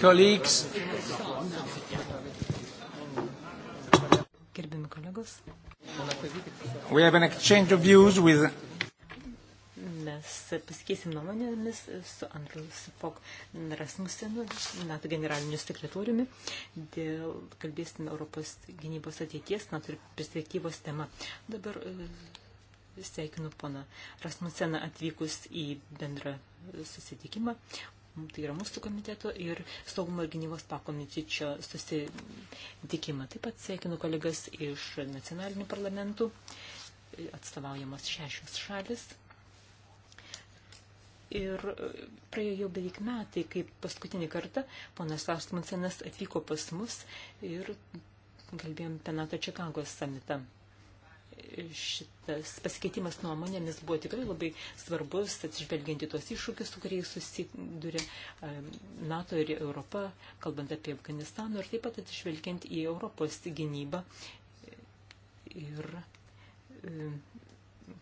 Colleagues. Gerbiami kolegos. We have an exchange of views with mes pasikeisim nuomonėmis su Andrius Fok Rasmusenu, NATO generaliniu sekretoriumi, dėl kalbėsime Europos gynybos ateities, NATO ir perspektyvos tema. Dabar e, sveikinu pana Rasmuseną atvykus į bendrą susitikimą, Mm, tai yra mūsų komiteto ir saugumo ir gynybos pakomitečio susitikimą. Taip pat sveikinu kolegas iš nacionalinių parlamentų, atstovaujamos šešios šalis. Ir praėjo jau beveik metai, kaip paskutinį kartą ponas Larsmansenas atvyko pas mus ir kalbėjom apie NATO Čikagos samitą šitas pasikeitimas nuomonėmis buvo tikrai labai svarbus, atsižvelgiant į tuos iššūkius, su kuriais susiduria NATO ir Europa, kalbant apie Afganistaną, ir taip pat atsižvelgiant į Europos gynybą. Ir,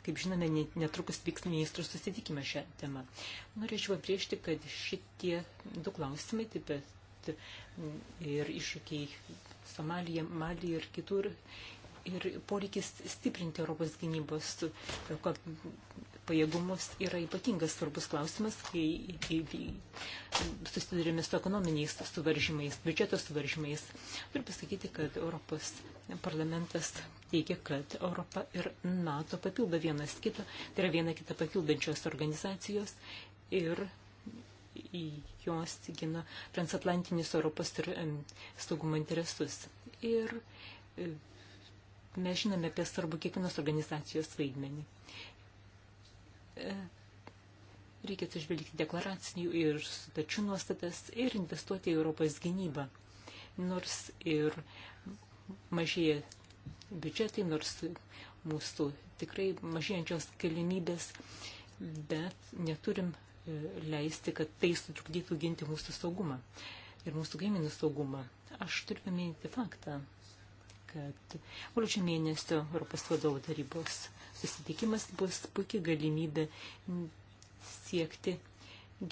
kaip žinome, netrukus vyks ministrų susitikimas šią temą. Norėčiau apriešti, kad šitie du klausimai, taip pat ir iššūkiai Somalija, Malija ir kitur ir poreikis stiprinti Europos gynybos pajėgumus yra ypatingas svarbus klausimas, kai, kai susidurime su ekonominiais suvaržymais, biudžeto suvaržymais. Turiu pasakyti, kad Europos parlamentas teigia, kad Europa ir NATO papildo vienas kitą, tai yra viena kita papildančios organizacijos ir jos gina transatlantinis Europos saugumo interesus. Ir mes žinome apie svarbu kiekvienos organizacijos vaidmenį. E, reikia atsižvelgti deklaracijų ir sutarčių nuostatas ir investuoti į Europos gynybą. Nors ir mažėja biudžetai, nors mūsų tikrai mažėjančios galimybės, bet neturim e, leisti, kad tai sutrukdytų ginti mūsų saugumą ir mūsų gaiminų saugumą. Aš turiu paminėti faktą, kad rūčio mėnesio Europos vadovų tarybos susitikimas bus puikia galimybė siekti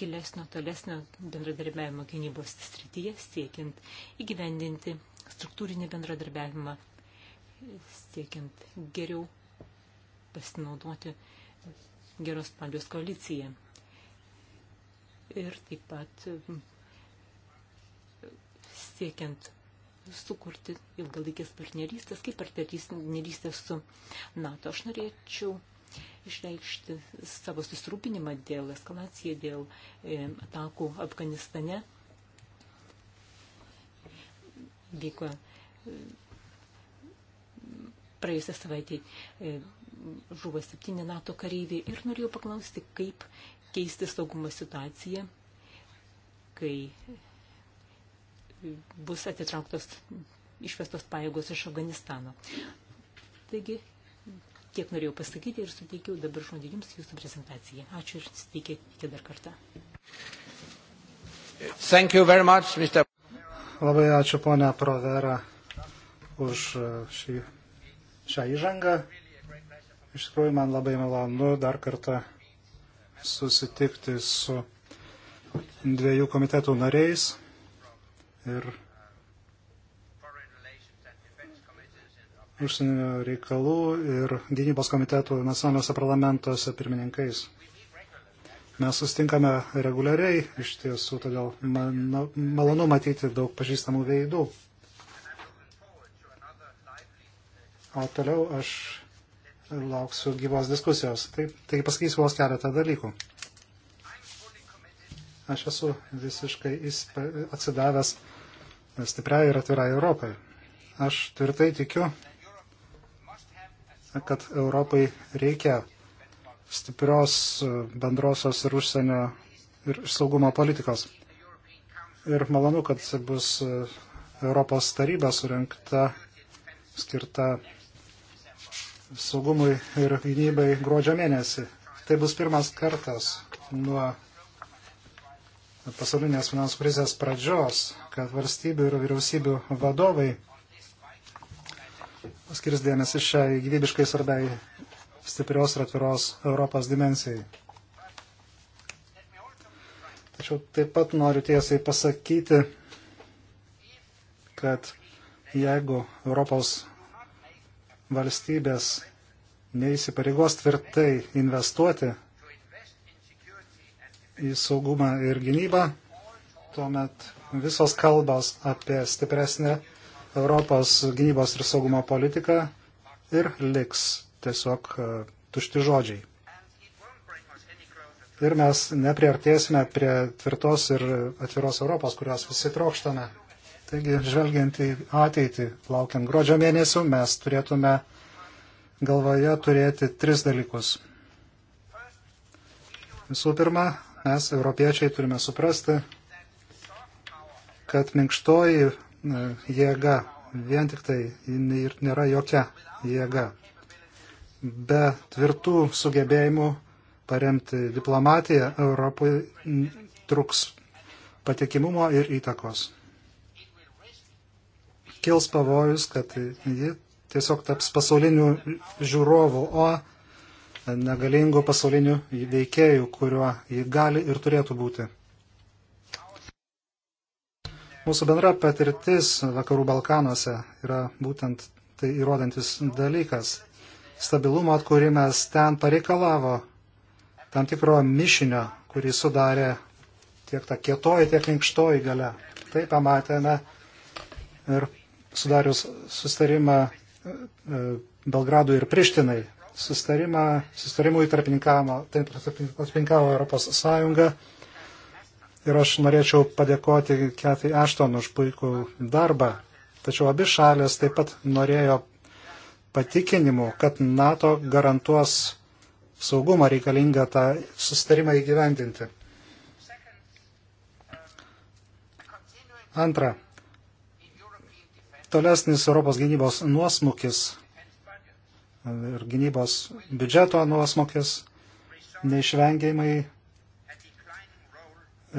gilesnio, tolesnio bendradarbiavimo gynybos srityje, siekiant įgyvendinti struktūrinį bendradarbiavimą, siekiant geriau pasinaudoti geros palius koaliciją. Ir taip pat siekiant sukurti ilgalaikės partnerystės, kaip partnerystės su NATO. Aš norėčiau išreikšti savo susirūpinimą dėl eskalaciją, dėl e, atakų Afganistane. Vyko e, praėjusią savaitę e, žuvo septyni NATO kareiviai ir norėjau paklausti, kaip keisti saugumo situaciją, kai bus atitrauktos išvestos pajėgos iš Afganistano. Taigi, tiek norėjau pasakyti ir suteikiau dabar žodį jums jūsų prezentaciją. Ačiū ir suteikėte dar kartą. Thank you very much, Mr. Labai ačiū ponia Provera už e, šį, šią įžangą. Iš tikrųjų, man labai malonu dar kartą susitikti su dviejų komitetų nariais ir užsienio reikalų ir gynybos komitetų nacionaliniuose parlamentuose pirmininkais. Mes sustinkame reguliariai, iš tiesų, todėl man, malonu matyti daug pažįstamų veidų. O toliau aš lauksiu gyvos diskusijos. Taip, taigi pasakysiu vos keletą dalykų. Aš esu visiškai atsidavęs stipriai ir atvirai Europai. Aš tvirtai tikiu, kad Europai reikia stiprios e, bendrosios ir užsienio ir saugumo politikos. Ir malonu, kad bus e, Europos taryba surinkta, skirta saugumui ir gynybai gruodžio mėnesį. Tai bus pirmas kartas nuo pasaulinės finansų krizės pradžios, kad valstybių ir vyriausybių vadovai skirs dėmesį šiai gyvybiškai svarbiai stiprios ir atviros Europos dimensijai. Tačiau taip pat noriu tiesiai pasakyti, kad jeigu Europos valstybės neįsipareigos tvirtai investuoti į saugumą ir gynybą, tuomet visos kalbos apie stipresnę Europos gynybos ir saugumo politiką ir liks tiesiog e, tušti žodžiai. Ir mes nepriartėsime prie tvirtos ir atviros Europos, kurios visi trokštame. Taigi, žvelgiant į ateitį, laukiant gruodžio mėnesių, mes turėtume galvoje turėti tris dalykus. Visų pirma, mes, europiečiai, turime suprasti, kad minkštoji e, jėga vien tik tai ir nėra jokia jėga. Be tvirtų sugebėjimų paremti diplomatiją Europai truks patikimumo ir įtakos. Kils pavojus, kad ji tiesiog taps pasauliniu žiūrovu, o negalingų pasaulinių veikėjų, kuriuo ji gali ir turėtų būti. Mūsų bendra patirtis Vakarų Balkanuose yra būtent tai įrodantis dalykas. Stabilumo atkūrimas ten pareikalavo tam tikro mišinio, kurį sudarė tiek ta kietoji, tiek minkštoji gale. Tai pamatėme ir sudarius sustarimą e, Belgradui ir Prištinai sustarimui tarpininkavo, tarpininkavo Europos Sąjunga. Ir aš norėčiau padėkoti Ketai Ashton už puikų darbą. Tačiau abi šalės taip pat norėjo patikinimų, kad NATO garantuos saugumą reikalingą tą sustarimą įgyvendinti. Antra, tolesnis Europos gynybos nuosmukis ir gynybos biudžeto nuosmokis neišvengiamai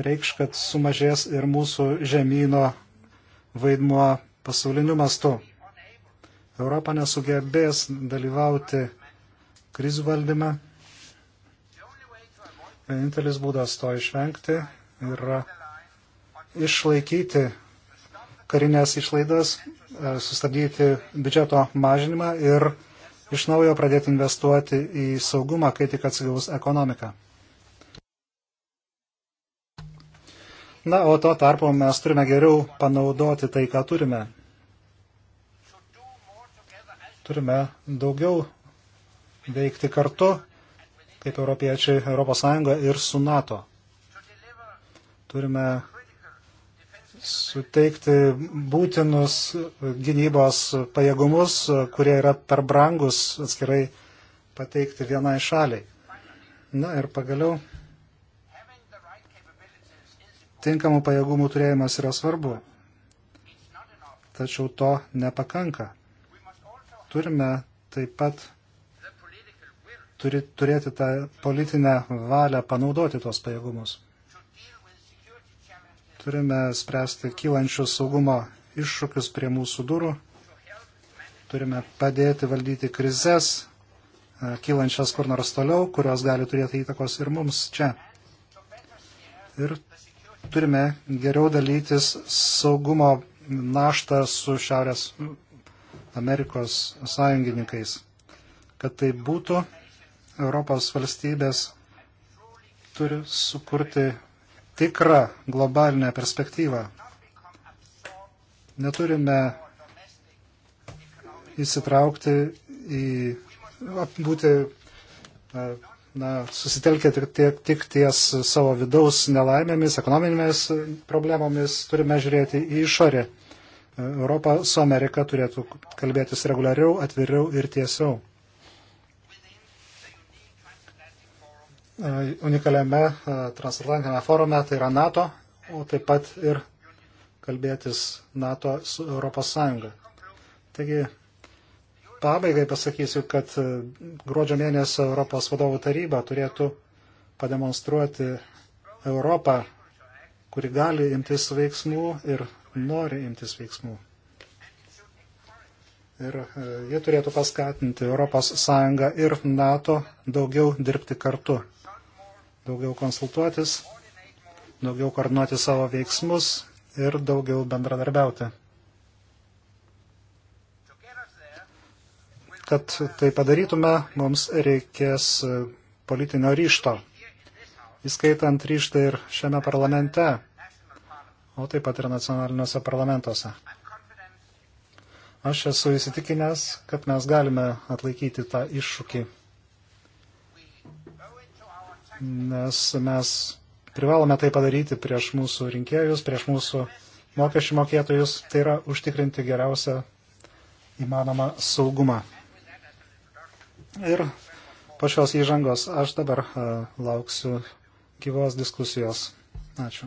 reikš, kad sumažės ir mūsų žemynų vaidmuo pasauliniu mastu. Europa nesugebės dalyvauti krizių valdyme. Vienintelis būdas to išvengti yra išlaikyti karinės išlaidas, sustabdyti biudžeto mažinimą ir iš naujo pradėti investuoti į saugumą, kai tik atsigaus ekonomika. Na, o to tarpu mes turime geriau panaudoti tai, ką turime. Turime daugiau veikti kartu, kaip europiečiai ES ir su NATO. Turime suteikti būtinus gynybos pajėgumus, kurie yra per brangus atskirai pateikti vienai šaliai. Na ir pagaliau, tinkamų pajėgumų turėjimas yra svarbu, tačiau to nepakanka. Turime taip pat turi, turėti tą politinę valią panaudoti tuos pajėgumus. Turime spręsti kylančius saugumo iššūkius prie mūsų durų. Turime padėti valdyti krizes, e, kylančias kur nors toliau, kurios gali turėti įtakos ir mums čia. Ir turime geriau dalytis saugumo naštą su Šiaurės Amerikos sąjungininkais. Kad tai būtų, Europos valstybės turi sukurti tikrą globalinę perspektyvą. Neturime įsitraukti į, būti, na, susitelkę tik, tik, tik ties savo vidaus nelaimėmis, ekonominėmis problemomis, turime žiūrėti į išorę. Europa su Amerika turėtų kalbėtis reguliariau, atviriau ir tiesiau. E, unikaliame e, transatlantinėme forume, tai yra NATO, o taip pat ir kalbėtis NATO su Europos Sąjunga. Taigi, pabaigai pasakysiu, kad e, gruodžio mėnesio Europos vadovų taryba turėtų pademonstruoti Europą, kuri gali imtis veiksmų ir nori imtis veiksmų. Ir jie turėtų paskatinti ES ir NATO daugiau dirbti kartu daugiau konsultuotis, daugiau koordinuoti savo veiksmus ir daugiau bendradarbiauti. Kad tai padarytume, mums reikės politinio ryšto, įskaitant ryštą ir šiame parlamente, o taip pat ir nacionaliniuose parlamentuose. Aš esu įsitikinęs, kad mes galime atlaikyti tą iššūkį nes mes privalome tai padaryti prieš mūsų rinkėjus, prieš mūsų mokesčių mokėtojus, tai yra užtikrinti geriausią įmanomą saugumą. Ir po šios įžangos aš dabar a, lauksiu gyvos diskusijos. Ačiū.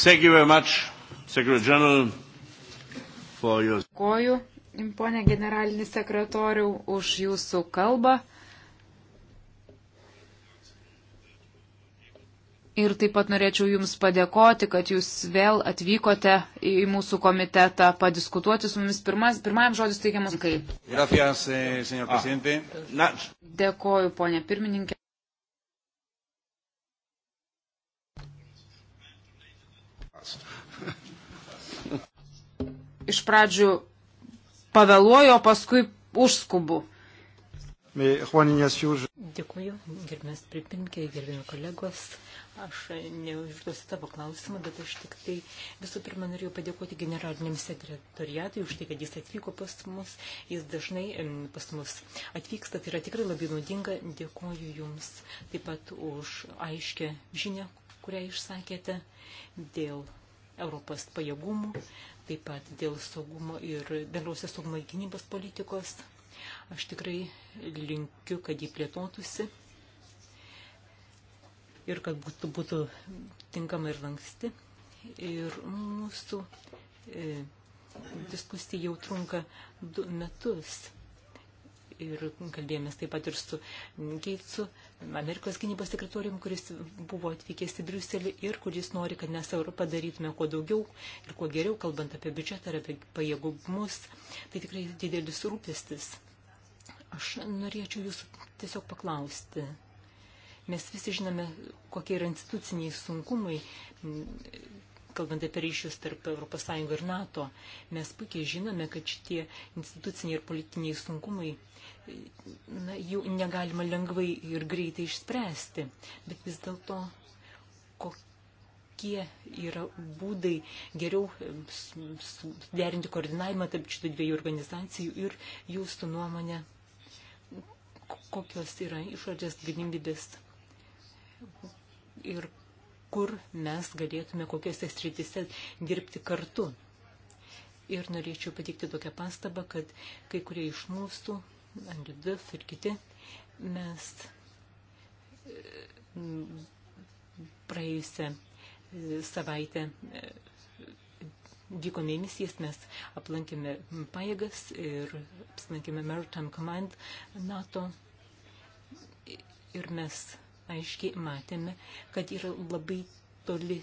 Dėkuoju Pone generalinis sekretoriau, už jūsų kalbą. Ir taip pat norėčiau Jums padėkoti, kad Jūs vėl atvykote į mūsų komitetą padiskutuoti su mumis. Pirmas, pirmajam žodis teikiamas kaip. Gracias, eh, senor ah. presidente. Na. Dėkoju, ponė pirmininkė. Iš pradžių pavėluoju, o paskui užskubu. Dėkuoju, gerbės pripinkiai, gerbėjai kolegos. Aš neužduosiu tavo klausimą, bet aš tik tai visų pirma norėjau padėkoti generaliniam sekretoriatui už tai, kad jis atvyko pas mus. Jis dažnai pas mus atvyksta, tai yra tikrai labai naudinga. Dėkuoju Jums taip pat už aiškę žinę, kurią išsakėte dėl Europos pajėgumų taip pat dėl saugumo ir bendrosios saugumo ir gynybos politikos. Aš tikrai linkiu, kad jį plėtotųsi ir kad būtų, būtų tinkama ir lanksti. Ir mūsų e, diskusija jau trunka du metus ir kalbėjomės taip pat ir su Geitsu, Amerikos gynybos sekretorium, kuris buvo atvykęs į Briuselį ir kuris nori, kad mes Europą darytume kuo daugiau ir kuo geriau, kalbant apie biudžetą ir apie pajėgumus. Tai tikrai didelis rūpestis. Aš norėčiau jūsų tiesiog paklausti. Mes visi žinome, kokie yra instituciniai sunkumai, kalbant apie ryšius tarp ES ir NATO, mes puikiai žinome, kad šitie instituciniai ir politiniai sunkumai na, jų negalima lengvai ir greitai išspręsti, bet vis dėlto kokie yra būdai geriau e, derinti koordinavimą tarp šitų dviejų organizacijų ir jūsų nuomonė, kokios yra išorės galimybės ir kur mes galėtume kokiose sritise dirbti kartu. Ir norėčiau patikti tokią pastabą, kad kai kurie iš mūsų Anglidas ir kiti, mes e, praėjusią e, savaitę e, vykome į misijas, mes aplankėme pajėgas ir apsilankėme Maritime Command NATO ir mes aiškiai matėme, kad yra labai toli,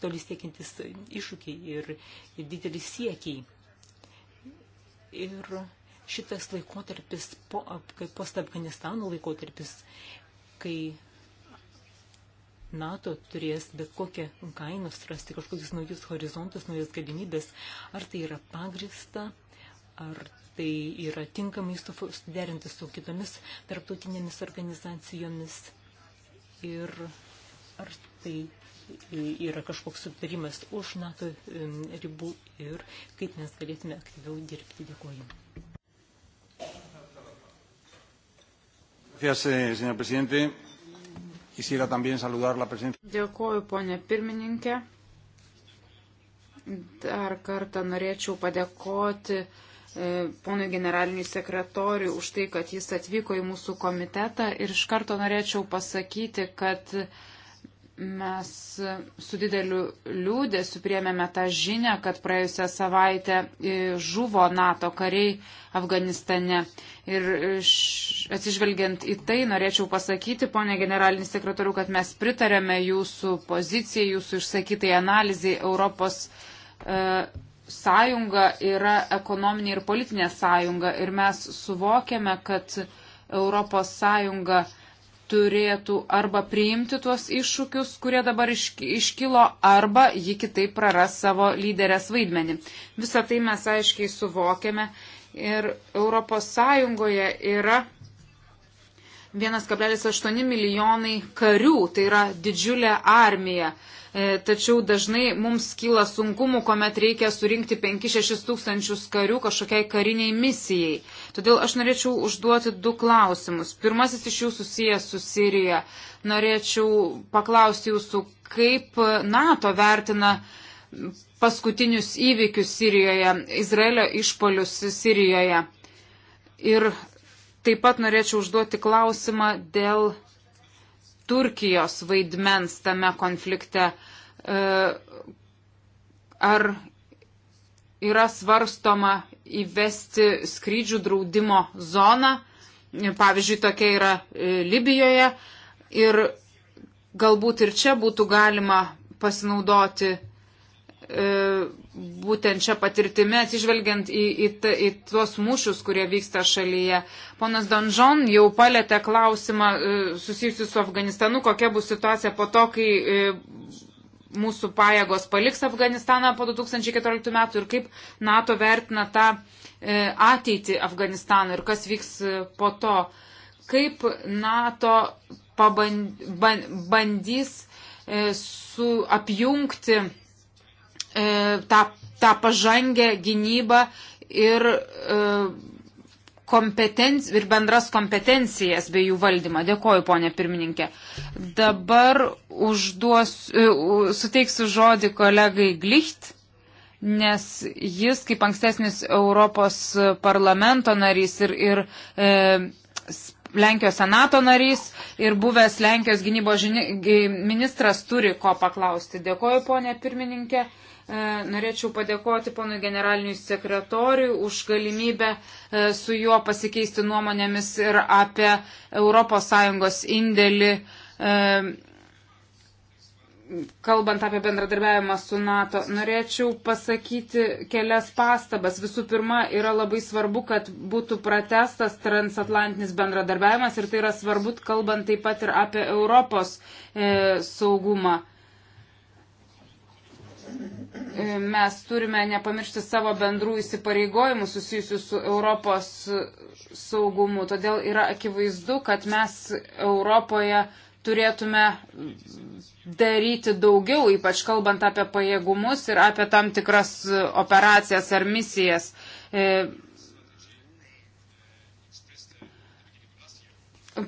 toli siekintis iššūkiai ir, ir didelis siekiai. Ir šitas laikotarpis, po, kai post Afganistano laikotarpis, kai NATO turės bet kokią kainą surasti kažkokius naujus horizontus, naujas galimybės, ar tai yra pagrista, ar tai yra tinkamai suderinti su kitomis tarptautinėmis organizacijomis ir ar tai yra kažkoks sutarimas už NATO ribų ir kaip mes galėtume aktyviau dirbti. Dėkuoju. Gracias, eh, señor presidente. Quisiera también saludar la presencia. Dėkuoju, ponė pirmininkė. Dar kartą norėčiau padėkoti e, ponui generaliniui sekretoriui už tai, kad jis atvyko į mūsų komitetą ir iš karto norėčiau pasakyti, kad Mes su dideliu liūdėsiu priemėme tą žinę, kad praėjusią savaitę e, žuvo NATO kariai Afganistane. Ir e, atsižvelgiant į tai, norėčiau pasakyti, ponė generalinis sekretoriu, kad mes pritarėme jūsų pozicijai, jūsų išsakytai analizai Europos. E, Sąjunga yra ekonominė ir politinė sąjunga ir mes suvokiame, kad Europos Sąjunga turėtų arba priimti tuos iššūkius, kurie dabar iškilo, arba ji kitaip praras savo lyderės vaidmenį. Visą tai mes aiškiai suvokiame ir Europos Sąjungoje yra 1,8 milijonai karių, tai yra didžiulė armija. E, tačiau dažnai mums kyla sunkumų, kuomet reikia surinkti 5-6 tūkstančius karių kažkokiai kariniai misijai. Todėl aš norėčiau užduoti du klausimus. Pirmasis iš jų susijęs su Sirija. Norėčiau paklausti jūsų, kaip NATO vertina paskutinius įvykius Sirijoje, Izraelio išpolius Sirijoje. Ir taip pat norėčiau užduoti klausimą dėl Turkijos vaidmens tame konflikte. E, ar yra svarstoma įvesti skrydžių draudimo zoną, pavyzdžiui, tokia yra e, Libijoje, ir galbūt ir čia būtų galima pasinaudoti e, būtent čia patirtime, atsižvelgiant į, į, į tuos mūšius, kurie vyksta šalyje. Ponas Donžon jau palėtė klausimą e, susijusiu su Afganistanu, kokia bus situacija po to, kai e, mūsų pajėgos paliks Afganistaną po 2014 metų ir kaip NATO vertina tą e, ateitį Afganistano ir kas vyks po to. Kaip NATO pabandys su apjungti E, tą, tą pažangę gynybą ir, e, kompetenc... ir bendras kompetencijas bei jų valdymą. Dėkoju, ponė pirmininkė. Dabar užduos, e, suteiksiu žodį kolegai Glicht nes jis, kaip ankstesnis Europos parlamento narys ir, ir e, Lenkijos senato narys ir buvęs Lenkijos gynybos žini, ministras turi ko paklausti. Dėkoju, ponė pirmininkė. E, norėčiau padėkoti ponui generaliniui sekretoriui už galimybę e, su juo pasikeisti nuomonėmis ir apie ES indėlį, e, kalbant apie bendradarbiavimą su NATO. Norėčiau pasakyti kelias pastabas. Visų pirma, yra labai svarbu, kad būtų pratestas transatlantinis bendradarbiavimas ir tai yra svarbu, kalbant taip pat ir apie Europos saugumą mes turime nepamiršti savo bendrų įsipareigojimų susijusių su Europos saugumu. Todėl yra akivaizdu, kad mes Europoje turėtume daryti daugiau, ypač kalbant apie pajėgumus ir apie tam tikras operacijas ar misijas. E,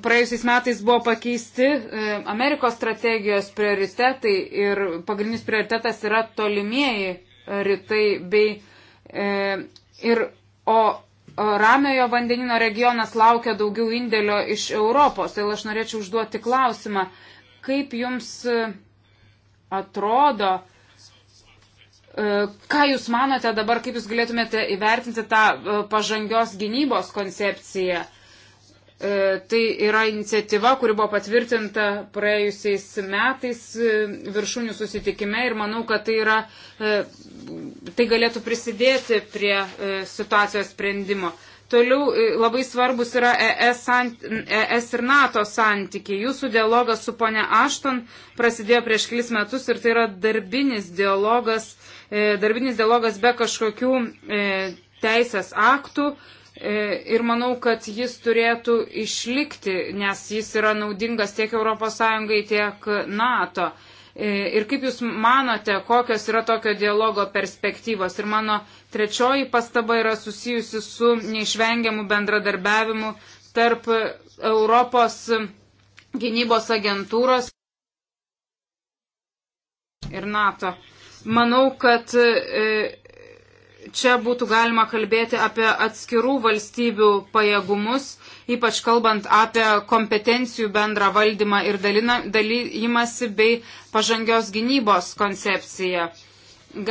praėjusiais metais buvo pakeisti e, Amerikos strategijos prioritetai ir pagrindinis prioritetas yra tolimieji e, rytai bei e, ir o ramiojo vandenino regionas laukia daugiau indėlio iš Europos. Tai aš norėčiau užduoti klausimą, kaip jums atrodo, ką jūs manote dabar, kaip jūs galėtumėte įvertinti tą pažangios gynybos koncepciją? E, tai yra iniciatyva, kuri buvo patvirtinta praėjusiais metais e, viršūnių susitikime ir manau, kad tai, yra, e, tai galėtų prisidėti prie situacijos sprendimo. Toliau labai svarbus yra ES, sant, ES ir NATO santykiai. Jūsų dialogas su ponia Ašton prasidėjo prieš kelis metus ir tai yra darbinis dialogas, darbinis dialogas be kažkokių teisės aktų E, ir manau, kad jis turėtų išlikti, nes jis yra naudingas tiek ES, tiek NATO. E, ir kaip Jūs manote, kokios yra tokio dialogo perspektyvos? Ir mano trečioji pastaba yra susijusi su neišvengiamu bendradarbiavimu tarp Europos gynybos agentūros ir NATO. Manau, kad e, čia būtų galima kalbėti apie atskirų valstybių pajėgumus, ypač kalbant apie kompetencijų bendrą valdymą ir dalina, dalyjimasi bei pažangios gynybos koncepciją.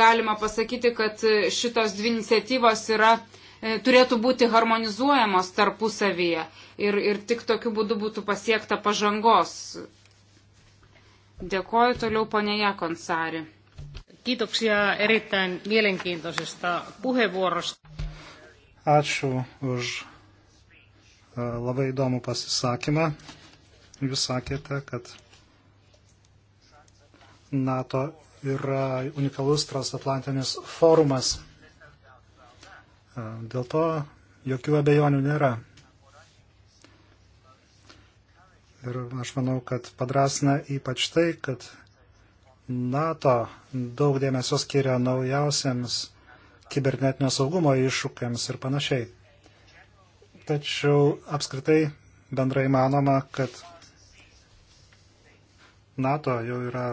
Galima pasakyti, kad šitos dvi iniciatyvos yra, e, turėtų būti harmonizuojamos tarpusavyje ir, ir tik tokiu būdu būtų pasiekta pažangos. Dėkoju toliau ponė Jakonsari. Kiitoksia erittäin mielenkiintoisesta puheenvuorosta. Ačiū už e, labai įdomų pasisakymą. Jūs sakėte, kad NATO yra unikalus transatlantinis forumas. E, dėl to jokių abejonių nėra. Ir aš manau, kad padrasna ypač tai, kad NATO daug dėmesio skiria naujausiams kibernetinio saugumo iššūkiams ir panašiai. Tačiau apskritai bendrai manoma, kad NATO jau yra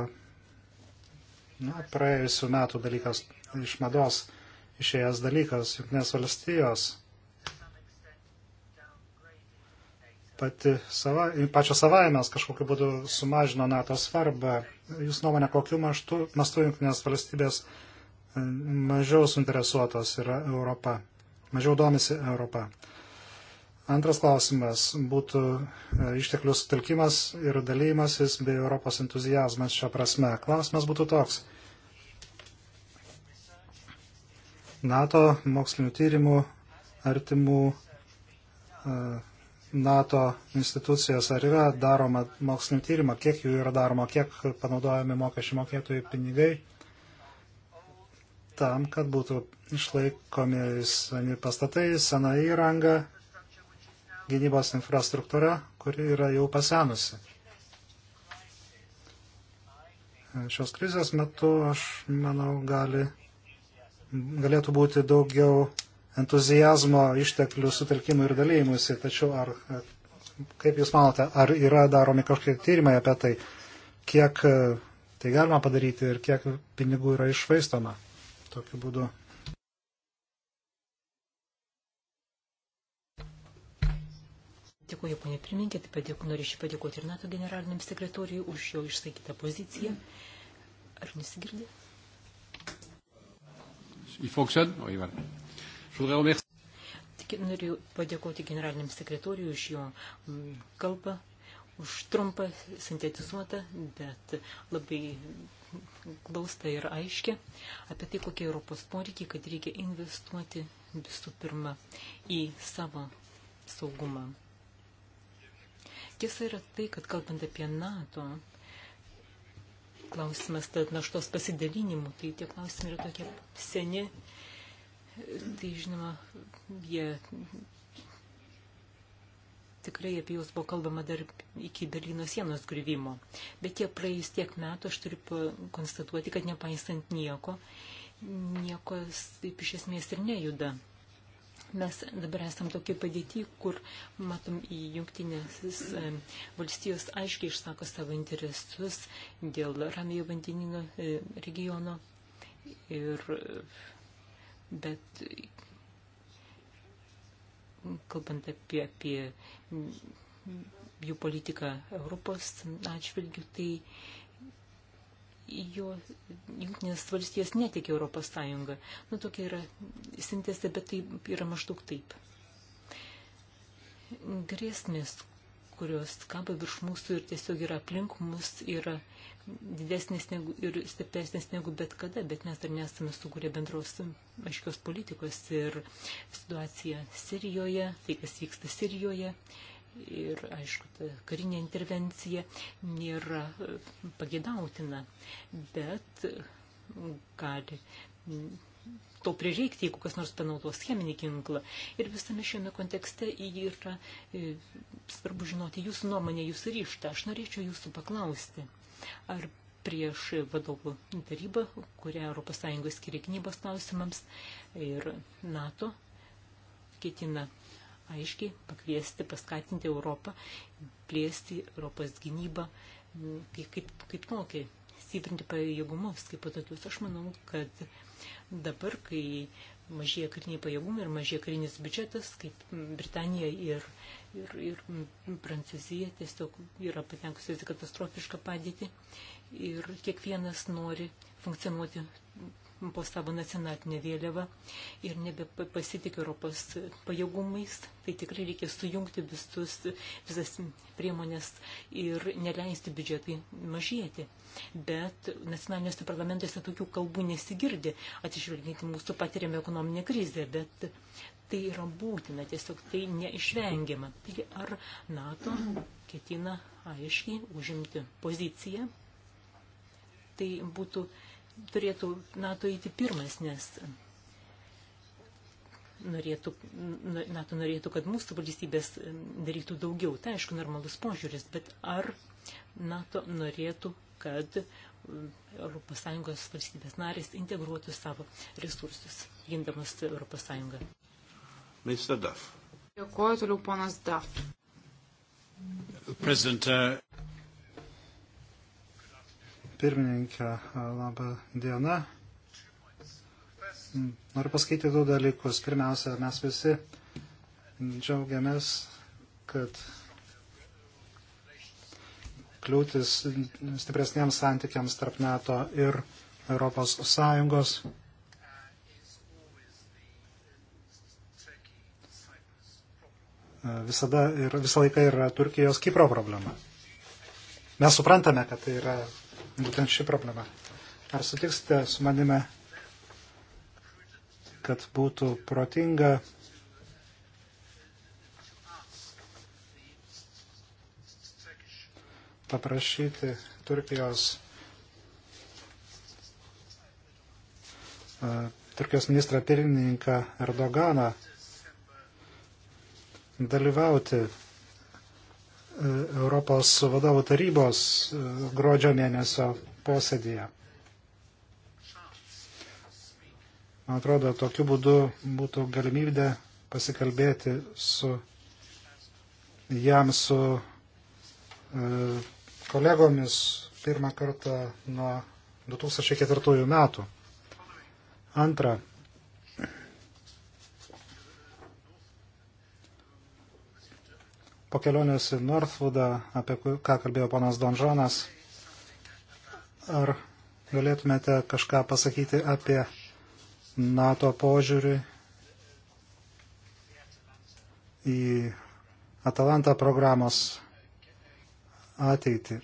na, praėjusių metų dalykas iš mados išėjęs dalykas, juk nes valstijos pati sava, pačio savaime kažkokiu būdu sumažino NATO svarbą Jūs nuomonė, kokiu maštu, mastu jungtinės valstybės e, mažiau suinteresuotos yra Europa, mažiau domisi Europa. Antras klausimas būtų e, išteklių sutelkimas ir dalymasis bei Europos entuzijazmas šią prasme. Klausimas būtų toks. NATO mokslinių tyrimų artimų e, NATO institucijas, ar yra daroma mokslinio tyrimo, kiek jų yra daroma, kiek panaudojami mokesčių mokėtojų pinigai tam, kad būtų išlaikomi seni pastatai, sena įranga, gynybos infrastruktūra, kuri yra jau pasenusi. Šios krizės metu, aš manau, gali, galėtų būti daugiau entuzijazmo išteklių sutelkimui ir dalymuisi, tačiau ar, kaip Jūs manote, ar yra daromi kažkokie tyrimai apie tai, kiek e, tai galima padaryti ir kiek pinigų yra išvaistoma tokiu būdu? Dėkuoju, ponė pirmininkė, taip pat dėkuoju, norėčiau padėkoti ir NATO generaliniam sekretoriui už jo išsakytą poziciją. Ar nesigirdė? Į Foxen, o į Varną. Noriu padėkoti generaliniam sekretoriui už jo mm, kalbą, už trumpą, sintetizuotą, bet labai glaustą ir aiškę apie tai, kokie Europos poreikiai, kad reikia investuoti visų pirma į savo saugumą. Tiesa yra tai, kad kalbant apie NATO, klausimas tarp naštos pasidalinimu, tai tie klausimai yra tokie seni Tai žinoma, jie tikrai apie juos buvo kalbama dar iki Berlyno sienos griuvimo. Bet tie praėjus tiek metų aš turiu konstatuoti, kad nepaisant nieko, nieko taip iš esmės ir nejuda. Mes dabar esam tokie padėti, kur matom į jungtinės e, valstijos aiškiai išsako savo interesus dėl Ramijo vandenino e, regiono ir bet kalbant apie, apie jų politiką Europos atžvilgių, tai jo jungtinės valstijos netikė Europos Sąjunga. Nu, tokia yra sintezė, bet tai yra maždaug taip. Grėsmės, kurios kabo virš mūsų ir tiesiog yra aplink mus, yra didesnės negu, ir stipresnės negu bet kada, bet mes dar nesame sukūrę bendros aiškios politikos ir situacija Sirijoje, tai kas vyksta Sirijoje. Ir, aišku, ta karinė intervencija nėra e, pagėdautina, bet gali to prireikti, jeigu kas nors panaudos cheminį ginklą. Ir visame šiame kontekste yra e, svarbu žinoti jūsų nuomonę, jūsų ryštą. Aš norėčiau jūsų paklausti, ar prieš vadovų tarybą, kurią ES skiria gynybos klausimams ir NATO ketina aiškiai pakviesti, paskatinti Europą, plėsti Europos gynybą kaip, kaip tokį, stiprinti pajėgumus kaip patokius. Aš manau, kad Dabar, kai mažėja kariniai pajėgumai ir mažėja karinis biudžetas, kaip Britanija ir, ir, ir Prancūzija tiesiog yra patenkusios į katastrofišką padėtį ir kiekvienas nori funkcionuoti po savo nacionalinę vėliavą ir nebepasitikė Europos pajėgumais, tai tikrai reikia sujungti visus, visas priemonės ir neleisti biudžetai mažėti. Bet nacionaliniuose parlamentuose tokių kalbų nesigirdė, atsižvelginti mūsų patiriamą ekonominę krizę, bet tai yra būtina, tiesiog tai neišvengiama. Taigi ar NATO ketina aiškiai užimti poziciją, tai būtų turėtų NATO įti pirmas, nes norėtų, NATO norėtų, kad mūsų valstybės darytų daugiau. Tai aišku, normalus požiūris, bet ar NATO norėtų, kad ES valstybės narės integruotų savo resursus, gindamas ES. Mr. Duff. Dėkuoju toliau, ponas Duff. President, uh pirmininkė. Labą dieną. Noriu pasakyti du dalykus. Pirmiausia, mes visi džiaugiamės, kad kliūtis stipresniems santykiams tarp NATO ir Europos Sąjungos visada ir visą laiką yra Turkijos Kipro problema. Mes suprantame, kad tai yra būtent ši problema. Ar sutiksite su manime, kad būtų protinga paprašyti Turkijos, e, Turkijos ministrą pirmininką Erdoganą dalyvauti Europos vadovų tarybos e, gruodžio mėnesio posėdėje. Man atrodo, tokiu būdu būtų galimybė pasikalbėti su jam, su e, kolegomis pirmą kartą nuo 2004 metų. Antra, Po kelionės į Northwoodą, apie ką kalbėjo ponas Donžonas, ar galėtumėte kažką pasakyti apie NATO požiūrį į Atalanta programos ateitį.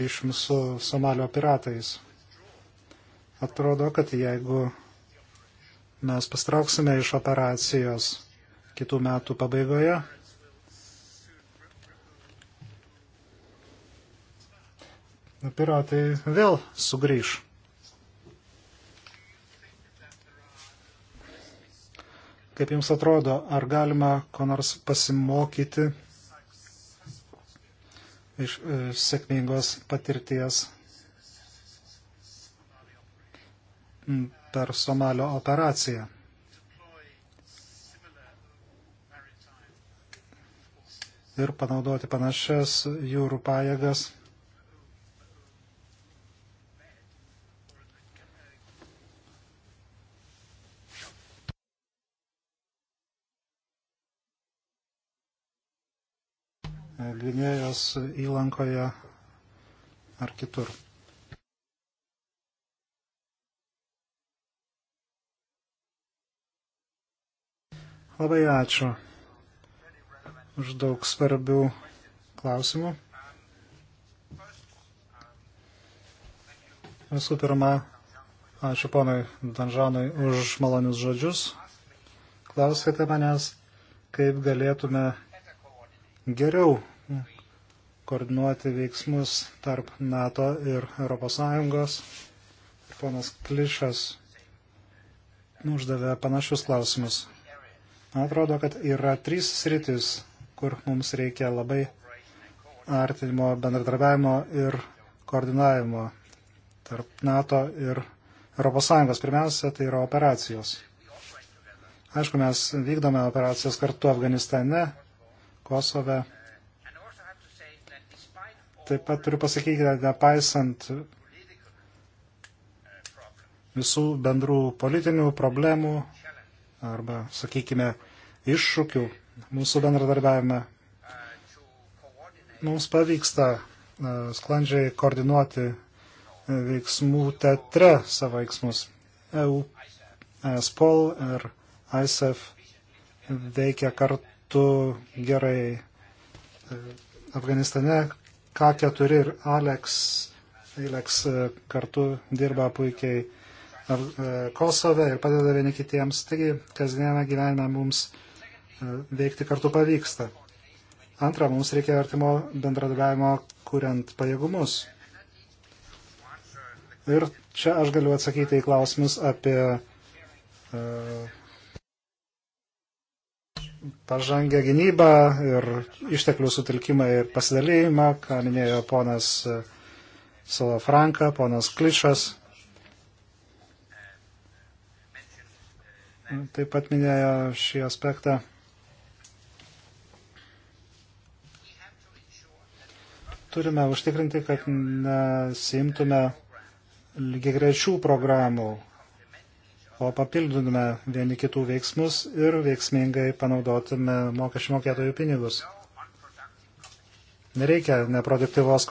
ryšim su Somalio piratais. Atrodo, kad jeigu mes pastrauksime iš operacijos kitų metų pabaigoje, nu, piratai vėl sugrįž. Kaip Jums atrodo, ar galima ko nors pasimokyti iš e, sėkmingos patirties per Somalio operaciją. Ir panaudoti panašias jūrų pajėgas. Gvinėjos įlankoje ar kitur. Labai ačiū už daug svarbių klausimų. Visų pirma, ačiū ponui Danžanui už malonius žodžius. Klausėte manęs, kaip galėtume geriau koordinuoti veiksmus tarp NATO ir ES. Ponas Klišas uždavė panašius klausimus. Man atrodo, kad yra trys sritis, kur mums reikia labai artimo bendradarbiavimo ir koordinavimo tarp NATO ir ES. Pirmiausia, tai yra operacijos. Aišku, mes vykdome operacijas kartu Afganistane, Kosove. Taip pat turiu pasakyti, nepaisant visų bendrų politinių problemų, arba, sakykime, iššūkių mūsų bendradarbiavime. Mums pavyksta e, sklandžiai koordinuoti e, veiksmų teatre savo veiksmus. EU, ESPOL ir ISEF veikia kartu gerai e, Afganistane. K4 ir Alex, Alex kartu dirba puikiai E, Kosove ir padeda vieni kitiems. Taigi, kasdiename gyvenime mums e, veikti kartu pavyksta. Antra, mums reikia artimo bendradarbiavimo, kuriant pajėgumus. Ir čia aš galiu atsakyti į klausimus apie e, pažangę gynybą ir išteklių sutelkimą ir pasidalėjimą, ką minėjo ponas Salafranka, ponas Klišas. taip pat minėjo šį aspektą. Turime užtikrinti, kad nesimtume lygiai grečių programų, o papildytume vieni kitų veiksmus ir veiksmingai panaudotume mokesčių mokėtojų pinigus. Nereikia neproduktyvos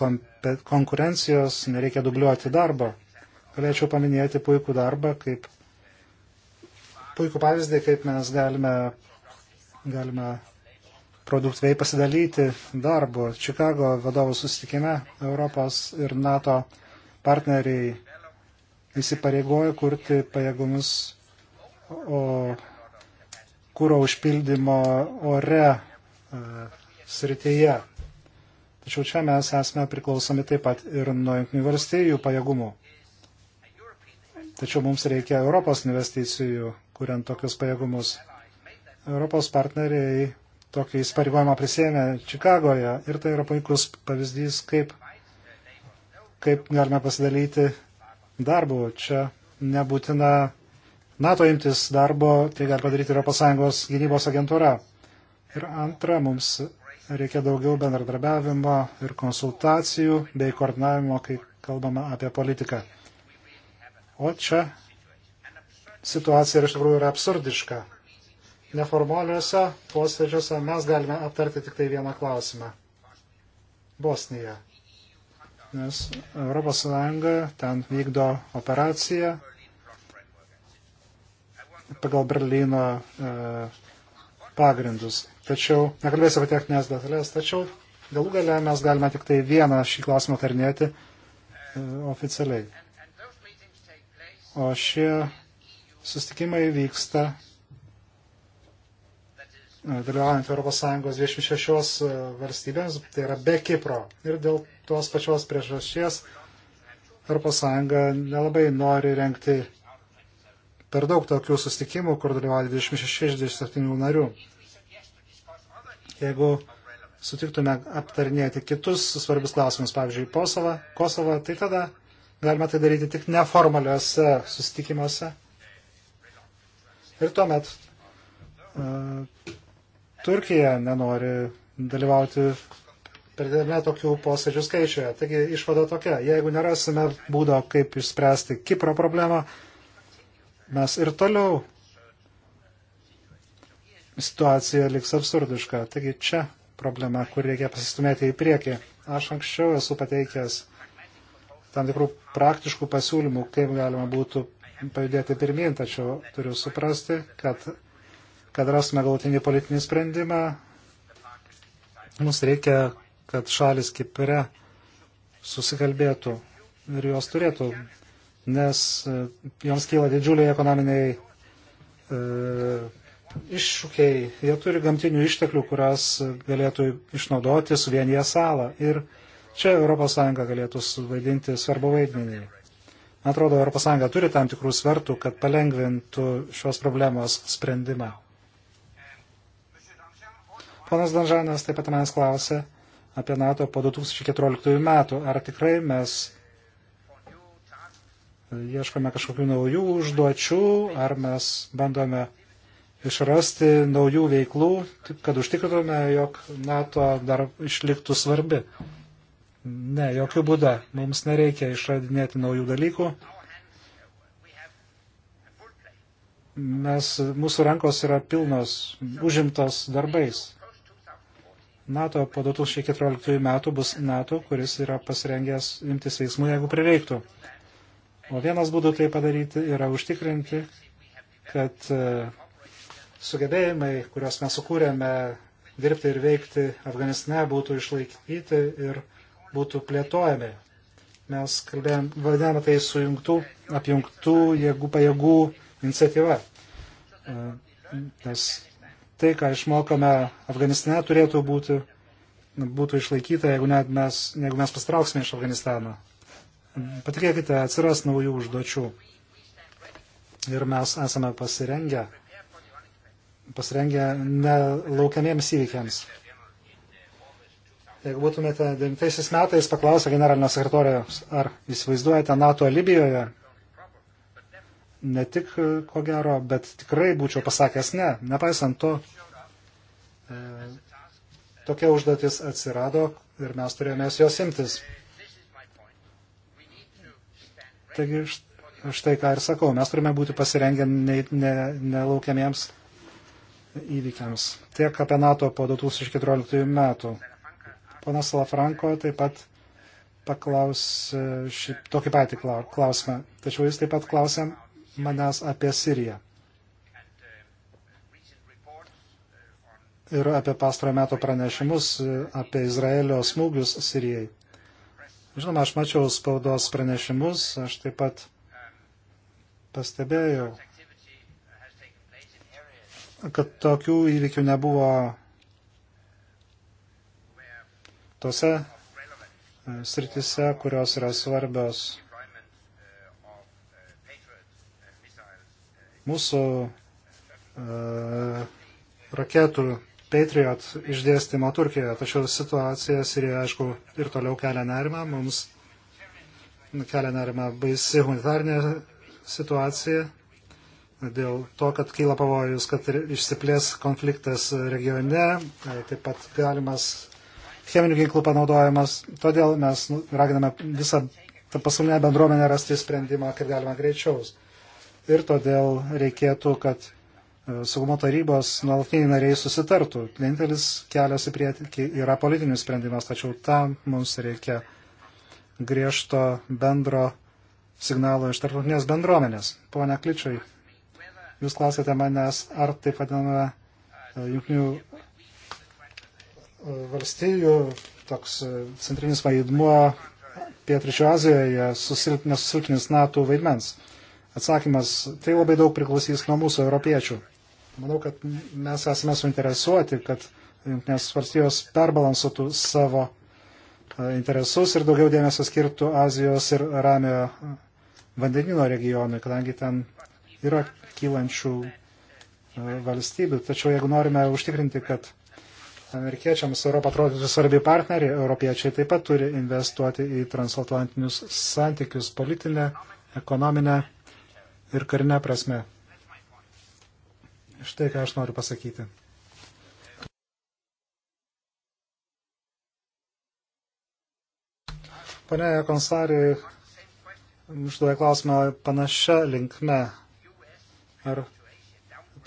konkurencijos, nereikia dubliuoti darbo. Galėčiau paminėti puikų darbą, kaip puikų pavyzdį, kaip mes galime, galime produktyviai pasidalyti darbu. Čikago vadovų susitikime Europos ir NATO partneriai įsipareigojo kurti pajėgumus o kūro užpildymo ore e, srityje. Tačiau čia mes esame priklausomi taip pat ir nuo jungtinių valstybių pajėgumų. Tačiau mums reikia Europos investicijų, kuriant tokius pajėgumus. Europos partneriai tokį įsipareigojimą prisėmė Čikagoje ir tai yra puikus pavyzdys, kaip, kaip galime pasidalyti darbu. Čia nebūtina NATO imtis darbo, tai gali padaryti ES gynybos agentūra. Ir antra, mums reikia daugiau bendradarbiavimo ir konsultacijų bei koordinavimo, kai kalbama apie politiką. O čia situacija iš tikrųjų yra absurdiška. Neformaliuose posėdžiuose mes galime aptarti tik tai vieną klausimą. Bosnija. Nes ES ten vykdo operaciją pagal Berlyno e, pagrindus. Tačiau, nekalbėsiu apie techninės detalės, tačiau galų gale mes galime tik tai vieną šį klausimą tarnėti e, oficialiai. O šie sustikimai vyksta e, dalyvaujant ES 26 valstybėms, tai yra be Kipro. Ir dėl tos pačios priežasties ES nelabai nori renkti per daug tokių sustikimų, kur dalyvauja 26 iš 27 narių. Jeigu sutiktume aptarinėti kitus svarbius klausimus, pavyzdžiui, Kosovą, Kosovą, tai tada Galima tai daryti tik neformaliuose susitikimuose. Ir tuomet uh, Turkija nenori dalyvauti per didelę tokių posėdžių skaičiuje. Taigi išvada tokia, jeigu nerasime būdo, kaip išspręsti Kipro problemą, mes ir toliau situacija liks absurdiška. Taigi čia problema, kur reikia pasistumėti į priekį. Aš anksčiau esu pateikęs tam tikrų praktiškų pasiūlymų, kaip galima būtų pajudėti pirmin, tačiau turiu suprasti, kad, kad rastume galutinį politinį sprendimą, mums reikia, kad šalis Kipre susikalbėtų ir jos turėtų, nes e, joms kyla didžiuliai ekonominiai e, iššūkiai, jie turi gamtinių išteklių, kurias galėtų išnaudoti suvienyje salą. Ir Čia ES galėtų suvaidinti svarbu vaidmenį. Man atrodo, ES turi tam tikrų svertų, kad palengvintų šios problemos sprendimą. Ponas Danžanas taip pat manęs klausė apie NATO po 2014 metų. Ar tikrai mes ieškome kažkokių naujų užduočių, ar mes bandome išrasti naujų veiklų, kad užtikrintume, jog NATO dar išliktų svarbi. Ne, jokių būdų. Mums nereikia išradinėti naujų dalykų. Mes, mūsų rankos yra pilnos, užimtos darbais. NATO po 2014 metų bus NATO, kuris yra pasirengęs imtis veiksmų, jeigu prireiktų. O vienas būdų tai padaryti yra užtikrinti, kad e, sugebėjimai, kuriuos mes sukūrėme dirbti ir veikti Afganistane, būtų išlaikyti ir būtų plėtojami. Mes kalbėjom, vadiname tai sujungtų, apjungtų jėgų pajėgų iniciatyva. E, nes tai, ką išmokome Afganistane, turėtų būti, būtų išlaikyta, jeigu, mes, jeigu mes pastrauksime iš Afganistano. Patikėkite, atsiras naujų užduočių. Ir mes esame pasirengę, pasirengę nelaukiamiems įvykiams. Jeigu būtumėte 9 metais paklausę generalinio sekretorijos, ar įsivaizduojate NATO Libijoje, ne tik e, ko gero, bet tikrai būčiau pasakęs ne. Nepaisant to, e, tokia užduotis atsirado ir mes turėjome jos imtis. Taigi štai ką ir sakau, mes turime būti pasirengę nelaukiamiems ne, ne įvykiams. Tiek apie NATO po 2014 metų. Panas Lafranko taip pat paklaus e, šį, tokį patį klausimą. Tačiau jis taip pat klausė manęs apie Siriją. Ir apie pastarojo metų pranešimus e, apie Izraelio smūgius Sirijai. Žinoma, aš mačiau spaudos pranešimus, aš taip pat pastebėjau, kad tokių įvykių nebuvo tose e, sritise, kurios yra svarbios mūsų uh, raketų Patriot išdėstymo Turkijoje. Tačiau situacija Sirijoje, aišku, ir toliau kelia nerimą. Mums kelia nerimą baisi humanitarnė situacija dėl to, kad kyla pavojus, kad išsiplės konfliktas regione, e, taip pat galimas cheminių ginklų panaudojimas. Todėl mes nu, raginame visą pasaulinę bendruomenę rasti sprendimą, kaip galima greičiaus. Ir todėl reikėtų, kad e, saugumo tarybos nuolatiniai nariai susitartų. Vienintelis kelias į priekį yra politinis sprendimas, tačiau tam mums reikia griežto bendro signalo iš tarptautinės bendruomenės. Pone Kličiai, jūs klausėte manęs, ar taip vadiname e, jungtinių valstijų toks e, centrinis vaidmuo Pietričio Azijoje susilp, nesusilpnis NATO vaidmens. Atsakymas, tai labai daug priklausys nuo mūsų europiečių. Manau, kad mes esame suinteresuoti, kad Junktinės valstijos perbalansuotų savo e, interesus ir daugiau dėmesio skirtų Azijos ir Ramiojo e, vandenino regionui, kadangi ten yra kylančių valstybių. Tačiau jeigu norime užtikrinti, kad Amerikiečiams Europą atrodytų svarbi partneriai, europiečiai taip pat turi investuoti į transatlantinius santykius politinę, ekonominę ir karinę prasme. Štai ką aš noriu pasakyti. Pane Konsariui, užduoja klausimą panašia linkme. Ar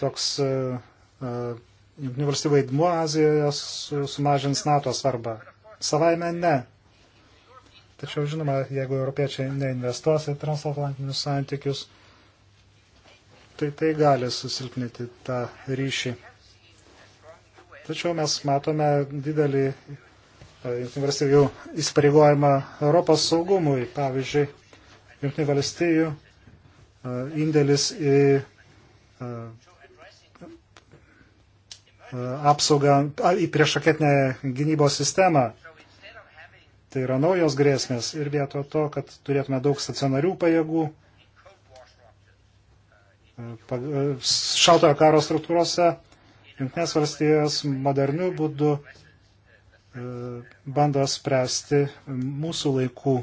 toks uh, uh, jungtinių valstybių vaidmuo Azijoje sumažins NATO svarbą. Savaime ne. Tačiau, žinoma, jeigu europiečiai neinvestuos į transatlantinius santykius, tai tai gali susilpnyti tą ryšį. Tačiau mes matome didelį e, jungtinių valstybių įsipareigojimą Europos saugumui. Pavyzdžiui, jungtinių valstybių e, indėlis į e, E, apsaugą į priešaketinę gynybos sistemą. Tai yra naujos grėsmės ir vieto to, kad turėtume daug stacionarių pajėgų e, e, šaltojo karo struktūrose, Junktinės valstijos modernių būdų bando spręsti mūsų laikų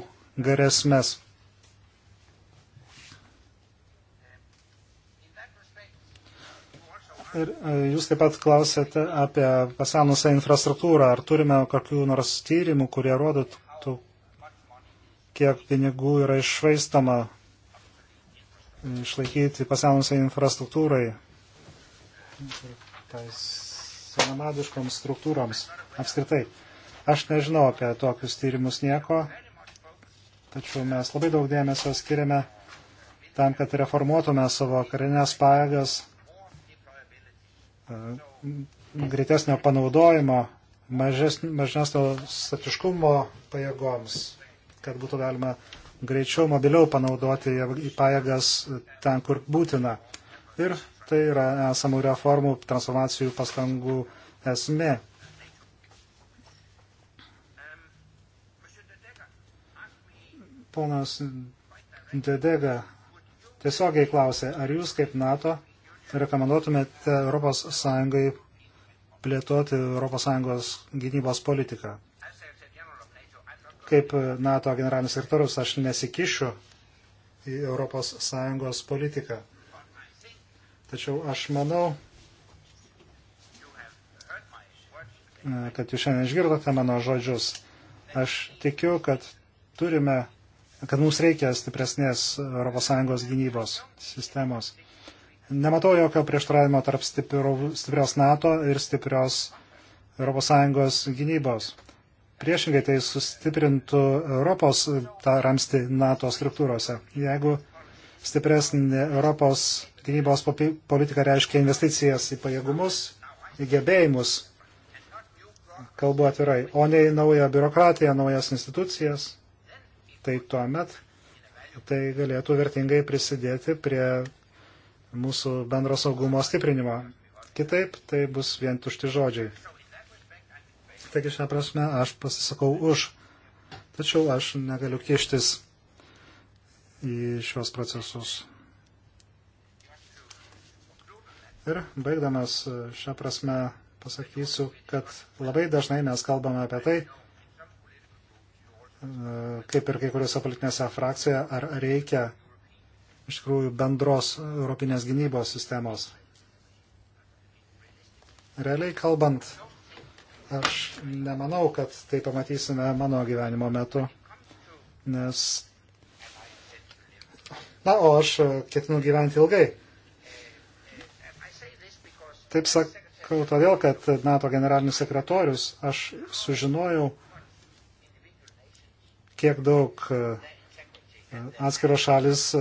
grėsmės. Ir e, jūs taip pat klausėte apie pasenusią infrastruktūrą. Ar turime kokių nors tyrimų, kurie rodytų, kiek pinigų yra išvaistama e, išlaikyti pasenusią infrastruktūrai ir tai senamadiškoms struktūroms apskritai. Aš nežinau apie tokius tyrimus nieko, tačiau mes labai daug dėmesio skiriame tam, kad reformuotume savo karinės pajėgas E, greitesnio panaudojimo, mažesnio statiškumo pajėgoms, kad būtų galima greičiau, mobiliau panaudoti pajėgas ten, kur būtina. Ir tai yra esamų reformų, transformacijų pastangų esmė. Ponas Dedega tiesiogiai klausė, ar jūs kaip NATO Tai rekomenduotumėte ES plėtoti ES gynybos politiką? Kaip NATO generalinis sekretorius aš nesikišiu į ES politiką. Tačiau aš manau, kad jūs šiandien išgirdote mano žodžius. Aš tikiu, kad turime, kad mums reikia stipresnės ES gynybos sistemos. Nematau jokio prieštaravimo tarp stiprios NATO ir stiprios ES gynybos. Priešingai tai sustiprintų Europos tą ramsti NATO struktūrose. Jeigu stipresnė Europos gynybos politika reiškia investicijas į pajėgumus, į gebėjimus, kalbu atvirai, o ne į naują biurokratiją, naujas institucijas, tai tuomet tai galėtų vertingai prisidėti prie mūsų bendro saugumo stiprinimo. Kitaip tai bus vien tušti žodžiai. Taigi šią prasme aš pasisakau už, tačiau aš negaliu kištis į šios procesus. Ir baigdamas šią prasme pasakysiu, kad labai dažnai mes kalbame apie tai, e, kaip ir kai kuriuose politinėse frakcijoje, ar reikia iš tikrųjų bendros europinės gynybos sistemos. Realiai kalbant, aš nemanau, kad tai pamatysime mano gyvenimo metu, nes. Na, o aš ketinu gyventi ilgai. Taip sakau, todėl, kad NATO generalinis sekretorius, aš sužinojau, kiek daug e, atskiros šalis e,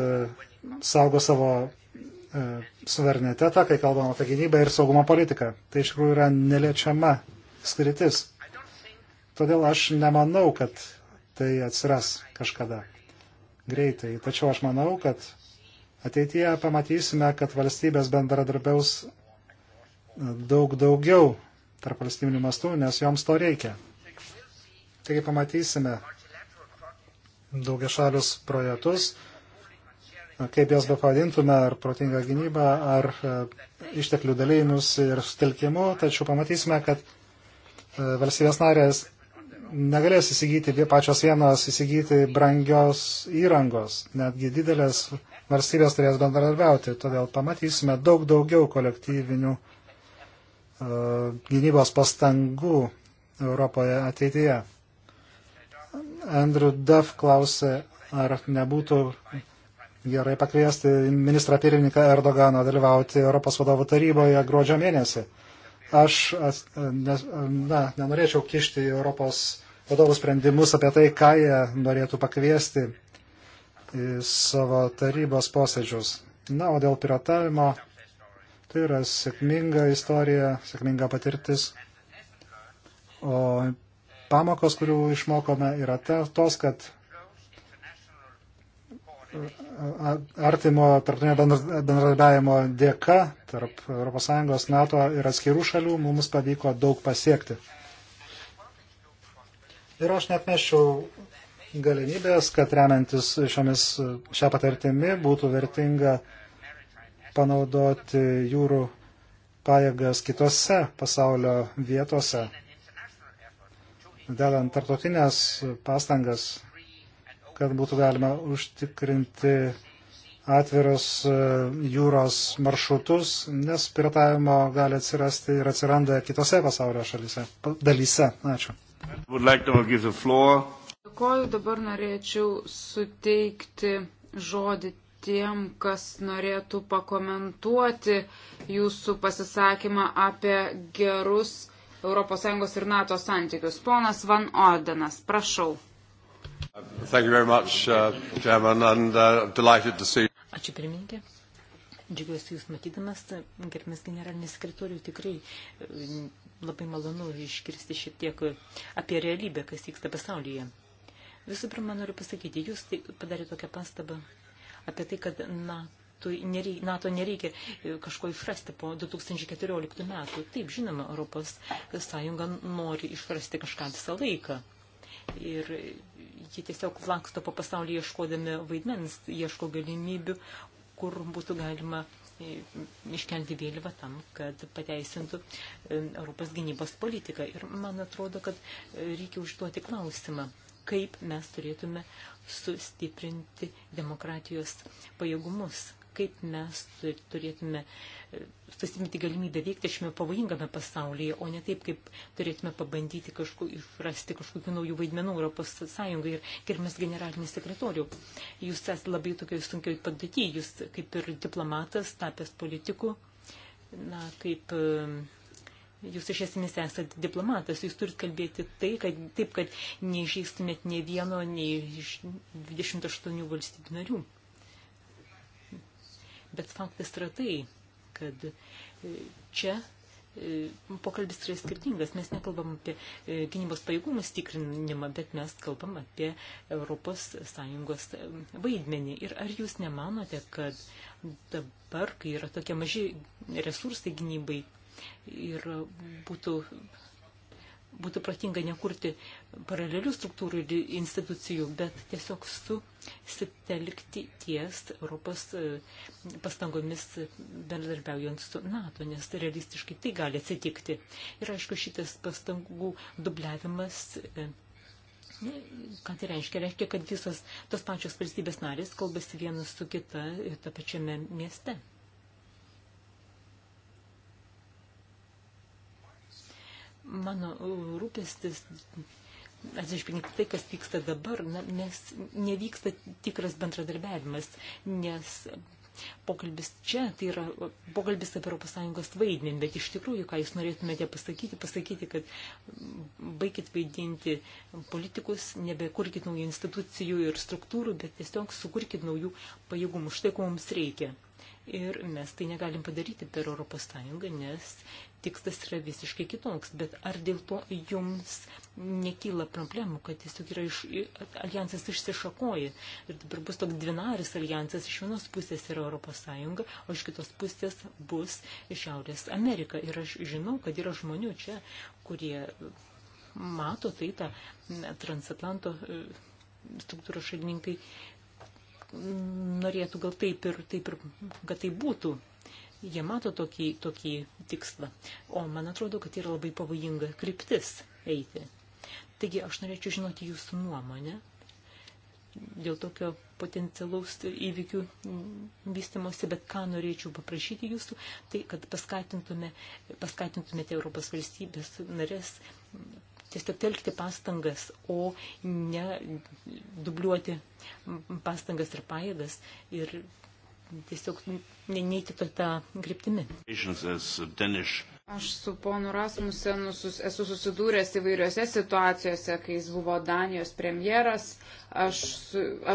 saugo savo e, suverenitetą, kai kalbam apie gynybą ir saugumo politiką. Tai iš tikrųjų yra neliečiama skritis. Todėl aš nemanau, kad tai atsiras kažkada greitai. Tačiau aš manau, kad ateityje pamatysime, kad valstybės bendradarbiaus e, daug daugiau tarp valstybinių mastų, nes joms to reikia. Taigi pamatysime daugia šalius projektus, kaip jas bepavadintume, ar protingą gynybą, ar e, išteklių dalymus ir sutelkimu, tačiau pamatysime, kad e, valstybės narės negalės įsigyti pačios vienos, įsigyti brangios įrangos, netgi didelės valstybės turės bendradarbiauti, todėl pamatysime daug daugiau kolektyvinių e, gynybos pastangų Europoje ateityje. Andrew Duff klausė, ar nebūtų gerai pakviesti ministrą pirmininką Erdoganą dalyvauti Europos vadovų taryboje gruodžio mėnesį. Aš ne, na, nenorėčiau kišti Europos vadovų sprendimus apie tai, ką jie norėtų pakviesti į savo tarybos posėdžius. Na, o dėl piratavimo, tai yra sėkminga istorija, sėkminga patirtis. O pamokos, kurių išmokome, yra tos, kad artimo tarptautinio bendradarbiavimo dėka tarp ES, NATO ir atskirų šalių mums pavyko daug pasiekti. Ir aš net meščiau galimybės, kad remiantis šiomis, šią patirtimi būtų vertinga panaudoti jūrų pajėgas kitose pasaulio vietose. Dedant tarptautinės pastangas kad būtų galima užtikrinti atviros e, jūros maršrutus, nes piratavimo gali atsirasti ir atsiranda kitose pasaulio šalyse, dalyse. Ačiū. Dėkoju, dabar norėčiau suteikti žodį tiem, kas norėtų pakomentuoti jūsų pasisakymą apie gerus ES ir NATO santykius. Ponas Van Ordenas, prašau. Much, uh, German, and, uh, Ačiū pirmininkė. Džiugiuosi Jūs matydamas, gerbimas generalinis sekretorių, tikrai mm, labai malonu iškirsti šiek tiek apie realybę, kas vyksta pasaulyje. Visų pirma, noriu pasakyti, Jūs tai padarėte tokią pastabą apie tai, kad NATO nereikia, NATO nereikia e, kažko išrasti po 2014 metų. Taip, žinoma, Europos Sąjunga nori išrasti kažką visą laiką ir jie tiesiog lanksto po pasaulį ieškodami vaidmens, ieško galimybių, kur būtų galima e, iškelti vėliavą tam, kad pateisintų e, Europos gynybos politiką. Ir man atrodo, kad e, reikia užduoti klausimą, kaip mes turėtume sustiprinti demokratijos pajėgumus kaip mes turėtume e, susimti galimybę veikti šiame pavojingame pasaulyje, o ne taip, kaip turėtume pabandyti kažku, išrasti kažkokių naujų vaidmenų Europos Sąjungoje. Ir gerbimas generalinis sekretorių, jūs esate labai tokioj sunkioj padėtyje, jūs kaip ir diplomatas, tapęs politikų, na, kaip e, Jūs iš esmės esate diplomatas, jūs turite kalbėti tai, kad, taip, kad neižeistumėt ne vieno, nei 28 valstybių narių. Bet faktas yra tai, kad e, čia e, pokalbis yra skirtingas. Mes nekalbam apie e, gynybos pajėgumus tikrinimą, bet mes kalbam apie ES vaidmenį. Ir ar jūs nemanote, kad dabar, kai yra tokie maži resursai gynybai, ir būtų būtų pratinga nekurti paralelių struktūrų ir institucijų, bet tiesiog susitelkti ties Europos e, pastangomis bendradarbiaujant su NATO, nes realistiškai tai gali atsitikti. Ir aišku, šitas pastangų dubliavimas. E, ką tai reiškia? Reiškia, kad visos tos pačios valstybės narės kalbasi vienas su kita ir e, ta pačiame mieste. mano rūpestis atsižvelgiant tai, kas vyksta dabar, na, nes nevyksta tikras bendradarbiavimas, nes pokalbis čia, tai yra pokalbis apie ES vaidmenį, bet iš tikrųjų, ką jūs norėtumėte pasakyti, pasakyti, kad baikit vaidinti politikus, nebekurkit naujų institucijų ir struktūrų, bet tiesiog sukurkit naujų pajėgumų. Štai ko mums reikia. Ir mes tai negalim padaryti per ES, nes tikslas yra visiškai kitoks, bet ar dėl to jums nekyla problemų, kad tiesiog yra iš, alijansas išsišakoja ir dabar bus toks dvinaris alijansas, iš vienos pusės yra Europos Sąjunga, o iš kitos pusės bus Šiaurės Amerika. Ir aš žinau, kad yra žmonių čia, kurie mato tai tą transatlanto e, struktūros šalininkai norėtų gal taip ir, taip ir, kad tai būtų, Jie mato tokį, tokį tikslą, o man atrodo, kad yra labai pavojinga kryptis eiti. Taigi aš norėčiau žinoti jūsų nuomonę dėl tokio potencialaus įvykių vystimosi, bet ką norėčiau paprašyti jūsų, tai kad paskatintume, paskatintumėte Europos valstybės narės tiesiog telkti pastangas, o ne dubliuoti pastangas ir pajėgas ir tiesiog nu, neįti tą kryptimį. Aš su ponu Rasmusenu esu susidūręs įvairiose situacijose, kai jis buvo Danijos premjeras, aš,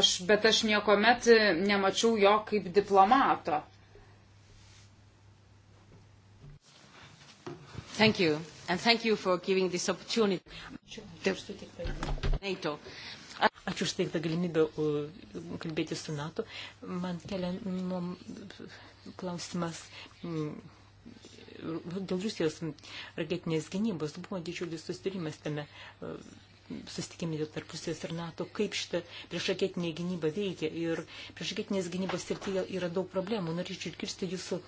aš, bet aš niekuomet nemačiau jo kaip diplomato. Thank you. And thank you for giving this opportunity. Ačiū. Ačiū. NATO. Ačiū už tai tą galimybę kalbėti su NATO. Man kelia nuo klausimas dėl Rusijos raketinės gynybos. Buvo didžiulis sustarimas tame susitikimai tarp Rusijos ir NATO, kaip šitą priešraketinė gynyba veikia. Ir priešraketinės gynybos srityje yra daug problemų. Norėčiau išgirsti jūsų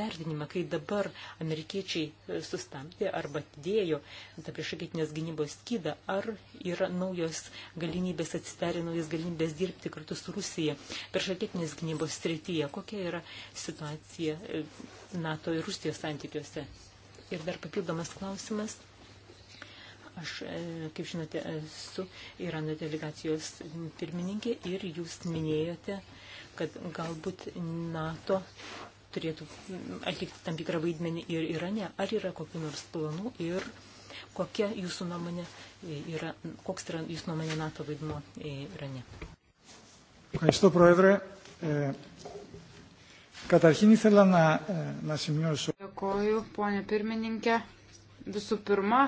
vertinimą, kai dabar amerikiečiai e, sustabdė arba atidėjo tą priešraketinės gynybos skydą, ar yra naujos galimybės atsidarė, naujos galimybės dirbti kartu su Rusija priešraketinės gynybos srityje. Kokia yra situacija e, NATO ir Rusijos santykiuose? Ir dar papildomas klausimas Aš, e, kaip žinote, esu Irano delegacijos pirmininkė ir jūs minėjote, kad galbūt NATO turėtų atlikti tam tikrą vaidmenį ir Irane. Ar yra kokiu nors planu ir kokia jūsų nuomonė yra, koks yra jūsų nuomonė NATO vaidmo e, Irane? Ευχαριστώ, Πρόεδρε. Ε, καταρχήν ήθελα να, ε, να σημειώσω. Dėkoju, ponė pirmininkė. Visų pirma,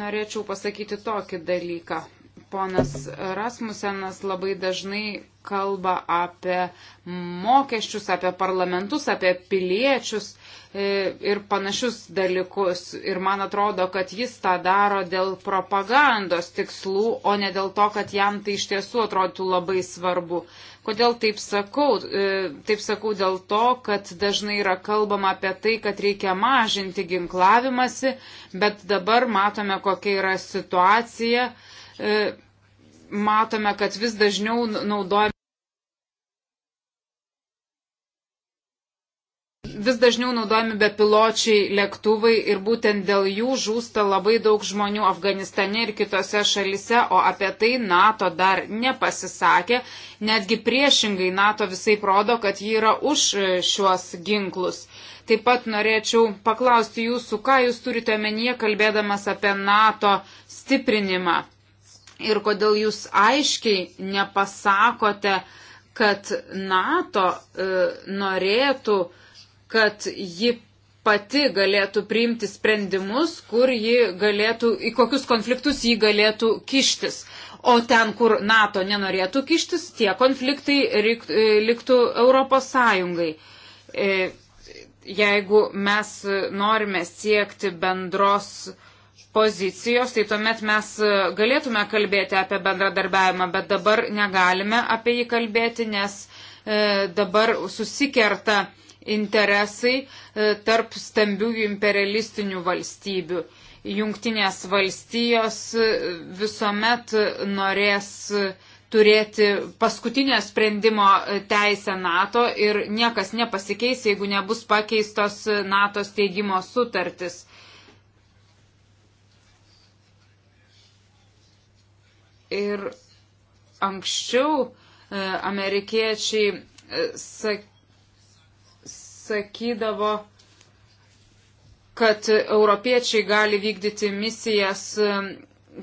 norėčiau pasakyti tokį dalyką. Ponas Rasmusenas labai dažnai kalba apie mokesčius, apie parlamentus, apie piliečius e, ir panašius dalykus. Ir man atrodo, kad jis tą daro dėl propagandos tikslų, o ne dėl to, kad jam tai iš tiesų atrodytų labai svarbu. Kodėl taip sakau? E, taip sakau dėl to, kad dažnai yra kalbama apie tai, kad reikia mažinti ginklavimasi, bet dabar matome, kokia yra situacija. E, matome, kad vis dažniau naudojame. vis dažniau naudojami bepiločiai lėktuvai ir būtent dėl jų žūsta labai daug žmonių Afganistane ir kitose šalise, o apie tai NATO dar nepasisakė. Netgi priešingai NATO visai rodo, kad ji yra už e, šiuos ginklus. Taip pat norėčiau paklausti jūsų, ką jūs turite omenyje, kalbėdamas apie NATO stiprinimą ir kodėl jūs aiškiai nepasakote, kad NATO e, norėtų e, kad ji pati galėtų priimti sprendimus, kur ji galėtų, į kokius konfliktus ji galėtų kištis. O ten, kur NATO nenorėtų kištis, tie konfliktai e, liktų Europos Sąjungai. E, jeigu mes norime siekti bendros pozicijos, tai tuomet mes galėtume kalbėti apie bendradarbiavimą, bet dabar negalime apie jį kalbėti, nes e, dabar susikerta e, interesai e, tarp stambiųjų imperialistinių valstybių. Jungtinės valstijos e, visuomet norės e, turėti paskutinio sprendimo teisę NATO ir niekas nepasikeis, jeigu nebus pakeistos NATO steigimo sutartis. Ir anksčiau amerikiečiai sakė, sakydavo, kad europiečiai gali vykdyti misijas um,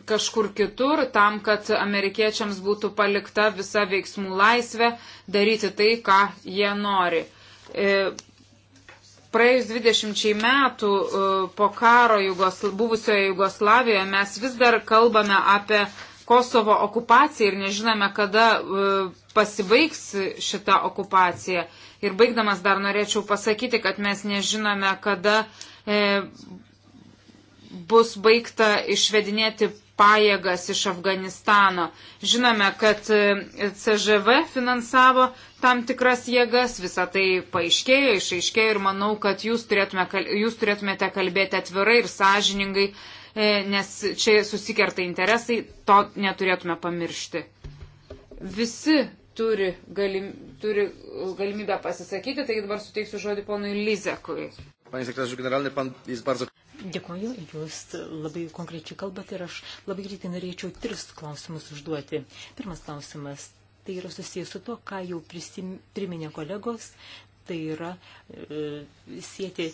kažkur kitur, tam, kad amerikiečiams būtų palikta visa veiksmų laisvė daryti tai, ką jie nori. E, praėjus 20 metų e, po karo Jugosl buvusioje Jugoslavijoje mes vis dar kalbame apie Kosovo okupacija ir nežinome, kada e, pasibaigs šita okupacija. Ir baigdamas dar norėčiau pasakyti, kad mes nežinome, kada e, bus baigta išvedinėti pajėgas iš Afganistano. Žinome, kad e, CŽV finansavo tam tikras jėgas, visą tai paaiškėjo, išaiškėjo ir manau, kad jūs, turėtume, jūs turėtumėte kalbėti atvirai ir sąžiningai E, nes čia susikerta interesai, to neturėtume pamiršti. Visi turi, galim, turi galimybę pasisakyti, taigi dabar suteiksiu žodį ponui Lizekui. Panie sekretorius generalinė, pan, jis bardzo. Dėkuoju, jūs labai konkrečiai kalbate ir aš labai greitai norėčiau tris klausimus užduoti. Pirmas klausimas, tai yra susijęs su to, ką jau prisim, priminė kolegos, tai yra e, sieti,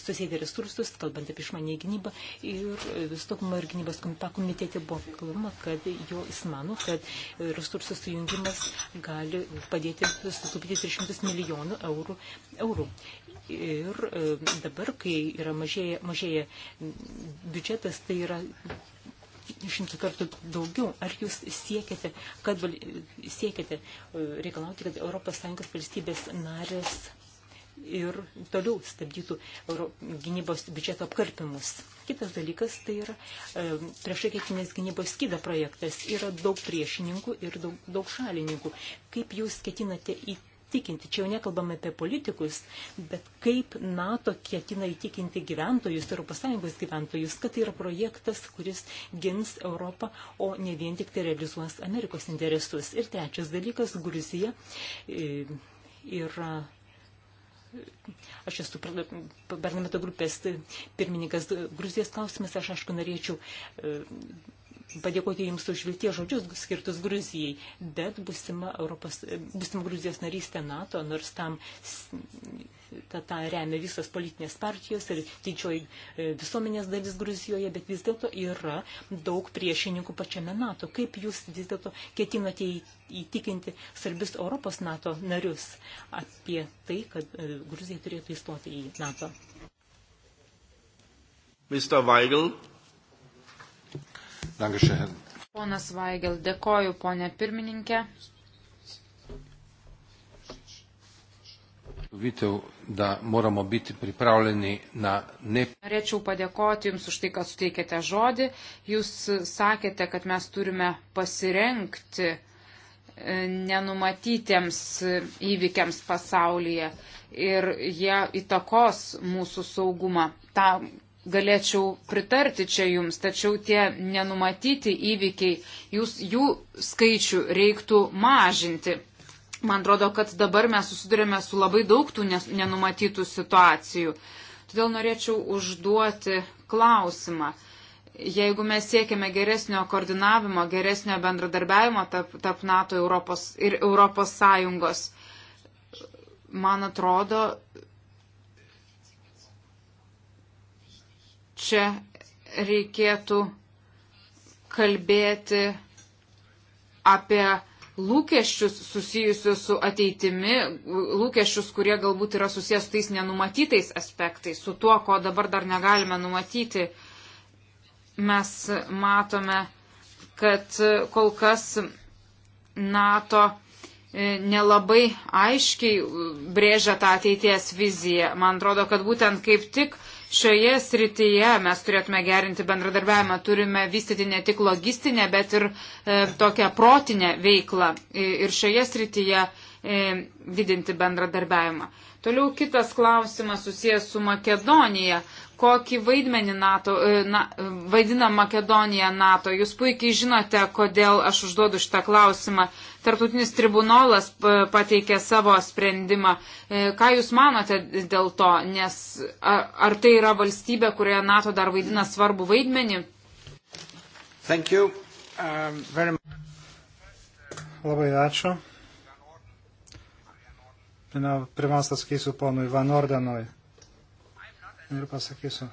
susėti resursus, kalbant apie išmanį gynybą. Ir e, Stokmo ir gynybos komitete buvo kalbama, kad jo jis mano, kad resursų sujungimas gali padėti sutaupyti 300 milijonų eurų. eurų. Ir e, dabar, kai yra mažėja, mažėja biudžetas, tai yra šimtų kartų daugiau. Ar jūs siekite, kad, siekite reikalauti, kad ES valstybės narės ir toliau stabdytų gynybos biudžeto apkarpimus. Kitas dalykas tai yra e, priešakėtinės gynybos skydo projektas. Yra daug priešininkų ir daug, daug šalininkų. Kaip jūs ketinate įtikinti, čia jau nekalbame apie politikus, bet kaip NATO ketina įtikinti gyventojus, ES gyventojus, kad tai yra projektas, kuris gins Europą, o ne vien tik tai realizuos Amerikos interesus. Ir trečias dalykas, Gruzija. E, yra aš esu parlamento grupės pirmininkas Gruzijos klausimas, aš aišku norėčiau e, padėkoti Jums už vilties žodžius skirtus Gruzijai, bet būsima, Europos, būsima Gruzijos narystė NATO, nors tam tą, tą remia visas politinės partijos ir didžioji e, visuomenės dalis Gruzijoje, bet vis dėlto yra daug priešininkų pačiame NATO. Kaip jūs vis dėlto ketinate įtikinti svarbius Europos NATO narius apie tai, kad e, Gruzija turėtų įstoti į NATO? Mr. Weigel. Dankeschön. Ponas Vaigel, dėkoju, ponė pirmininkė. Vytau, da moramo būti pripravljeni na ne. Norėčiau padėkoti Jums už tai, kad suteikėte žodį. Jūs sakėte, kad mes turime pasirenkti e, nenumatytiems įvykiams pasaulyje ir jie įtakos mūsų saugumą. Ta galėčiau pritarti čia jums, tačiau tie nenumatyti įvykiai, jūs, jų skaičių reiktų mažinti. Man atrodo, kad dabar mes susidurėme su labai daug tų nenumatytų situacijų. Todėl norėčiau užduoti klausimą. Jeigu mes siekiame geresnio koordinavimo, geresnio bendradarbiavimo tarp, tarp NATO Europos ir Europos Sąjungos, man atrodo, čia reikėtų kalbėti apie lūkesčius susijusius su ateitimi, lūkesčius, kurie galbūt yra susijęs su tais nenumatytais aspektais, su tuo, ko dabar dar negalime numatyti. Mes matome, kad kol kas NATO e, nelabai aiškiai brėžia tą ateities viziją. Man atrodo, kad būtent kaip tik šioje srityje mes turėtume gerinti bendradarbiavimą, turime vystyti ne tik logistinę, bet ir e, tokią protinę veiklą ir šioje srityje e, didinti bendradarbiavimą. Toliau kitas klausimas susijęs su Makedonija kokį vaidmenį NATO, e, na, vaidina Makedonija NATO. Jūs puikiai žinote, kodėl aš užduodu šitą klausimą. Tartutinis tribunolas e, pateikė savo sprendimą. E, ką Jūs manote dėl to, nes ar tai yra valstybė, kurioje NATO dar vaidina svarbu vaidmenį? Um, very... Labai ačiū. Pirmiausia, sakysiu ponui Van Ordenui ir pasakysiu,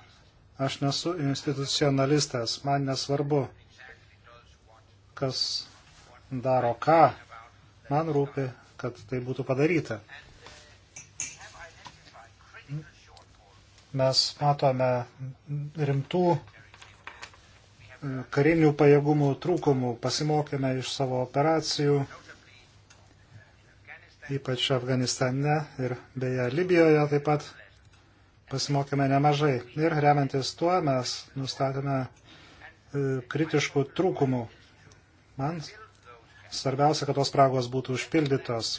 aš nesu institucionalistas, man nesvarbu, kas daro ką, man rūpi, kad tai būtų padaryta. Mes matome rimtų e, karinių pajėgumų trūkumų, pasimokėme iš savo operacijų, ypač Afganistane ir beje Libijoje taip pat pasimokėme nemažai. Ir remiantis tuo mes nustatėme e, kritiškų trūkumų. Man svarbiausia, kad tos spragos būtų užpildytos.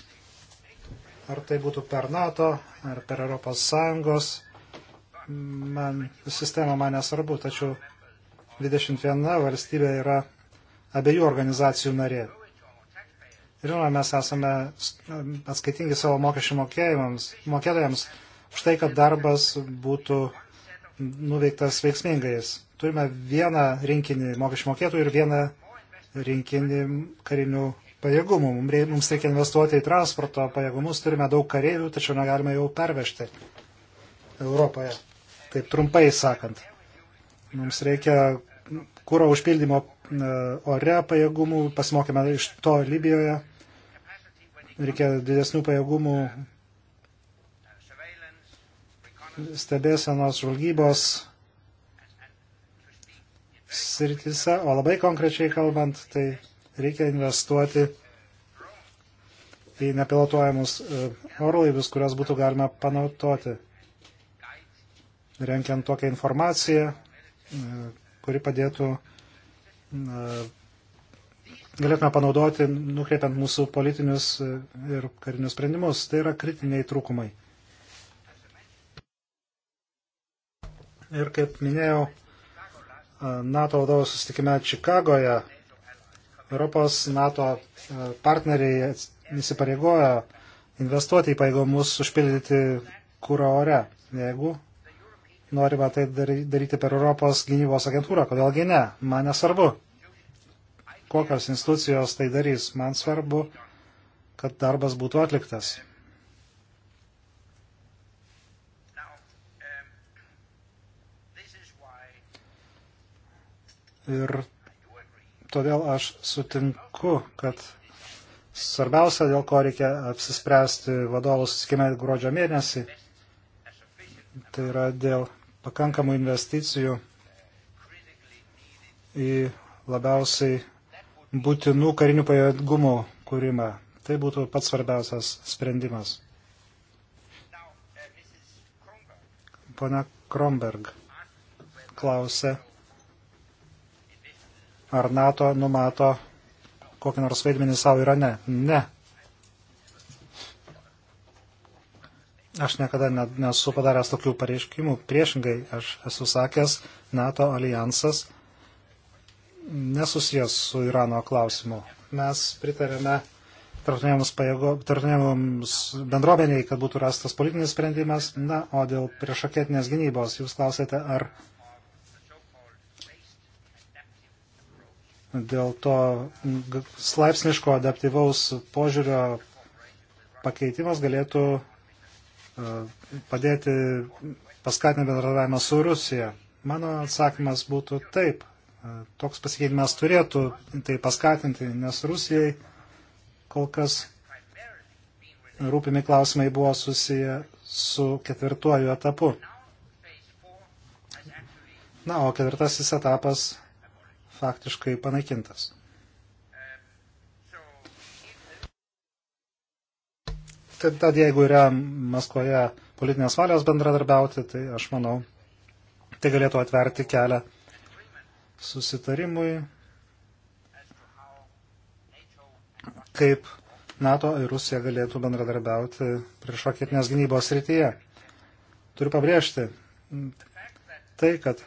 Ar tai būtų per NATO, ar per Europos Sąjungos, man, sistema man nesvarbu, tačiau 21 valstybė yra abiejų organizacijų narė. Žinoma, mes esame atskaitingi savo mokesčių mokėjimams, mokėtojams, už tai, kad darbas būtų nuveiktas veiksmingais. Turime vieną rinkinį mokesčių mokėtų ir vieną rinkinį karinių pajėgumų. Mums reikia investuoti į transporto pajėgumus, turime daug kareivių, tačiau negalime jau pervežti Europoje. Taip trumpai sakant, mums reikia kūro užpildymo e, ore pajėgumų, pasimokime iš to Libijoje, reikia didesnių pajėgumų stebėsenos žvalgybos sritise, o labai konkrečiai kalbant, tai reikia investuoti į nepilotuojamus e, orlaivius, kuriuos būtų galima panaudoti, renkiant tokią informaciją, e, kuri padėtų, galėtume panaudoti, nukreipiant mūsų politinius e, ir karinius sprendimus. Tai yra kritiniai trūkumai. Ir kaip minėjau, NATO vadovų susitikime Čikagoje Europos NATO partneriai įsipareigojo investuoti į pajėgumus užpildyti kūro ore, jeigu norime tai daryti per Europos gynybos agentūrą. Kodėlgi ne? Man nesvarbu, kokios institucijos tai darys. Man svarbu, kad darbas būtų atliktas. Ir todėl aš sutinku, kad svarbiausia, dėl ko reikia apsispręsti vadovų susikime gruodžio mėnesį, tai yra dėl pakankamų investicijų į labiausiai būtinų karinių pajėgumų kūrimą. Tai būtų pats svarbiausias sprendimas. Pone Kromberg klausė ar NATO numato kokį nors vaidmenį savo Irane. Ne. Aš niekada ne, nesu padaręs tokių pareiškimų. Priešingai, aš esu sakęs, NATO alijansas nesusijęs su Irano klausimu. Mes pritarėme tarptautinėms bendruomeniai, kad būtų rastas politinis sprendimas. Na, o dėl priešakėtinės gynybos jūs klausėte, ar dėl to slaipsniško adaptyvaus požiūrio pakeitimas galėtų e, padėti paskatinti bendradavimą su Rusija. Mano atsakymas būtų taip. E, toks pasikeitimas turėtų tai paskatinti, nes Rusijai kol kas rūpimi klausimai buvo susiję su ketvirtuoju etapu. Na, o ketvirtasis etapas faktiškai panaikintas. Tad jeigu yra Maskvoje politinės valios bendradarbiauti, tai aš manau, tai galėtų atverti kelią susitarimui, kaip NATO ir Rusija galėtų bendradarbiauti prieš raketinės gynybos rytyje. Turiu pabrėžti tai, kad,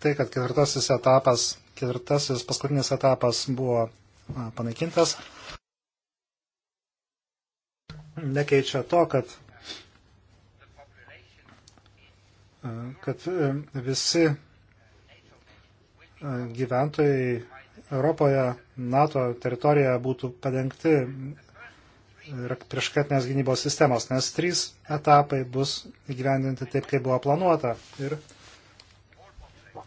tai, kad ketvirtasis etapas ketvirtasis paskutinis etapas buvo panaikintas. Nekeičia to, kad, kad e, visi gyventojai Europoje, NATO teritorijoje būtų padengti e, prieškatinės gynybos sistemos, nes trys etapai bus įgyvendinti taip, kaip buvo planuota. Ir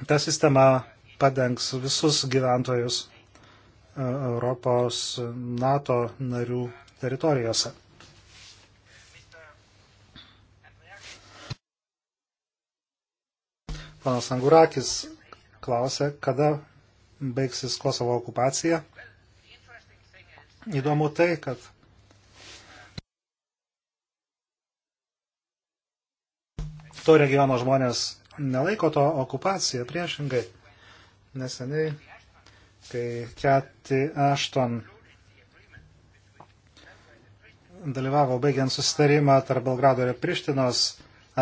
ta sistema padengs visus gyventojus e, Europos NATO narių teritorijose. Panas Angurakis klausė, kada baigsis Kosovo okupacija. Įdomu tai, kad to regiono žmonės nelaiko to okupacija priešingai neseniai, kai Keti Ašton dalyvavo baigiant susitarimą tarp Belgrado ir Prištinos,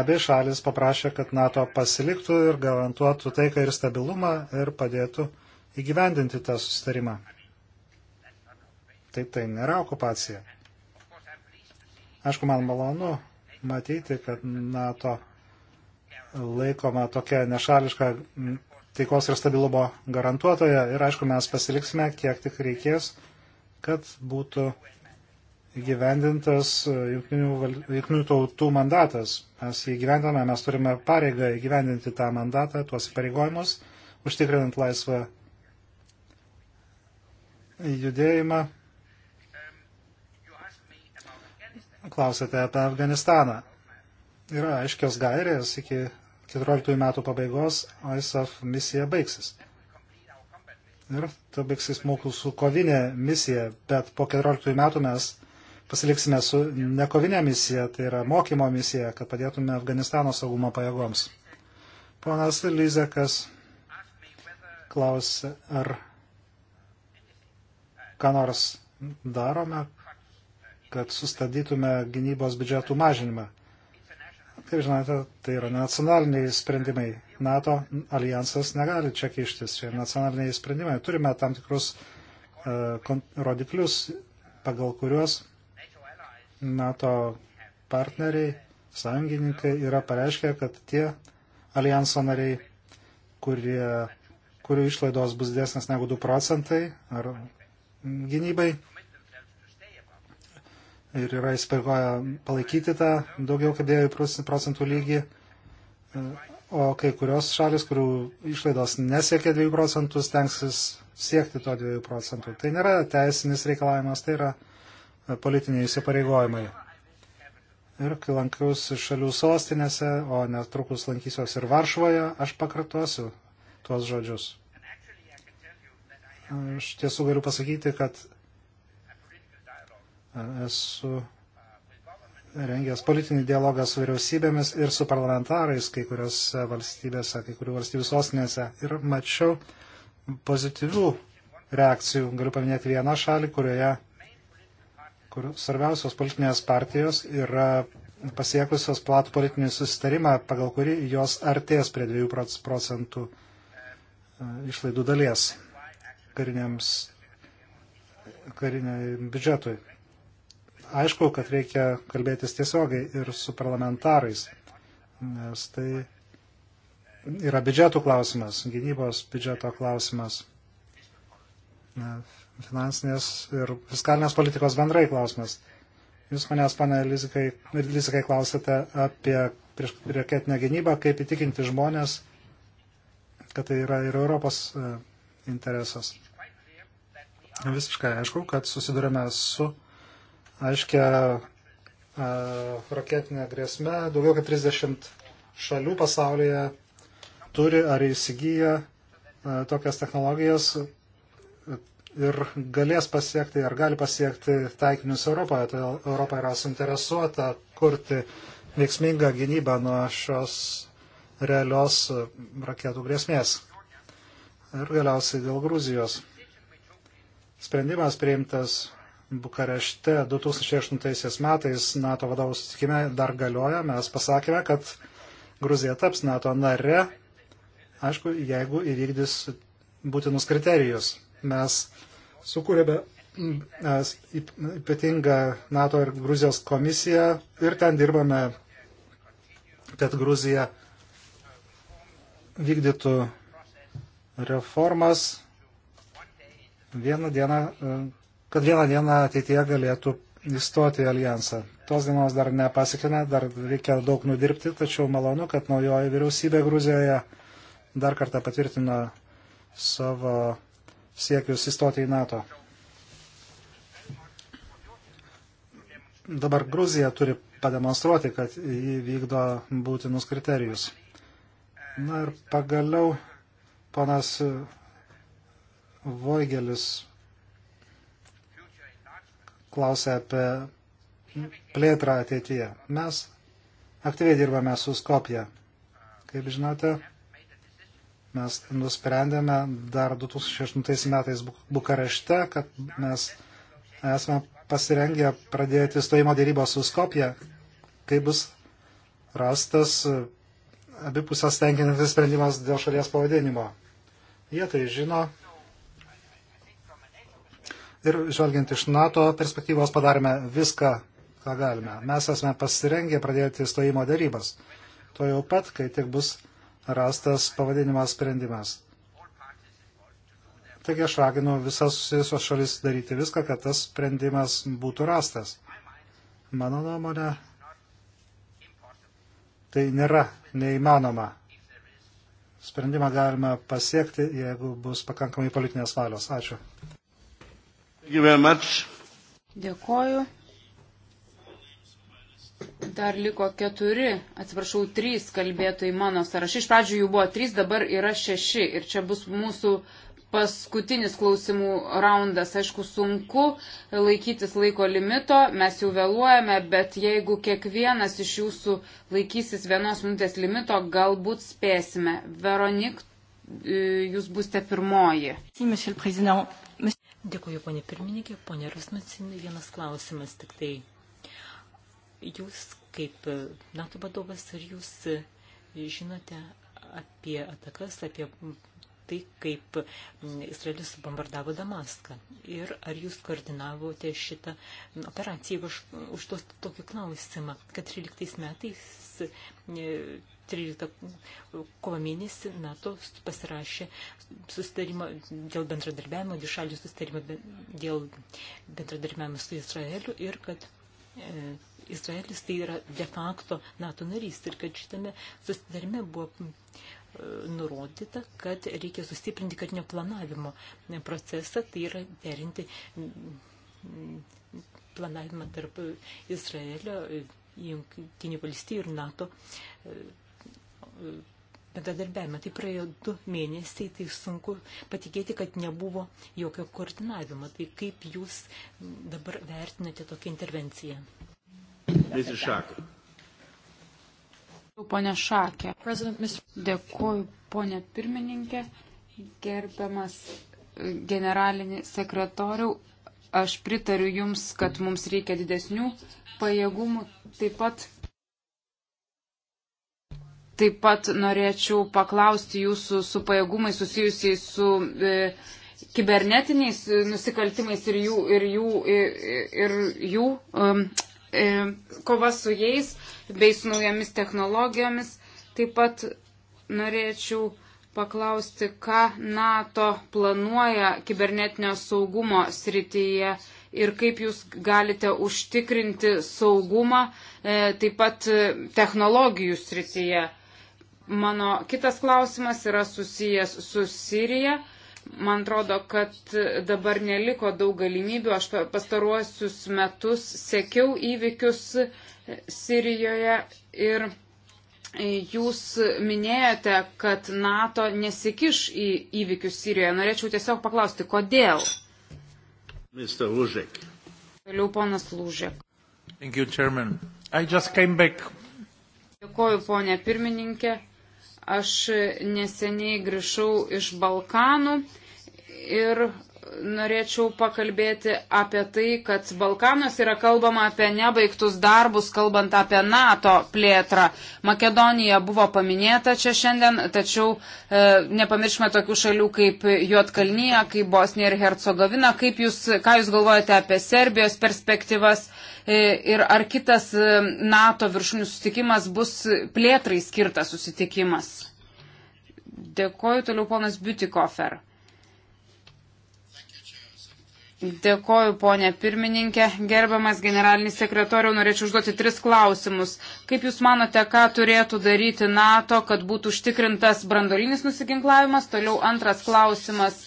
abi šalis paprašė, kad NATO pasiliktų ir garantuotų taiką ir stabilumą ir padėtų įgyvendinti tą susitarimą. Tai tai nėra okupacija. Aišku, man malonu matyti, kad NATO laikoma tokia nešališka taikos ir stabilumo garantuotoje ir aišku mes pasiliksime, kiek tik reikės, kad būtų įgyvendintas e, jungtinių tautų mandatas. Mes jį gyvendame, mes turime pareigą įgyvendinti tą mandatą, tuos pareigojimus, užtikrinant laisvą judėjimą. Klausėte apie Afganistaną. Yra aiškios gairės iki 14 metų pabaigos ISAF misija baigsis. Ir ta baigsis mūsų kovinė misija, bet po 14 metų mes pasiliksime su nekovinė misija, tai yra mokymo misija, kad padėtume Afganistano saugumo pajėgoms. Ponas Lyzekas klausė, ar ką nors darome, kad sustadytume gynybos biudžetų mažinimą. Kaip žinote, tai yra nacionaliniai sprendimai. NATO alijansas negali čia kištis, čia nacionaliniai sprendimai. Turime tam tikrus uh, rodiklius, pagal kuriuos NATO partneriai, sąjungininkai yra pareiškę, kad tie alijanso nariai, kurie, kurių išlaidos bus dėsnės negu 2 procentai ar gynybai, ir yra įsipareigoję palaikyti tą daugiau kaip 9 procentų lygį, e, o kai kurios šalis, kurių išlaidos nesiekia 2 procentų, stengsis siekti to 2 procentų. Tai nėra teisinis reikalavimas, tai yra e, politiniai įsipareigojimai. Ir kai lankiausi šalių sostinėse, o netrukus lankysiuosi ir Varšuvoje, aš pakartosiu tuos žodžius. Aš tiesų galiu pasakyti, kad esu rengęs politinį dialogą su vyriausybėmis ir su parlamentarais kai kuriuose valstybėse, kai kurių valstybių sostinėse. Ir mačiau pozityvių reakcijų. Galiu paminėti vieną šalį, kurioje kur svarbiausios politinės partijos yra pasiekusios platų politinį susitarimą, pagal kurį jos artės prie 2 procentų e, išlaidų dalies kariniams kariniai biudžetui aišku, kad reikia kalbėtis tiesiogiai ir su parlamentarais, nes tai yra biudžetų klausimas, gynybos biudžeto klausimas, finansinės ir fiskalinės politikos bendrai klausimas. Jūs manęs, pane Lizikai, Lizikai klausėte apie prioritetinę gynybą, kaip įtikinti žmonės, kad tai yra ir Europos e, interesas. Visiškai aišku, kad susidurime su aiškia raketinė grėsme. Daugiau kaip 30 šalių pasaulyje turi ar įsigyja tokias technologijas ir galės pasiekti ar gali pasiekti taikinius Europoje. Todėl Europa yra suinteresuota kurti veiksmingą gynybą nuo šios realios raketų grėsmės. Ir galiausiai dėl Gruzijos. Sprendimas priimtas Bukarešte 2008 metais NATO vadovų susitikime dar galioja, mes pasakėme, kad Gruzija taps NATO nare, aišku, jeigu įvykdys būtinus kriterijus. Mes sukūrėme ypatingą NATO ir Gruzijos komisiją ir ten dirbame, kad Gruzija vykdytų reformas. Vieną dieną kad vieną dieną ateityje galėtų įstoti į alijansą. Tos dienos dar nepasiekėme, dar reikia daug nudirbti, tačiau malonu, kad naujoji vyriausybė Gruzijoje dar kartą patvirtino savo siekius įstoti į NATO. Dabar Gruzija turi pademonstruoti, kad jį vykdo būtinus kriterijus. Na ir pagaliau ponas Voigelis klausia apie plėtrą ateityje. Mes aktyviai dirbame su Skopje. Kaip žinote, mes nusprendėme dar 2008 metais Bukarešte, kad mes esame pasirengę pradėti stojimo dėrybą su Skopje, kai bus rastas abipusės tenkinantis sprendimas dėl šalies pavadinimo. Jie tai žino, ir žvelgiant iš NATO perspektyvos padarėme viską, ką galime. Mes esame pasirengę pradėti stojimo darybas. To jau pat, kai tik bus rastas pavadinimas sprendimas. Taigi aš raginu visas susijusios šalis daryti viską, kad tas sprendimas būtų rastas. Mano nuomonė, tai nėra neįmanoma. Sprendimą galima pasiekti, jeigu bus pakankamai politinės valios. Ačiū. Dėkoju. Dar liko keturi, atsiprašau, trys kalbėtojai mano sąrašai. Iš pradžių jų buvo trys, dabar yra šeši. Ir čia bus mūsų paskutinis klausimų raundas. Aišku, sunku laikytis laiko limito, mes jau vėluojame, bet jeigu kiekvienas iš jūsų laikysis vienos minutės limito, galbūt spėsime. Veronik, e, jūs būsite pirmoji. Dėkuoju, ponė pirmininkė. Ponė Rusmacin, vienas klausimas tik tai. Jūs kaip e, NATO vadovas, ar jūs e, žinote apie atakas, apie tai, kaip Izraelis bombardavo Damaską. Ir ar jūs koordinavote šitą operaciją, jeigu aš užduosiu tokį klausimą, kad 13 metais e, 13 kovo mėnesį NATO pasirašė susitarimą dėl bendradarbiavimo, dišalį susitarimą dėl bendradarbiavimo su Izraeliu ir kad e, Izraelis tai yra de facto NATO narys ir kad šitame susitarime buvo e, nurodyta, kad reikia sustiprinti karinio planavimo procesą, tai yra derinti planavimą tarp Izraelio, Junktinių valstybių ir NATO e, bendradarbiavimą. Tai praėjo du mėnesiai, tai sunku patikėti, kad nebuvo jokio koordinavimo. Tai kaip jūs dabar vertinate tokią intervenciją? Visi šakai. Pone Šakė, dėkuoju, ponė pirmininkė, gerbiamas e, generalinį sekretorių, aš pritariu Jums, kad mums reikia didesnių pajėgumų. Taip pat Taip pat norėčiau paklausti jūsų su pajėgumai susijusiai su e, kibernetiniais e, nusikaltimais ir jų, ir jų, ir, e, ir jų um, e, kova su jais bei su naujomis technologijomis. Taip pat norėčiau paklausti, ką NATO planuoja kibernetinio saugumo srityje ir kaip jūs galite užtikrinti saugumą e, taip pat e, technologijų srityje. E, Mano kitas klausimas yra susijęs su Sirija. Man atrodo, kad dabar neliko daug galimybių. Aš pastaruosius metus sekiau įvykius Sirijoje ir jūs minėjote, kad NATO nesikiš į įvykius Sirijoje. Norėčiau tiesiog paklausti, kodėl? Mr. Lūžek. Vėliau ponas Lūžek. Thank you, Chairman. I just came back Dėkoju, ponė pirmininkė. Aš neseniai grįžau iš Balkanų ir norėčiau pakalbėti apie tai, kad Balkanos yra kalbama apie nebaigtus darbus, kalbant apie NATO plėtrą. Makedonija buvo paminėta čia šiandien, tačiau e, nepamiršime tokių šalių kaip Juotkalnyje, kaip Bosnija ir Hercegovina. Kaip jūs, ką jūs galvojate apie Serbijos perspektyvas e, ir ar kitas e, NATO viršūnių susitikimas bus plėtrai skirtas susitikimas? Dėkoju toliau ponas Butikofer. Dėkoju, ponė pirmininkė. Gerbiamas generalinis sekretoriau, norėčiau užduoti tris klausimus. Kaip Jūs manote, ką turėtų daryti NATO, kad būtų užtikrintas brandolinis nusiginklavimas? Toliau antras klausimas.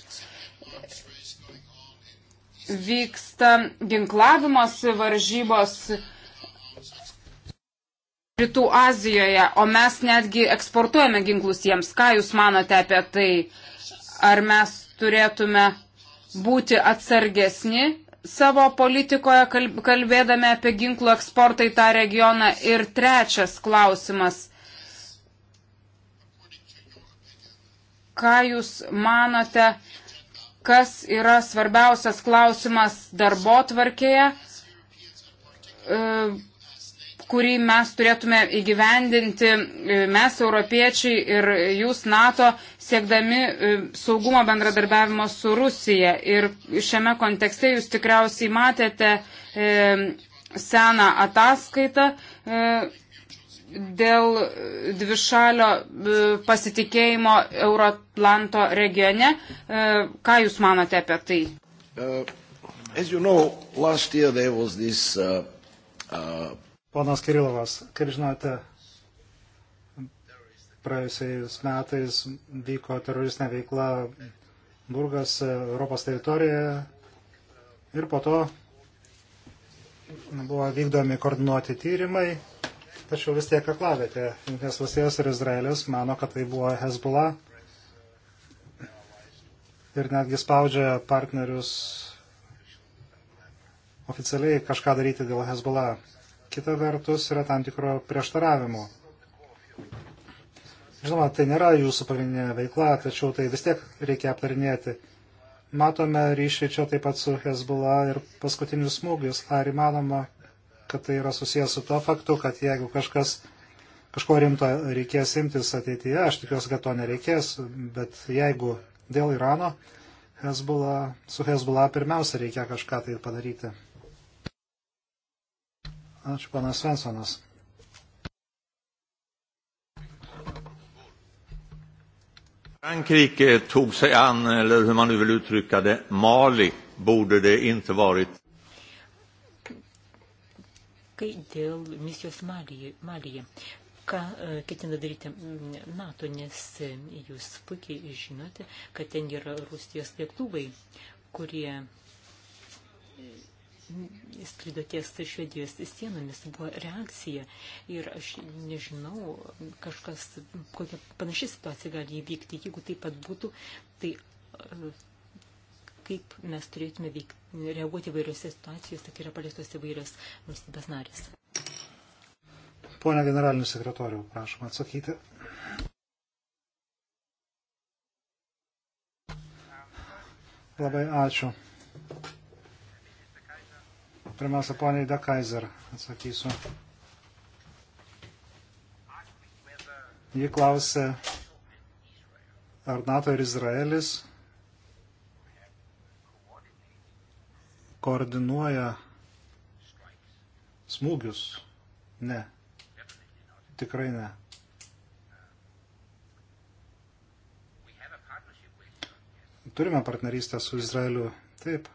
Vyksta ginklavimos varžybos Rytų Azijoje, o mes netgi eksportuojame ginklus jiems. Ką Jūs manote apie tai? Ar mes turėtume būti atsargesni savo politikoje, kalbėdami apie ginklų eksportą į tą regioną. Ir trečias klausimas. Ką Jūs manote, kas yra svarbiausias klausimas darbo tvarkėje? E, kurį mes turėtume įgyvendinti, e, mes, europiečiai ir jūs, NATO, siekdami e, saugumo bendradarbiavimo su Rusija. Ir šiame kontekste jūs tikriausiai matėte e, seną ataskaitą. E, dėl dvišalio e, pasitikėjimo Euroatlanto regione. Ką Jūs manote apie tai? Uh, you know, this, uh, uh, Ponas Kirilovas, kaip žinote, praėjusiais metais vyko teroristinė veikla Burgas Europos teritorijoje ir po to buvo vykdomi koordinuoti tyrimai, tačiau vis tiek aklavėte. Junktinės valstijos ir Izraelis mano, kad tai buvo Hezbollah ir netgi spaudžia partnerius oficialiai kažką daryti dėl Hezbollah kita vertus yra tam tikro prieštaravimo. Žinoma, tai nėra jūsų pagrindinė veikla, tačiau tai vis tiek reikia aptarinėti. Matome ryšį čia taip pat su Hezbollah ir paskutinius smūgius. Ar įmanoma, kad tai yra susijęs su tuo faktu, kad jeigu kažkas kažko rimto reikės imtis ateityje, aš tikiuosi, kad to nereikės, bet jeigu dėl Irano Hezbollah, su Hezbollah pirmiausia reikia kažką tai padaryti. Ačiū, panas Svensonas. Frankrike tog sig an, eller hur man nu vill uttrycka det, Mali borde det inte varit. Kai dėl misijos Malyje, Malyje ką e, ketina daryti mm, NATO, nes e, jūs puikiai žinote, kad ten yra Rusijos lėktuvai, kurie skrido ties Švedijos sienomis, buvo reakcija ir aš nežinau, kažkas, kokia panaši situacija gali įvykti, jeigu taip pat būtų, tai e, kaip mes turėtume veikti, reaguoti įvairiose situacijose, kai yra paliestos įvairios valstybės narės. Pone generaliniu sekretoriu, prašom atsakyti. Labai ačiū. Pirmiausia, poniai De Kaiser atsakysiu. Ji klausė, ar NATO ir Izraelis koordinuoja smūgius. Ne. Tikrai ne. Turime partnerystę su Izraeliu. Taip.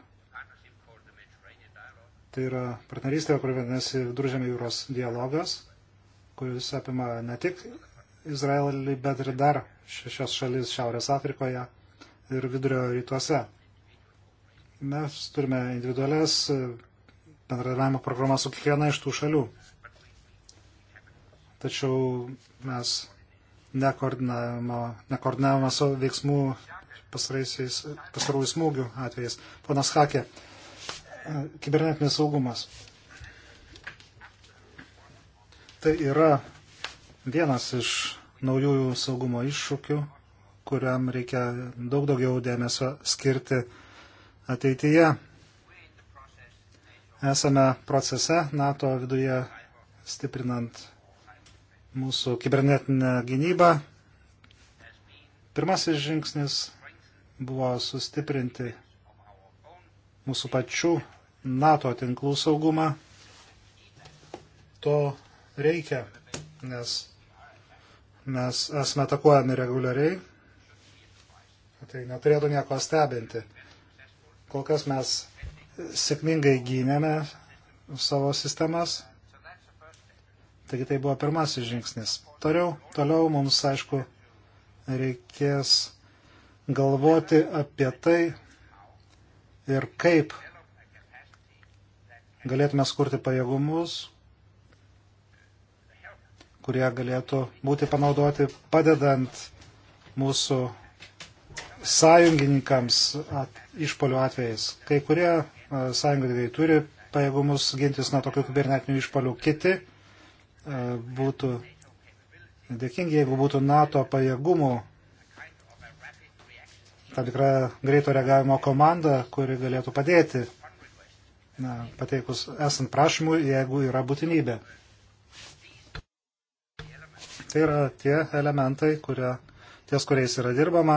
Tai yra partnerystė, kur vadinasi Duržėmė jūros dialogas, kuris apima ne tik Izraelį, bet ir dar šešias šalis Šiaurės Afrikoje ir Vidurio rytuose. Mes turime individualias bendradarbiavimo programas su kiekviena iš tų šalių. Tačiau mes nekoordinavimo veiksmų pastarųjų smūgių atvejais. Ponas Hakė, kibernetinis saugumas. Tai yra vienas iš naujųjų saugumo iššūkių, kuriam reikia daug daugiau dėmesio skirti ateityje. Esame procese NATO viduje stiprinant mūsų kibernetinę gynybą. Pirmasis žingsnis buvo sustiprinti mūsų pačių NATO tinklų saugumą. To reikia, nes mes esame atakuojami reguliariai. Tai neturėtų nieko stebinti. Kol kas mes sėkmingai gynėme savo sistemas. Taigi tai buvo pirmasis žingsnis. Toliau, toliau mums, aišku, reikės galvoti apie tai, ir kaip galėtume skurti pajėgumus, kurie galėtų būti panaudoti padedant mūsų sąjungininkams at, išpolių atvejais. Kai kurie e, sąjungininkai turi pajėgumus gintis nuo tokių kibernetinių išpolių, kiti e, būtų dėkingi, jeigu būtų NATO pajėgumų tam tikra greito reagavimo komanda, kuri galėtų padėti, na, pateikus esant prašymui, jeigu yra būtinybė. Tai yra tie elementai, kurie, ties kuriais yra dirbama.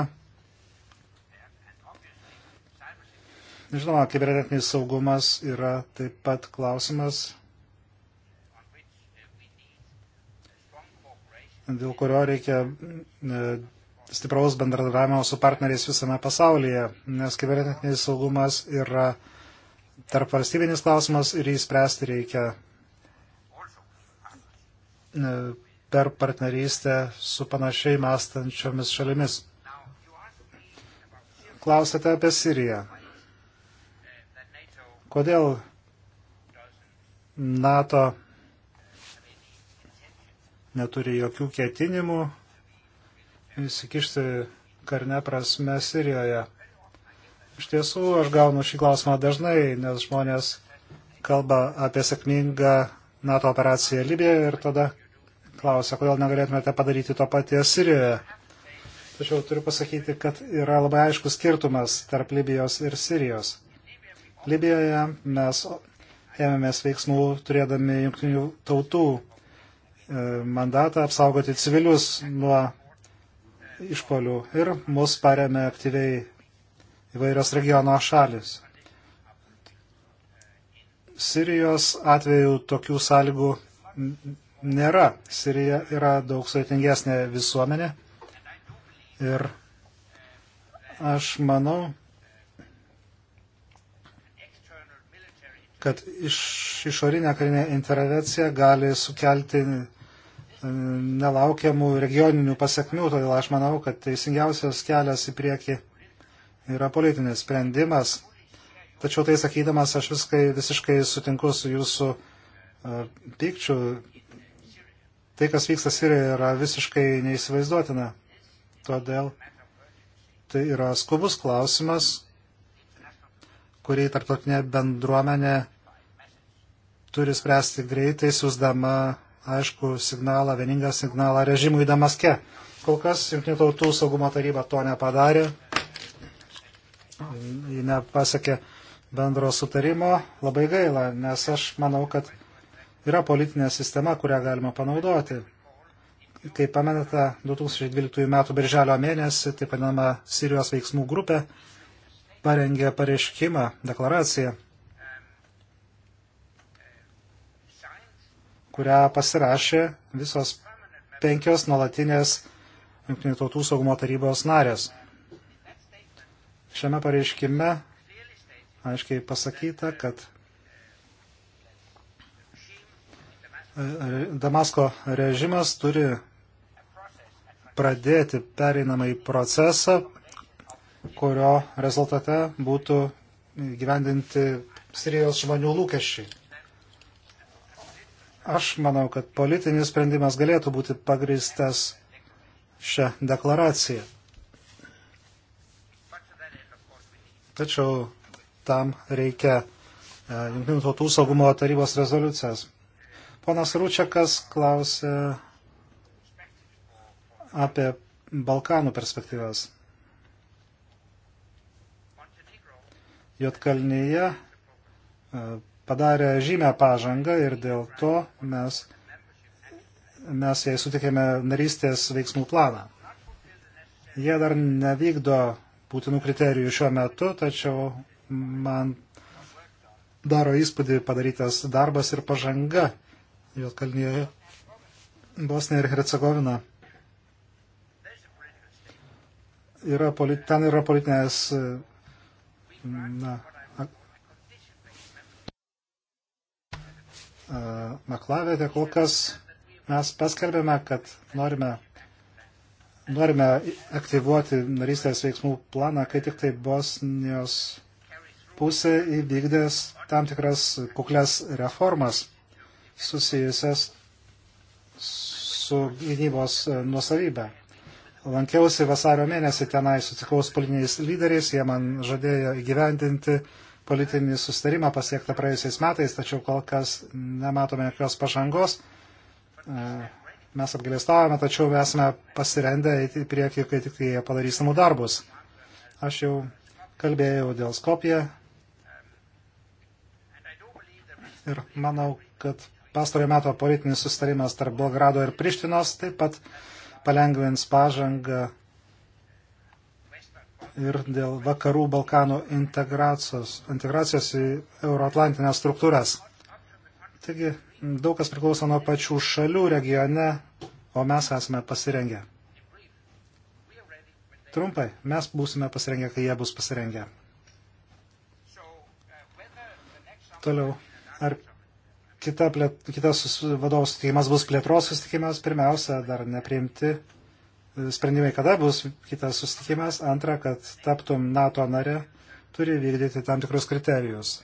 Žinoma, kibernetinis saugumas yra taip pat klausimas, dėl kurio reikia e, stipraus bendradarbiavimo su partneriais visame pasaulyje, nes kibernetinis saugumas yra tarp valstybinis klausimas ir jį spręsti reikia e, per partnerystę su panašiai mąstančiomis šalimis. Klausėte apie Siriją. Kodėl NATO neturi jokių ketinimų įsikišti karinę prasme Sirijoje. Iš tiesų, aš gaunu šį klausimą dažnai, nes žmonės kalba apie sėkmingą NATO operaciją Libijoje ir tada klausia, kodėl negalėtumėte padaryti to paties Sirijoje. Tačiau turiu pasakyti, kad yra labai aiškus skirtumas tarp Libijos ir Sirijos. Libijoje mes ėmėmės veiksmų turėdami jungtinių tautų e, mandatą apsaugoti civilius nuo išpolių ir mus paremė aktyviai įvairios regiono šalis. Sirijos atveju tokių sąlygų nėra. Sirija yra daug sudėtingesnė visuomenė ir aš manau, kad iš, išorinė karinė intervencija gali sukelti nelaukiamų regioninių pasiekmių, todėl aš manau, kad teisingiausias kelias į priekį yra politinis sprendimas. Tačiau tai sakydamas, aš viskai, visiškai sutinku su jūsų e, pykčiu. Tai, kas vyksta Sirijoje, yra visiškai neįsivaizduotina. Todėl tai yra skubus klausimas, kurį tarptautinė bendruomenė turi spręsti greitai, siūsdama aišku signalą, vieningą signalą režimui Damaske. Kol kas Junktinių tautų saugumo taryba to nepadarė. Ji nepasakė bendro sutarimo. Labai gaila, nes aš manau, kad yra politinė sistema, kurią galima panaudoti. Kaip pamenate, 2012 m. birželio mėnesį, taip vadinama Sirijos veiksmų grupė, parengė pareiškimą, deklaraciją kurią pasirašė visos penkios nuolatinės Junktinių tautų saugumo tarybos narės. Šiame pareiškime aiškiai pasakyta, kad e, e, Damasko režimas turi pradėti pereinamąjį procesą, kurio rezultate būtų gyvendinti Sirijos žmonių lūkesčiai. Aš manau, kad politinis sprendimas galėtų būti pagristas šią deklaraciją. Tačiau tam reikia e, Junktinių tautų saugumo tarybos rezoliucijas. Ponas Rūčiakas klausė apie Balkanų perspektyvas. Jotkalnyje e, padarė žymę pažangą ir dėl to mes, mes jai sutikėme narystės veiksmų planą. Jie dar nevykdo būtinų kriterijų šiuo metu, tačiau man daro įspūdį padarytas darbas ir pažanga Jotkalnyje, Bosnija ir Hercegovina. Yra, ten yra politinės na, aklavietę. Kol kas mes paskelbėme, kad norime, norime aktyvuoti narystės veiksmų planą, kai tik tai Bosnijos pusė įvykdės tam tikras kuklės reformas susijusias su gynybos nuosavybė. Lankiausi vasario mėnesį tenai, sutikau su politiniais lyderiais, jie man žadėjo įgyvendinti uh, politinį sustarimą pasiektą praėjusiais metais, tačiau kol kas nematome jokios pažangos. E, mes apgalėstavome, tačiau esame pasirendę eiti į priekį, kai tik tai jie padarys namų darbus. Aš jau kalbėjau dėl Skopje ir manau, kad pastarojo meto politinis sustarimas tarp Belgrado ir Prištinos taip pat palengvins pažangą ir dėl vakarų Balkanų integracijos, integracijos į euroatlantinės struktūras. Taigi daug kas priklauso nuo pačių šalių regione, o mes esame pasirengę. Trumpai, mes būsime pasirengę, kai jie bus pasirengę. Toliau, ar kita, plėt, kitas vadovų susitikimas bus plėtros susitikimas, pirmiausia, dar nepriimti sprendimai, kada bus kitas susitikimas. Antra, kad taptum NATO nare, turi vykdyti tam tikrus kriterijus.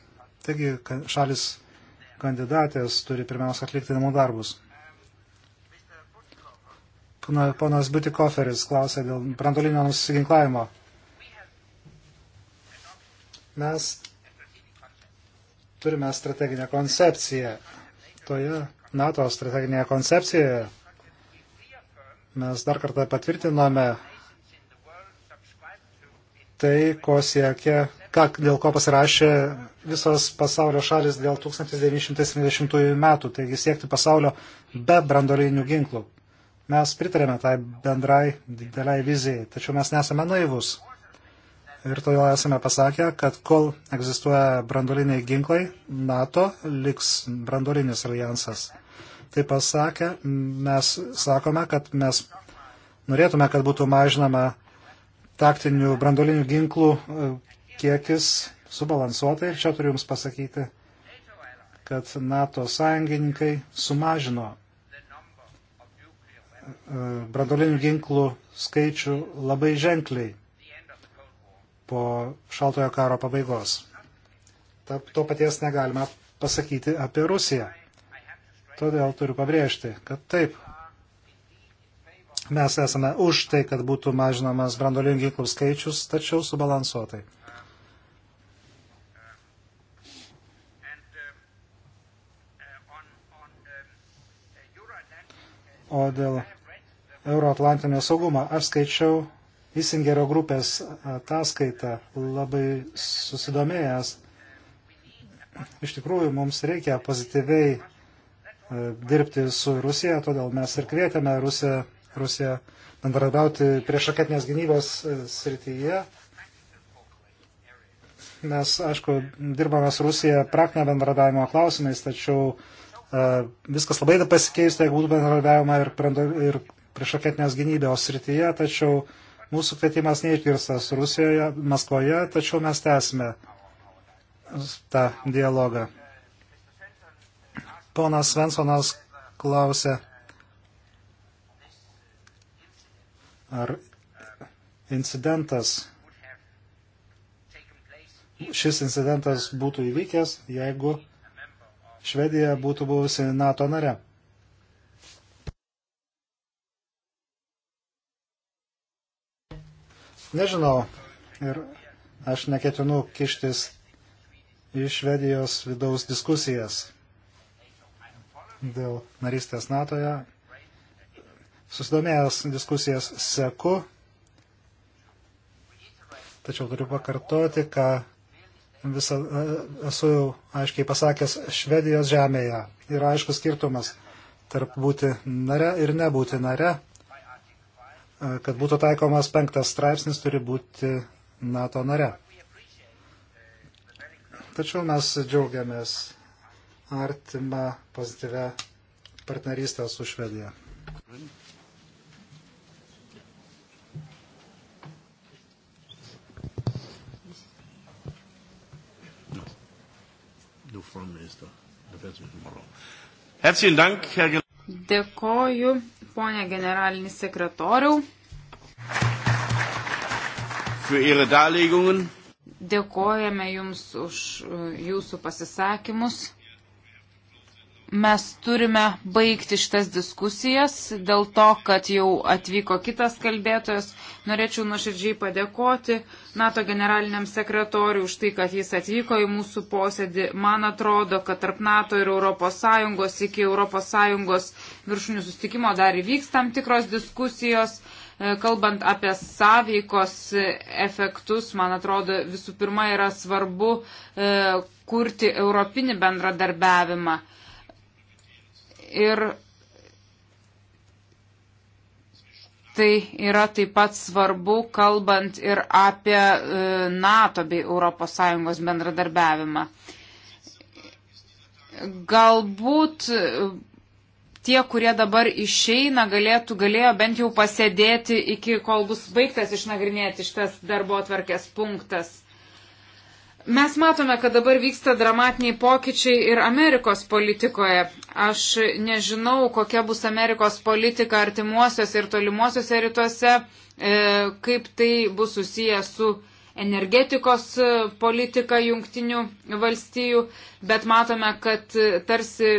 Taigi šalis kandidatės turi pirmiausia atlikti namų darbus. Ponas Butikoferis klausė dėl brandolinio nusiginklavimo. Mes turime strateginę koncepciją. Toje NATO strateginėje koncepcijoje mes dar kartą patvirtinome tai, ko siekia, ką, dėl ko pasirašė visos pasaulio šalis dėl 1970 metų, taigi siekti pasaulio be brandolinių ginklų. Mes pritarėme tai bendrai dideliai vizijai, tačiau mes nesame naivus. Ir todėl esame pasakę, kad kol egzistuoja brandoliniai ginklai, NATO liks brandolinis alijansas tai pasakę, mes sakome, kad mes norėtume, kad būtų mažinama taktinių brandolinių ginklų e, kiekis subalansuotai. Ir čia turiu Jums pasakyti, kad NATO sąjungininkai sumažino e, brandolinių ginklų skaičių labai ženkliai po šaltojo karo pabaigos. Ta, to paties negalime pasakyti apie Rusiją. Todėl turiu pabrėžti, kad taip, mes esame už tai, kad būtų mažinamas brandolinių ginklų skaičius, tačiau subalansuotai. O dėl Euroatlantinio saugumo aš skaičiau Isingerio grupės ataskaitą labai susidomėjęs. Iš tikrųjų, mums reikia pozityviai E, dirbti su Rusija, todėl mes ir kvietėme Rusiją, Rusiją bendradarbiauti priešraketinės gynybos e, srityje. Mes, aišku, dirbame su Rusija praktinio bendradavimo klausimais, tačiau uh, viskas labai pasikeistų, jeigu būtų bendradavimo ir, ir priešraketinės gynybos srityje, tačiau mūsų kvietimas neišgirstas Rusijoje, Maskvoje, tačiau mes tęsime tą dialogą. Ponas Svensonas klausė, ar incidentas, šis incidentas būtų įvykęs, jeigu Švedija būtų buvusi NATO nare. Nežinau ir aš neketinu kištis į Švedijos vidaus diskusijas dėl narystės NATOje. Susidomėjęs diskusijas seku, tačiau turiu pakartoti, ką visą, esu jau aiškiai pasakęs Švedijos žemėje. Yra aiškus skirtumas tarp būti nare ir nebūti nare. Kad būtų taikomas penktas straipsnis, turi būti NATO nare. Tačiau mes džiaugiamės artimą pozityvę partnerystę su Švedija. Dėkoju, ponė generalinis sekretoriau. Dėkojame Jums už e, Jūsų pasisakymus mes turime baigti šitas diskusijas dėl to, kad jau atvyko kitas kalbėtojas. Norėčiau nuoširdžiai padėkoti NATO generaliniam sekretoriui už tai, kad jis atvyko į mūsų posėdį. Man atrodo, kad tarp NATO ir ES iki ES viršūnių sustikimo dar įvyks tam tikros diskusijos. E, kalbant apie sąveikos efektus, man atrodo, visų pirma yra svarbu e, kurti europinį bendradarbiavimą. Ir tai yra taip pat svarbu, kalbant ir apie e, NATO bei ES bendradarbiavimą. Galbūt e, tie, kurie dabar išeina, galėtų, galėjo bent jau pasėdėti iki kol bus baigtas išnagrinėti šitas darbo atvarkės punktas. Mes matome, kad dabar vyksta dramatiniai pokyčiai ir Amerikos politikoje. Aš nežinau, kokia bus Amerikos politika artimuosiuose ir tolimuosiuose rytuose, e, kaip tai bus susiję su energetikos e, politika jungtinių valstijų, bet matome, kad e, tarsi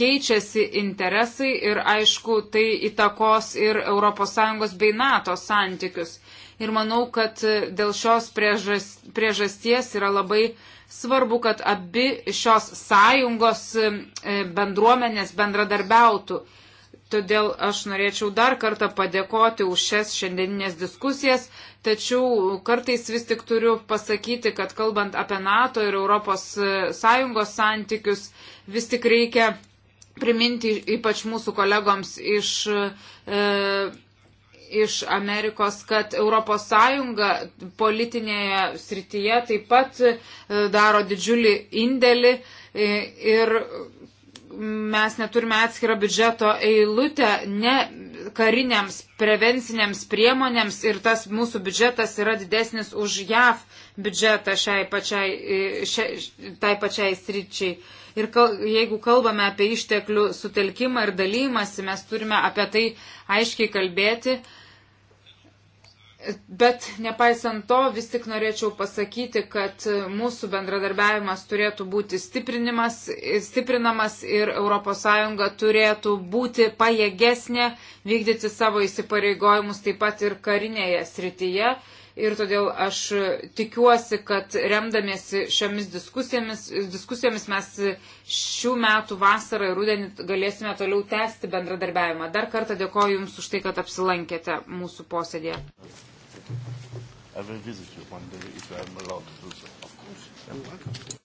keičiasi interesai ir aišku, tai įtakos ir ES bei NATO santykius. Ir manau, kad dėl šios priežasties yra labai svarbu, kad abi šios sąjungos e, bendruomenės bendradarbiautų. Todėl aš norėčiau dar kartą padėkoti už šias šiandieninės diskusijas, tačiau kartais vis tik turiu pasakyti, kad kalbant apie NATO ir ES e, santykius, vis tik reikia priminti ypač mūsų kolegoms iš. E, iš Amerikos, kad ES politinėje srityje taip pat e, daro didžiulį indėlį e, ir mes neturime atskirą biudžeto eilutę ne kariniams prevenciniams priemonėms ir tas mūsų biudžetas yra didesnis už JAV biudžetą šiai pačiai, e, šiai, tai pačiai sričiai. Ir kal, jeigu kalbame apie išteklių sutelkimą ir dalymasi, mes turime apie tai aiškiai kalbėti. E, Bet nepaisant to, vis tik norėčiau pasakyti, kad mūsų bendradarbiavimas turėtų būti stiprinamas ir ES turėtų būti pajėgesnė vykdyti savo įsipareigojimus taip pat ir karinėje srityje. Ir todėl aš tikiuosi, kad remdamiesi šiomis diskusijomis, diskusijomis mes šių metų vasarą ir rudenį galėsime toliau tęsti bendradarbiavimą. Dar kartą dėkoju Jums už tai, kad apsilankėte mūsų posėdėje. I will visit you one day if I am allowed to do so. Of course. You're welcome.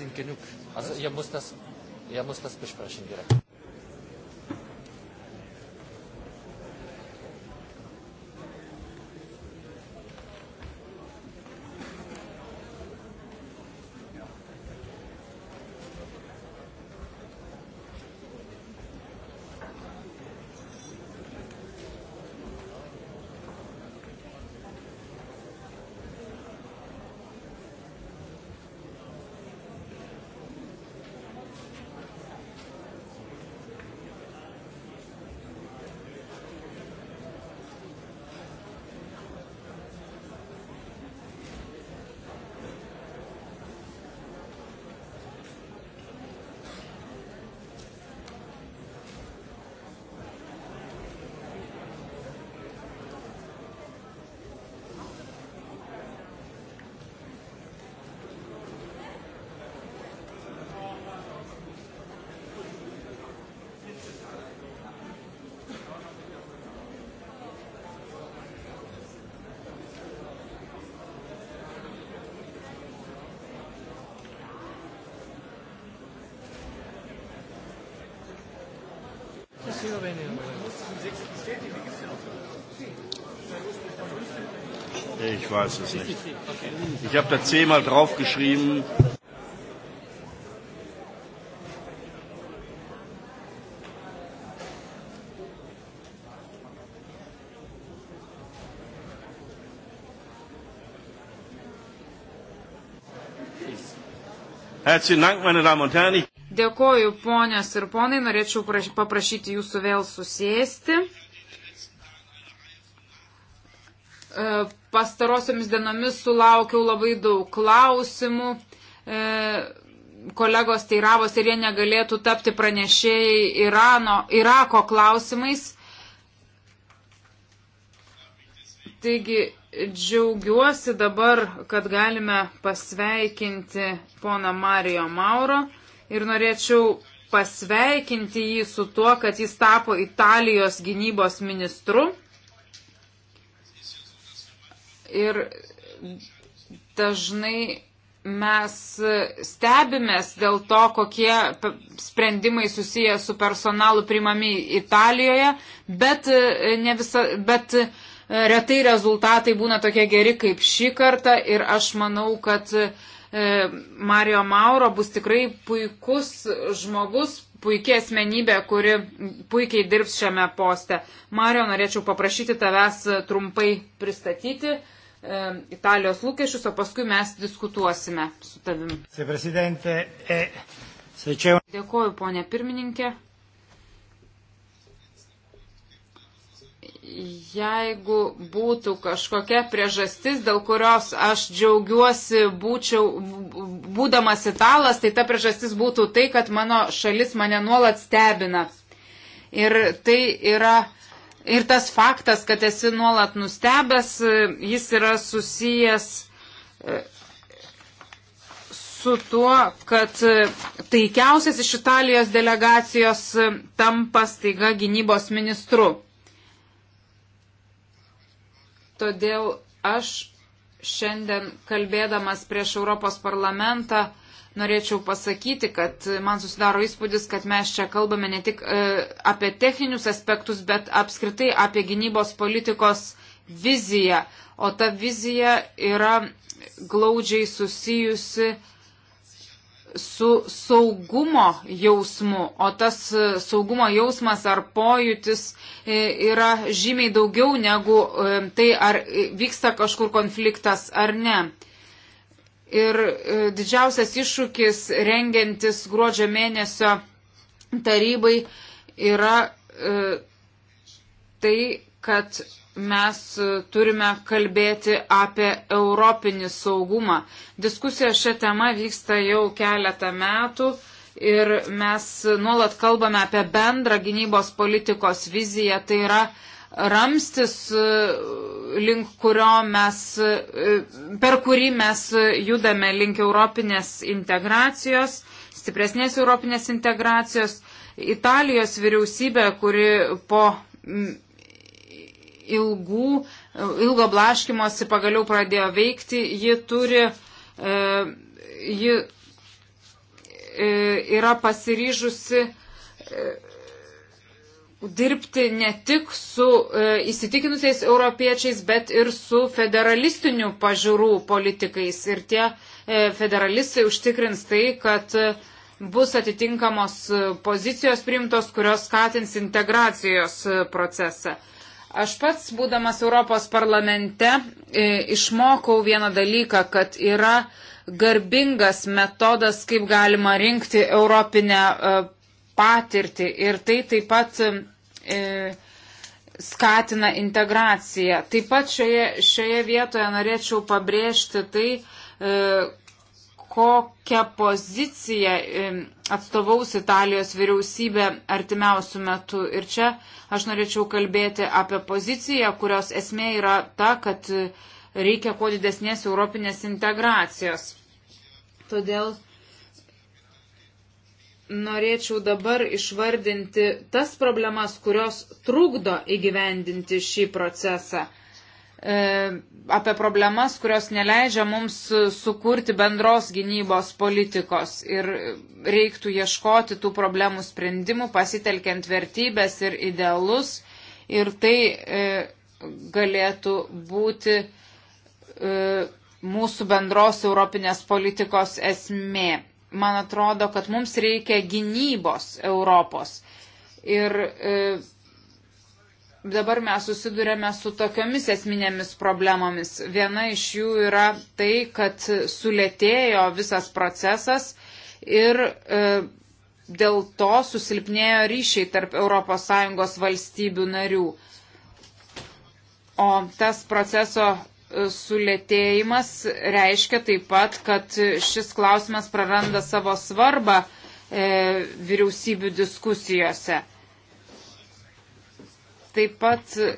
sind genug. Also ihr müsst das, ihr müsst das besprechen direkt. Ich weiß es nicht. Ich habe da zehnmal draufgeschrieben. Herzlichen Dank, meine Damen und Herren. Dėkoju, ponios ir ponai, norėčiau paprašyti jūsų vėl susėsti. pastarosiomis dienomis sulaukiau labai daug klausimų. E, kolegos teiravos ir jie negalėtų tapti pranešėjai Irano, Irako klausimais. Taigi džiaugiuosi dabar, kad galime pasveikinti poną Marijo Mauro ir norėčiau pasveikinti jį su tuo, kad jis tapo Italijos gynybos ministru. Ir dažnai mes stebimės dėl to, kokie sprendimai susiję su personalu primami Italijoje, bet, e, visa, bet e, retai rezultatai būna tokie geri kaip šį kartą ir aš manau, kad e, Mario Mauro bus tikrai puikus žmogus, puikia asmenybė, kuri puikiai dirbs šiame poste. Mario, norėčiau paprašyti tavęs trumpai pristatyti E, Italijos lūkesčius, o paskui mes diskutuosime su tavim. E, Dėkuoju, ponė pirmininkė. Jeigu būtų kažkokia priežastis, dėl kurios aš džiaugiuosi būčiau, būdamas italas, tai ta priežastis būtų tai, kad mano šalis mane nuolat stebina. Ir tai yra Ir tas faktas, kad esi nuolat nustebęs, e, jis yra susijęs e, su tuo, kad e, taikiausias iš Italijos delegacijos tampa staiga gynybos ministru. Todėl aš šiandien kalbėdamas prieš Europos parlamentą norėčiau pasakyti, kad man susidaro įspūdis, kad mes čia kalbame ne tik e, apie techninius aspektus, bet apskritai apie gynybos politikos viziją. O ta vizija yra glaudžiai susijusi su saugumo jausmu, o tas e, saugumo jausmas ar pojūtis e, yra žymiai daugiau negu tai, ar vyksta kažkur konfliktas ar ne. Ir e, didžiausias iššūkis rengiantis gruodžio mėnesio tarybai yra e, tai, kad mes e, turime kalbėti apie europinį saugumą. Diskusija šią temą vyksta jau keletą metų ir mes nuolat kalbame apie bendrą gynybos politikos viziją. Tai yra ramstis, e, link kurio mes, e, per kurį mes judame link europinės integracijos, stipresnės europinės integracijos. Italijos vyriausybė, kuri po ilgų, ilgo blaškimosi pagaliau pradėjo veikti, ji turi, e, ji yra pasiryžusi dirbti ne tik su e, įsitikinusiais europiečiais, bet ir su federalistinių pažiūrų politikais. Ir tie e, federalistai užtikrins tai, kad e, bus atitinkamos e, pozicijos priimtos, kurios skatins integracijos e, procesą. Aš pats, būdamas Europos parlamente, e, išmokau vieną dalyką, kad yra garbingas metodas, kaip galima rinkti europinę patirtį ir tai taip pat e, skatina integraciją. Taip pat šioje, šioje vietoje norėčiau pabrėžti tai, e, kokią poziciją e, atstovaus Italijos vyriausybė artimiausių metų. Ir čia aš norėčiau kalbėti apie poziciją, kurios esmė yra ta, kad e, reikia kuo didesnės europinės integracijos. Todėl norėčiau dabar išvardinti tas problemas, kurios trukdo įgyvendinti šį procesą. E, apie problemas, kurios neleidžia mums sukurti bendros gynybos politikos ir reiktų ieškoti tų problemų sprendimų, pasitelkiant vertybės ir idealus. Ir tai e, galėtų būti e, mūsų bendros europinės politikos esmė man atrodo, kad mums reikia gynybos Europos. Ir e, dabar mes susidurėme su tokiomis esminėmis problemomis. Viena iš jų yra tai, kad sulėtėjo visas procesas ir e, dėl to susilpnėjo ryšiai tarp ES valstybių narių. O tas proceso sulėtėjimas reiškia taip pat, kad šis klausimas praranda savo svarbą e, vyriausybių diskusijose. Taip pat e,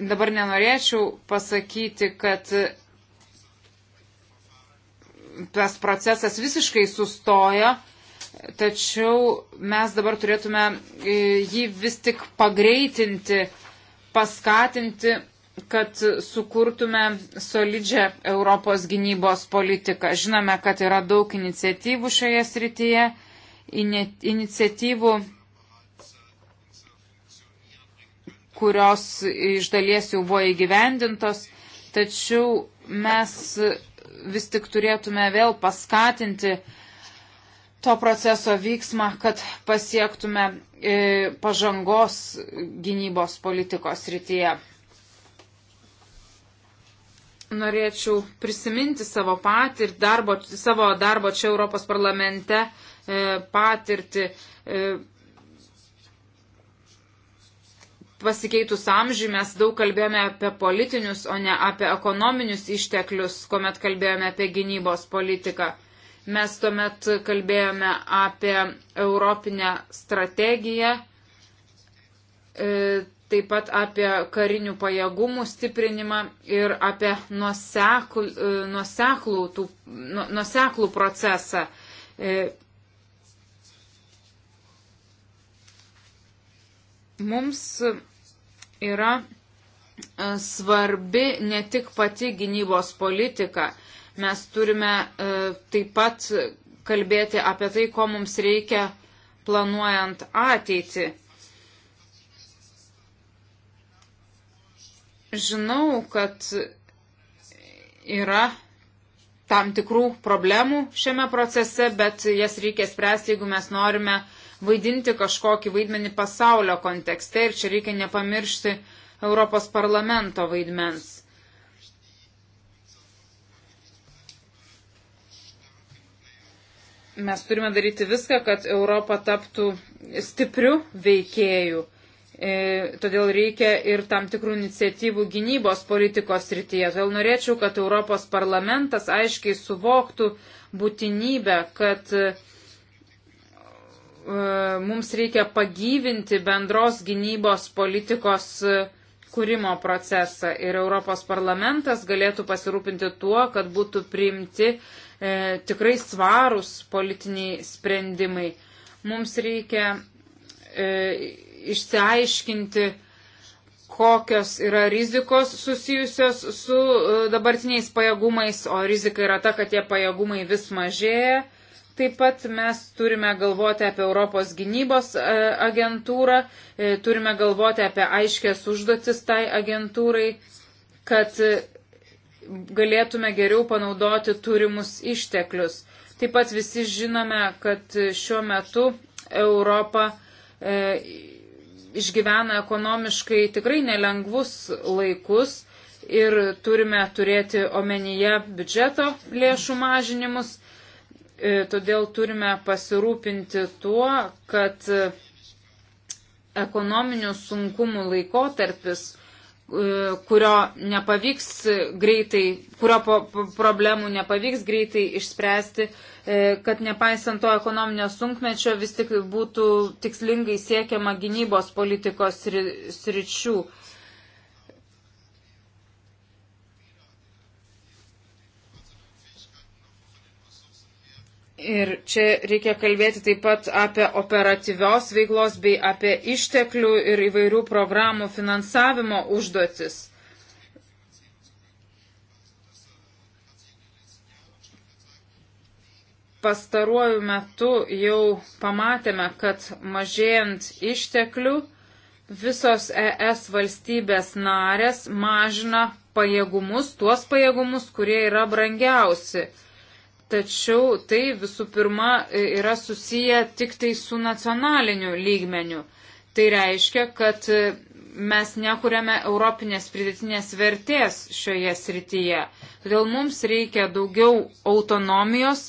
dabar nenorėčiau pasakyti, kad tas procesas visiškai sustojo, tačiau mes dabar turėtume e, jį vis tik pagreitinti, paskatinti kad sukurtume solidžią Europos gynybos politiką. Žinome, kad yra daug iniciatyvų šioje srityje, iniciatyvų, kurios iš dalies jau buvo įgyvendintos, tačiau mes vis tik turėtume vėl paskatinti to proceso vyksmą, kad pasiektume e, pažangos gynybos politikos rytyje norėčiau prisiminti savo patirtį, darbo, savo darbo čia Europos parlamente e, patirtį e, pasikeitus amžiui mes daug kalbėjome apie politinius, o ne apie ekonominius išteklius, kuomet kalbėjome apie gynybos politiką. Mes tuomet kalbėjome apie Europinę strategiją. E, taip pat apie karinių pajėgumų stiprinimą ir apie nuoseklų, e, nuoseklų, tų, nu, nuoseklų procesą. E, mums yra e, svarbi ne tik pati gynybos politika, mes turime taip pat kalbėti apie tai, ko mums reikia planuojant ateitį Žinau, kad yra tam tikrų problemų šiame procese, bet jas reikia spręsti, jeigu mes norime vaidinti kažkokį vaidmenį pasaulio kontekste ir čia reikia nepamiršti Europos parlamento vaidmens. Mes turime daryti viską, kad Europa taptų stiprių veikėjų. E, todėl reikia ir tam tikrų iniciatyvų gynybos politikos rytyje. Todėl norėčiau, kad Europos parlamentas aiškiai suvoktų būtinybę, kad e, mums reikia pagyvinti bendros gynybos politikos e, kūrimo procesą ir Europos parlamentas galėtų pasirūpinti tuo, kad būtų priimti e, tikrai svarūs politiniai sprendimai. Mums reikia e, išsiaiškinti, kokios yra rizikos susijusios su e, dabartiniais pajėgumais, o rizika yra ta, kad tie pajėgumai vis mažėja. Taip pat mes turime galvoti apie Europos gynybos e, agentūrą, e, turime galvoti apie aiškės užduotis tai agentūrai, kad galėtume geriau panaudoti turimus išteklius. Taip pat visi žinome, kad šiuo metu Europa išgyvena ekonomiškai tikrai nelengvus laikus ir turime turėti omenyje biudžeto lėšų mažinimus. E, todėl turime pasirūpinti tuo, kad e, ekonominių sunkumų laikotarpis kurio nepavyks greitai, kurio po, po problemų nepavyks greitai išspręsti, e, kad nepaisant to ekonominio sunkmečio vis tik būtų tikslingai siekiama gynybos politikos sričių. Ry, Ir čia reikia kalbėti taip pat apie operatyvios veiklos bei apie išteklių ir įvairių programų finansavimo užduotis. Pastaruoju metu jau pamatėme, kad mažėjant išteklių visos ES valstybės narės mažina pajėgumus, tuos pajėgumus, kurie yra brangiausi. Tačiau tai visų pirma e, yra susiję tik tai su nacionaliniu lygmeniu. Tai reiškia, kad e, mes nekuriame europinės pridėtinės vertės šioje srityje. Todėl mums reikia daugiau autonomijos,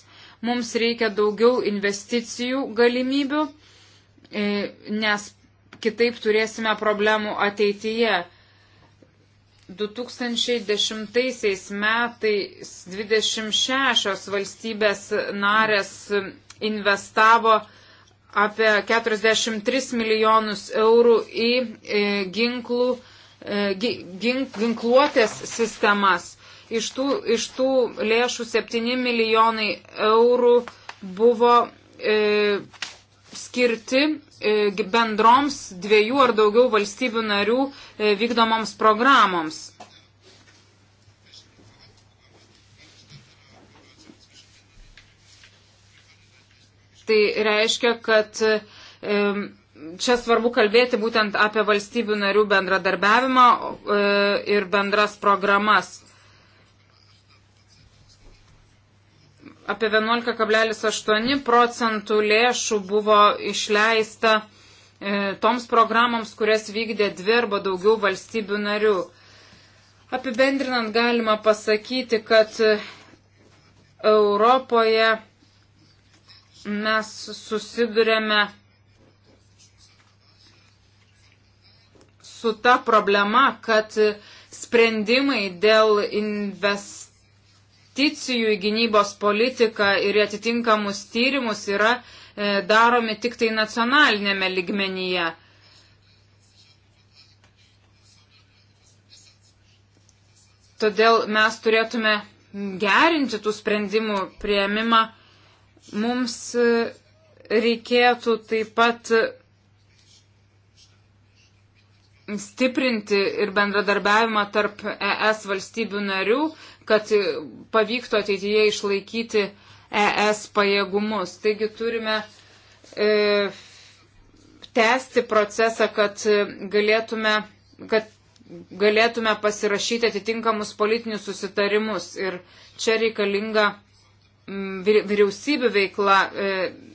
mums reikia daugiau investicijų galimybių, e, nes kitaip turėsime problemų ateityje. 2010 metais 26 valstybės narės investavo apie 43 milijonus eurų į e, ginklų, e, ginkluotės sistemas. Iš tų, iš tų lėšų 7 milijonai eurų buvo e, skirti E, bendroms dviejų ar daugiau valstybių narių e, vykdomoms programoms. Tai reiškia, kad e, čia svarbu kalbėti būtent apie valstybių narių bendradarbiavimą ir bendras programas. apie 11,8 procentų lėšų buvo išleista e, toms programoms, kurias vykdė dvi arba daugiau valstybių narių. Apibendrinant galima pasakyti, kad e, Europoje mes susidurėme su ta problema, kad sprendimai dėl investacijų investicijų į gynybos politiką ir atitinkamus tyrimus yra e, daromi tik tai nacionalinėme ligmenyje. Todėl mes turėtume gerinti tų sprendimų prieimimą. Mums e, reikėtų taip pat stiprinti ir bendradarbiavimą tarp ES valstybių narių, kad pavyktų ateityje išlaikyti ES pajėgumus. Taigi turime e, tęsti procesą, kad galėtume, kad galėtume pasirašyti atitinkamus politinius susitarimus. Ir čia reikalinga vyriausybių veikla, e,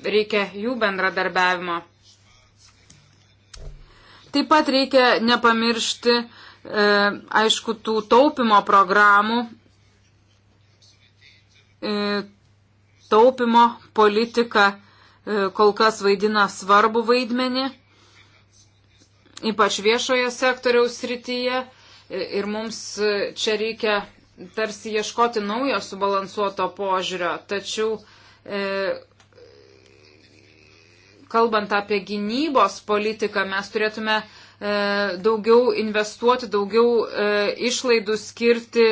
reikia jų bendradarbiavimo. Taip pat reikia nepamiršti, e, aišku, tų taupimo programų E, taupimo politika e, kol kas vaidina svarbu vaidmenį, ypač viešojo sektoriaus srityje. E, ir mums čia reikia tarsi ieškoti naujo subalansuoto požiūrio. Tačiau kalbant apie gynybos politiką, mes turėtume E, daugiau investuoti, daugiau e, išlaidų skirti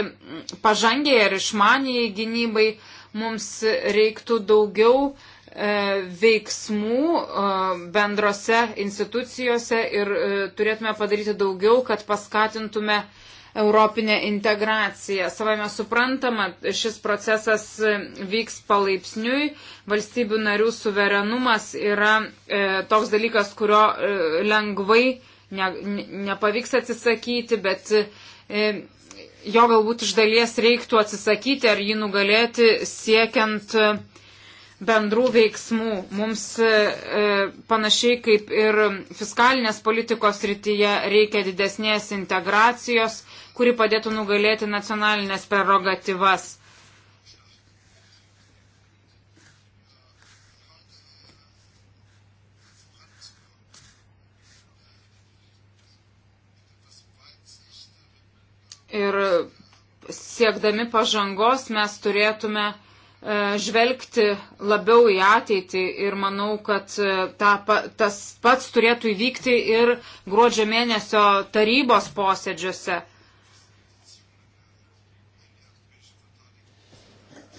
pažangiai ar išmaniai gynybai, mums reiktų daugiau e, veiksmų bendrose institucijose ir turėtume padaryti daugiau, kad paskatintume europinę integraciją. Savai mes suprantama, šis procesas vyks palaipsniui, valstybių narių suverenumas yra toks dalykas, kurio lengvai ne, nepavyks atsisakyti, bet e, jo galbūt iš dalies reiktų atsisakyti ar jį nugalėti siekiant e, bendrų veiksmų. Mums e, e, panašiai kaip ir fiskalinės politikos rytyje reikia didesnės integracijos, kuri padėtų nugalėti nacionalinės prerogatyvas. Ir siekdami pažangos mes turėtume e, žvelgti labiau į ateitį ir manau, kad e, ta, tas pats turėtų įvykti ir gruodžio mėnesio tarybos posėdžiuose.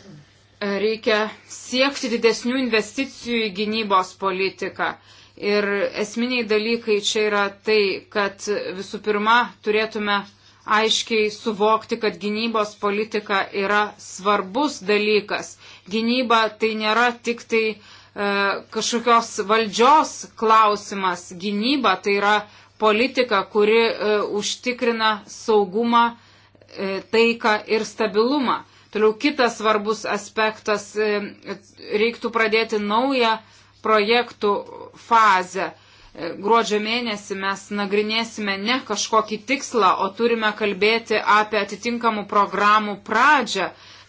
E, reikia siekti didesnių investicijų į gynybos politiką. Ir esminiai dalykai čia yra tai, kad visų pirma turėtume aiškiai suvokti, kad gynybos politika yra svarbus dalykas. Gynyba tai nėra tik tai e, kažkokios valdžios klausimas. Gynyba tai yra politika, kuri e, užtikrina saugumą, e, taiką ir stabilumą. Toliau kitas svarbus aspektas e, - reiktų pradėti naują projektų fazę gruodžio mėnesį mes nagrinėsime ne kažkokį tikslą, o turime kalbėti apie atitinkamų programų pradžią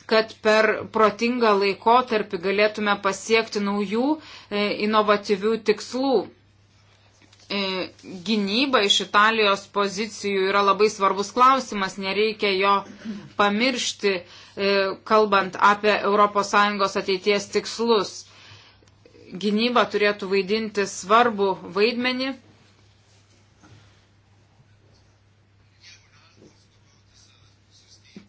kad per protingą laikotarpį galėtume pasiekti naujų e, inovatyvių tikslų. E, gynyba iš Italijos pozicijų yra labai svarbus klausimas, nereikia jo pamiršti, e, kalbant apie ES ateities tikslus gynyba turėtų vaidinti svarbu vaidmenį.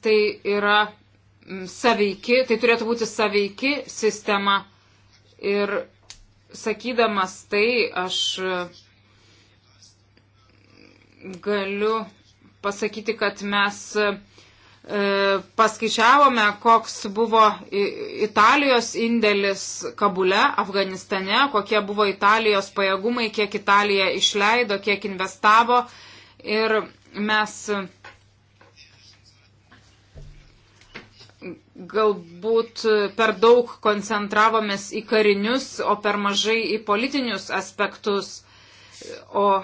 Tai yra mm, saveiki, tai turėtų būti saveiki sistema. Ir sakydamas tai, aš mm, galiu pasakyti, kad mes E, paskaičiavome, koks buvo Italijos indėlis Kabule, Afganistane, kokie buvo Italijos pajėgumai, kiek Italija išleido, kiek investavo. Ir mes galbūt per daug koncentravomės į karinius, o per mažai į politinius aspektus. O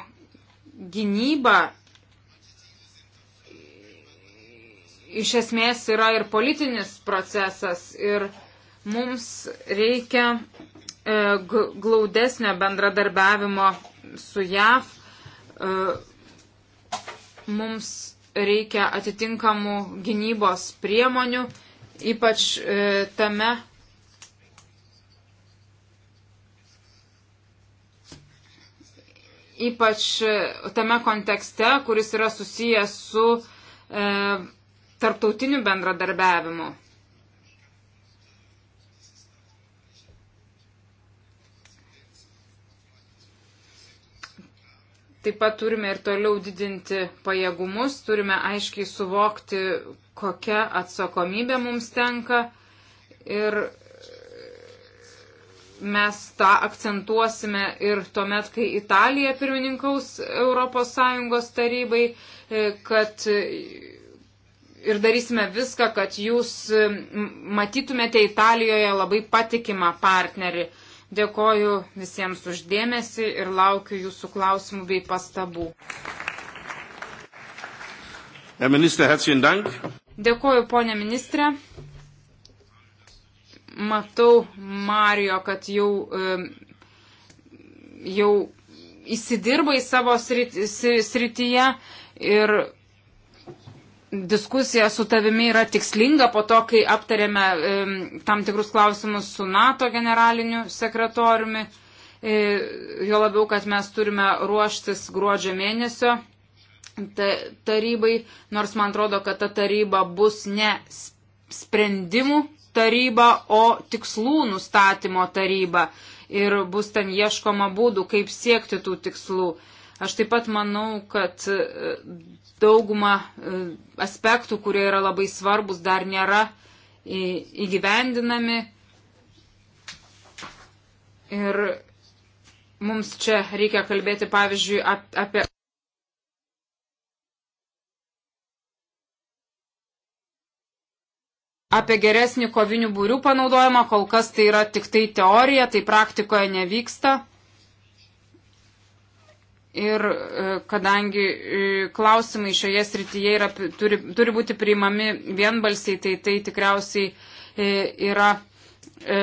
gynyba iš esmės yra ir politinis procesas ir mums reikia e, glaudesnio bendradarbiavimo su JAV. E, mums reikia atitinkamų gynybos priemonių, ypač e, tame. Ypač e, tame kontekste, kuris yra susijęs su e, tarptautiniu bendradarbiavimu. Taip pat turime ir toliau didinti pajėgumus, turime aiškiai suvokti, kokia atsakomybė mums tenka ir mes tą akcentuosime ir tuomet, kai Italija pirmininkaus ES tarybai, kad ir darysime viską, kad jūs matytumėte Italijoje labai patikimą partnerį. Dėkoju visiems uždėmesi ir laukiu jūsų klausimų bei pastabų. Minister, Dėkoju, ponė ministrė. Matau, Mario, kad jau, jau įsidirba į savo srityje ir diskusija su tavimi yra tikslinga po to, kai aptarėme e, tam tikrus klausimus su NATO generaliniu sekretoriumi. E, jo labiau, kad mes turime ruoštis gruodžio mėnesio ta, tarybai, nors man atrodo, kad ta taryba bus ne sprendimų taryba, o tikslų nustatymo taryba. Ir bus ten ieškoma būdų, kaip siekti tų tikslų. E, Aš taip pat manau, kad e, dauguma e, aspektų, kurie yra labai svarbus, dar nėra įgyvendinami. Ir mums čia reikia kalbėti, pavyzdžiui, apie. Apie geresnį kovinių būrių panaudojimą kol kas tai yra tik tai teorija, tai praktikoje nevyksta. Ir e, kadangi e, klausimai šioje srityje yra, turi, turi būti priimami vienbalsiai, tai tai tikriausiai e, yra e,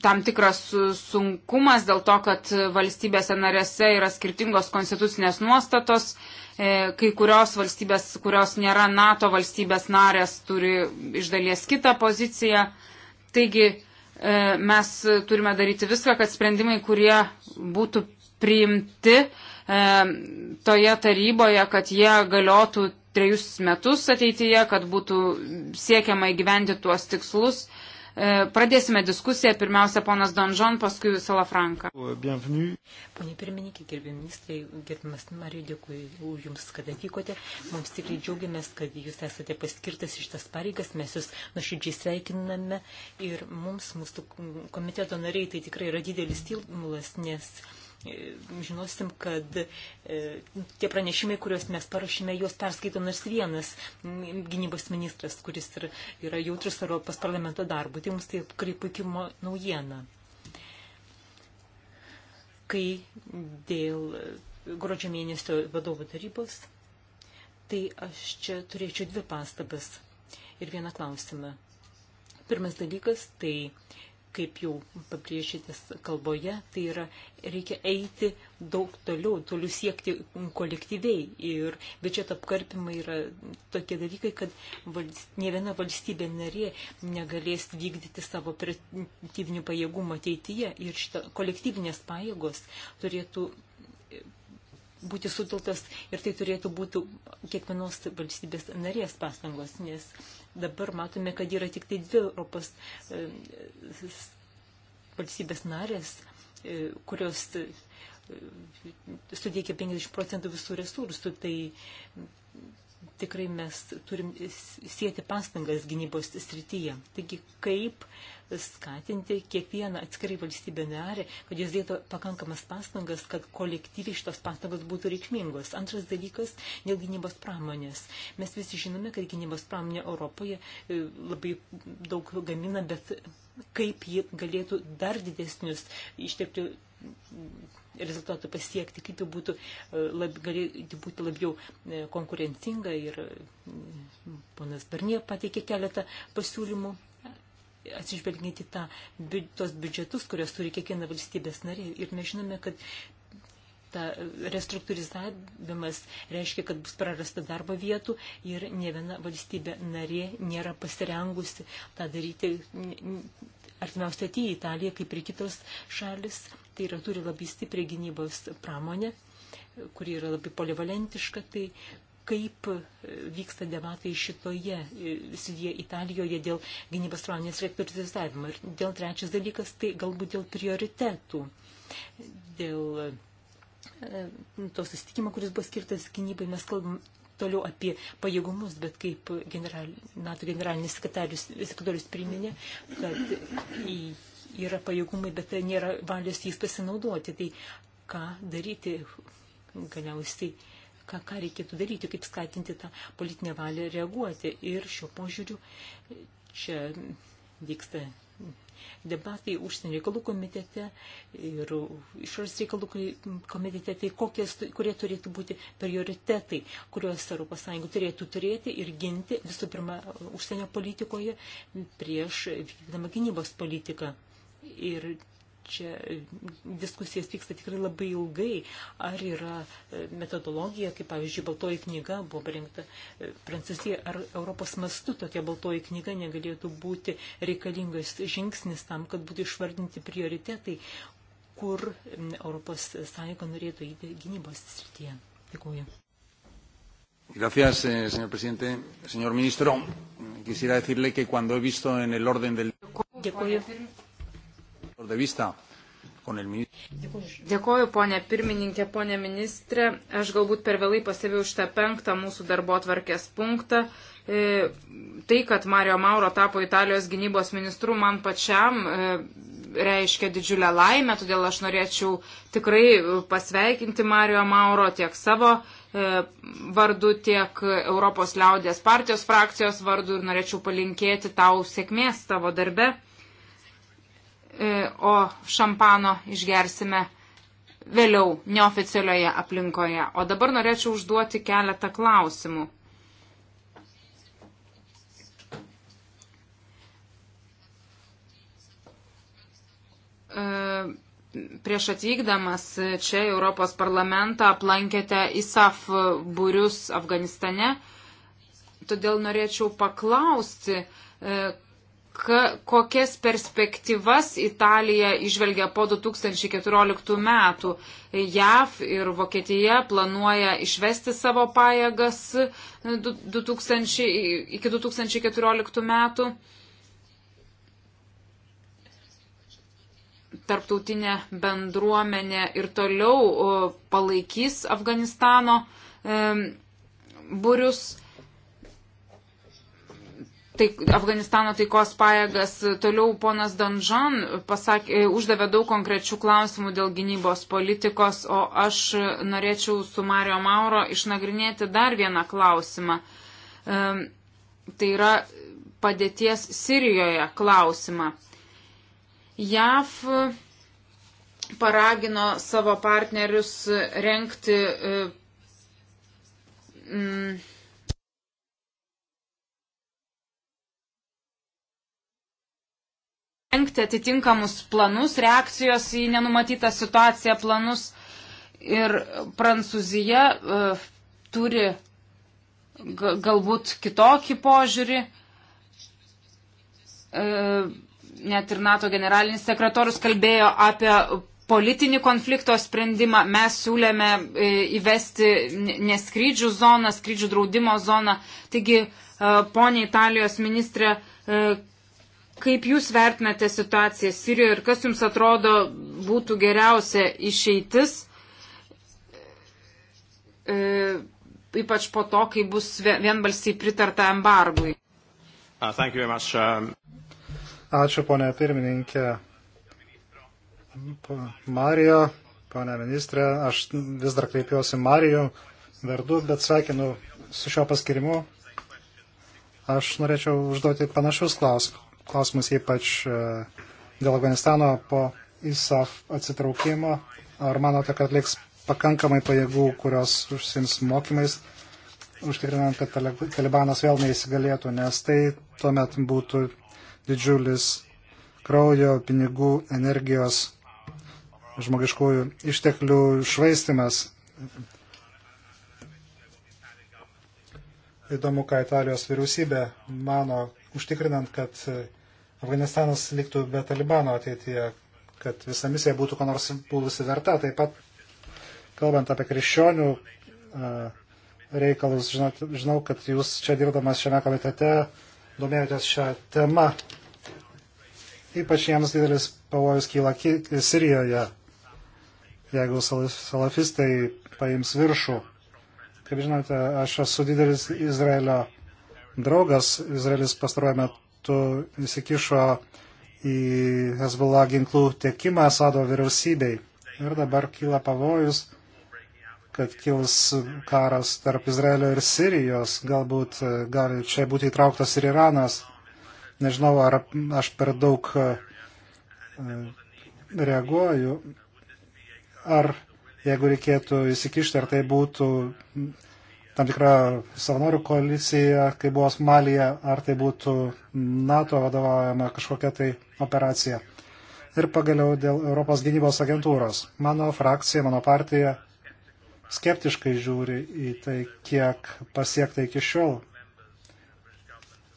tam tikras sunkumas dėl to, kad valstybėse narėse yra skirtingos konstitucinės nuostatos. E, kai kurios valstybės, kurios nėra NATO valstybės narės, turi iš dalies kitą poziciją. Taigi e, mes turime daryti viską, kad sprendimai, kurie būtų priimti e, toje taryboje, kad jie galiotų trejus metus ateityje, kad būtų siekiama įgyventi tuos tikslus. E, pradėsime diskusiją. Pirmiausia, ponas Donžon, paskui Salafranka. Bienvenue. Pone pirmininkė, gerbėmi ministrai, gerbimas Marija, dėkui jums, kad atvykote. Mums tikrai džiaugiamės, kad jūs esate paskirtas iš tas pareigas. Mes jūs nuoširdžiai sveikiname ir mums, mūsų komiteto nariai, tai tikrai yra didelis stimulas, nes E, žinosim, kad e, tie pranešimai, kuriuos mes parašėme, juos perskaito nors vienas gynybos ministras, kuris yra jautrus Europos parlamento darbų. Tai mums tai tikrai puikia naujiena. Kai dėl gruodžio mėnesio vadovų tarybos, tai aš čia turėčiau dvi pastabas ir vieną klausimą. Pirmas dalykas, tai kaip jau pabrėžytis kalboje, tai yra reikia eiti daug toliau, toliau siekti kolektyviai. Ir biudžeto apkarpimai yra tokie dalykai, kad valst, ne viena valstybė narė negalės vykdyti savo operatyvinių pajėgumų ateityje. Ir šita kolektyvinės pajėgos turėtų būti sutiltas ir tai turėtų būti kiekvienos valstybės narės pastangos, nes dabar matome, kad yra tik tai dvi Europos e, valstybės narės, e, kurios e, sudėkia 50 procentų visų resursų, tai tikrai mes turim sieti pastangas gynybos srityje. Taigi, kaip skatinti kiekvieną atskirai valstybę narę, kad jis dėtų pakankamas pastangas, kad kolektyviai šitos pastangos būtų reikšmingos. Antras dalykas - dėl gynybos pramonės. Mes visi žinome, kad gynybos pramonė Europoje e, labai daug gamina, bet kaip ji galėtų dar didesnius išteklių rezultatų pasiekti, kaip ji būtų, e, lab, galėtų būti labiau e, konkurencinga ir ponas Barnie pateikė keletą pasiūlymų atsižvelginti tą, tos biudžetus, kurios turi kiekviena valstybės narė. Ir mes žinome, kad ta restruktūrizavimas reiškia, kad bus prarasta darbo vietų ir ne viena valstybė narė nėra pasirengusi tą daryti artimiausiai ateityje Italija, kaip ir kitos šalis, tai yra turi labai stiprią gynybos pramonę, kuri yra labai polivalentiška, tai kaip vyksta debatai šitoje srityje Italijoje dėl gynybos pramonės rektorizavimo. Ir dėl trečias dalykas, tai galbūt dėl prioritetų, dėl e, to susitikimo, kuris buvo skirtas gynybai, mes kalbam toliau apie pajėgumus, bet kaip general, NATO generalinis sekretorius, sekretorius priminė, kad į yra pajėgumai, bet tai nėra valios jais pasinaudoti. Tai ką daryti galiausiai, ką, ką reikėtų daryti, kaip skatinti tą politinę valią reaguoti. Ir šiuo požiūriu čia vyksta debatai užsienio reikalų komitete ir išorės reikalų komitete, tai kokies, kurie turėtų būti prioritetai, kuriuos ES turėtų turėti ir ginti visų pirma užsienio politikoje prieš vykdamą gynybos politiką ir čia diskusijas vyksta tikrai labai ilgai, ar yra e, metodologija, kaip pavyzdžiui, baltoji knyga buvo parengta e, Prancūzija, ar Europos mastu tokia baltoji knyga negalėtų būti reikalingas žingsnis tam, kad būtų išvardinti prioritetai, kur Europos Sąjunga norėtų į gynybos srityje. Dėkuoju. Gracias, eh, señor presidente. Señor ministro, quisiera decirle que cuando he visto en el orden del. Dėkuoju. Dėkoju, ponė pirmininkė, ponė ministrė. Aš galbūt per vėlai pasivėjau šitą penktą mūsų darbo tvarkės punktą. E, tai, kad Mario Mauro tapo Italijos gynybos ministru, man pačiam e, reiškia didžiulę laimę, todėl aš norėčiau tikrai pasveikinti Mario Mauro tiek savo e, vardu, tiek Europos liaudės partijos frakcijos vardu ir norėčiau palinkėti tau sėkmės tavo darbe. E, o šampano išgersime vėliau neoficialioje aplinkoje. O dabar norėčiau užduoti keletą klausimų. E, prieš atvykdamas čia Europos parlamentą aplankėte ISAF būrius Afganistane, todėl norėčiau paklausti, e, ka, kokias perspektyvas Italija išvelgia po 2014 metų. JAV ir Vokietija planuoja išvesti savo pajėgas 2000, iki 2014 metų. Tarptautinė bendruomenė ir toliau palaikys Afganistano būrius. E, taik, Afganistano taikos pajėgas. Toliau ponas Danžan pasakė, e, uždavė daug konkrečių klausimų dėl gynybos politikos, o aš norėčiau su Mario Mauro išnagrinėti dar vieną klausimą. E, tai yra padėties Sirijoje klausimą. JAV paragino savo partnerius renkti e, m, rengti atitinkamus planus, reakcijos į nenumatytą situaciją planus. Ir Prancūzija e, turi galbūt kitokį požiūrį. E, net ir NATO generalinis sekretorius kalbėjo apie politinį konflikto sprendimą. Mes siūlėme uh, įvesti neskrydžių zoną, skrydžių draudimo zoną. Taigi, ponė Italijos ministrė, Kaip Jūs vertinate situaciją Sirijoje ir kas Jums atrodo būtų geriausia išeitis, e, ypač po to, kai bus vienbalsiai pritarta embargui? Uh, um, Ačiū, ponė pirmininkė. Marijo, ponė ministrė, aš vis dar kreipiuosi Marijų vardu, bet sveikinu su šio paskirimu. Aš norėčiau užduoti panašius klausimus klausimus ypač e, dėl Afganistano po ISAF atsitraukimo. Ar manote, kad liks pakankamai pajėgų, kurios užsims mokymais, užtikrinant, kad talibanas vėl neįsigalėtų, nes tai tuomet būtų didžiulis kraujo, pinigų, energijos, žmogiškųjų išteklių švaistimas. Įdomu, ką Italijos vyriausybė mano, užtikrinant, kad Afganistanas liktų be Talibano ateityje, kad visa misija būtų ko nors buvusi verta. Taip pat, kalbant apie krikščionių reikalus, žinot, žinau, kad jūs čia dirbdamas šiame komitete domėjotės šią temą. Ypač jiems didelis pavojus kyla Sirijoje, jeigu salafistai paims viršų. Kaip žinote, aš esu didelis Izraelio draugas. Izraelis pastarojame metu įsikišo į Hezbollah ginklų tiekimą Asado vyriausybei. Ir dabar kyla pavojus, kad kils karas tarp Izraelio ir Sirijos. Galbūt e, gali čia būti įtrauktas ir Iranas. Nežinau, ar aš per daug e, reaguoju. Ar jeigu reikėtų įsikišti, ar tai būtų tam tikra savanorių koalicija, kai buvo Somalija, ar tai būtų NATO vadovaujama kažkokia tai operacija. Ir pagaliau dėl Europos gynybos agentūros. Mano frakcija, mano partija skeptiškai žiūri į tai, kiek pasiekta iki šiol.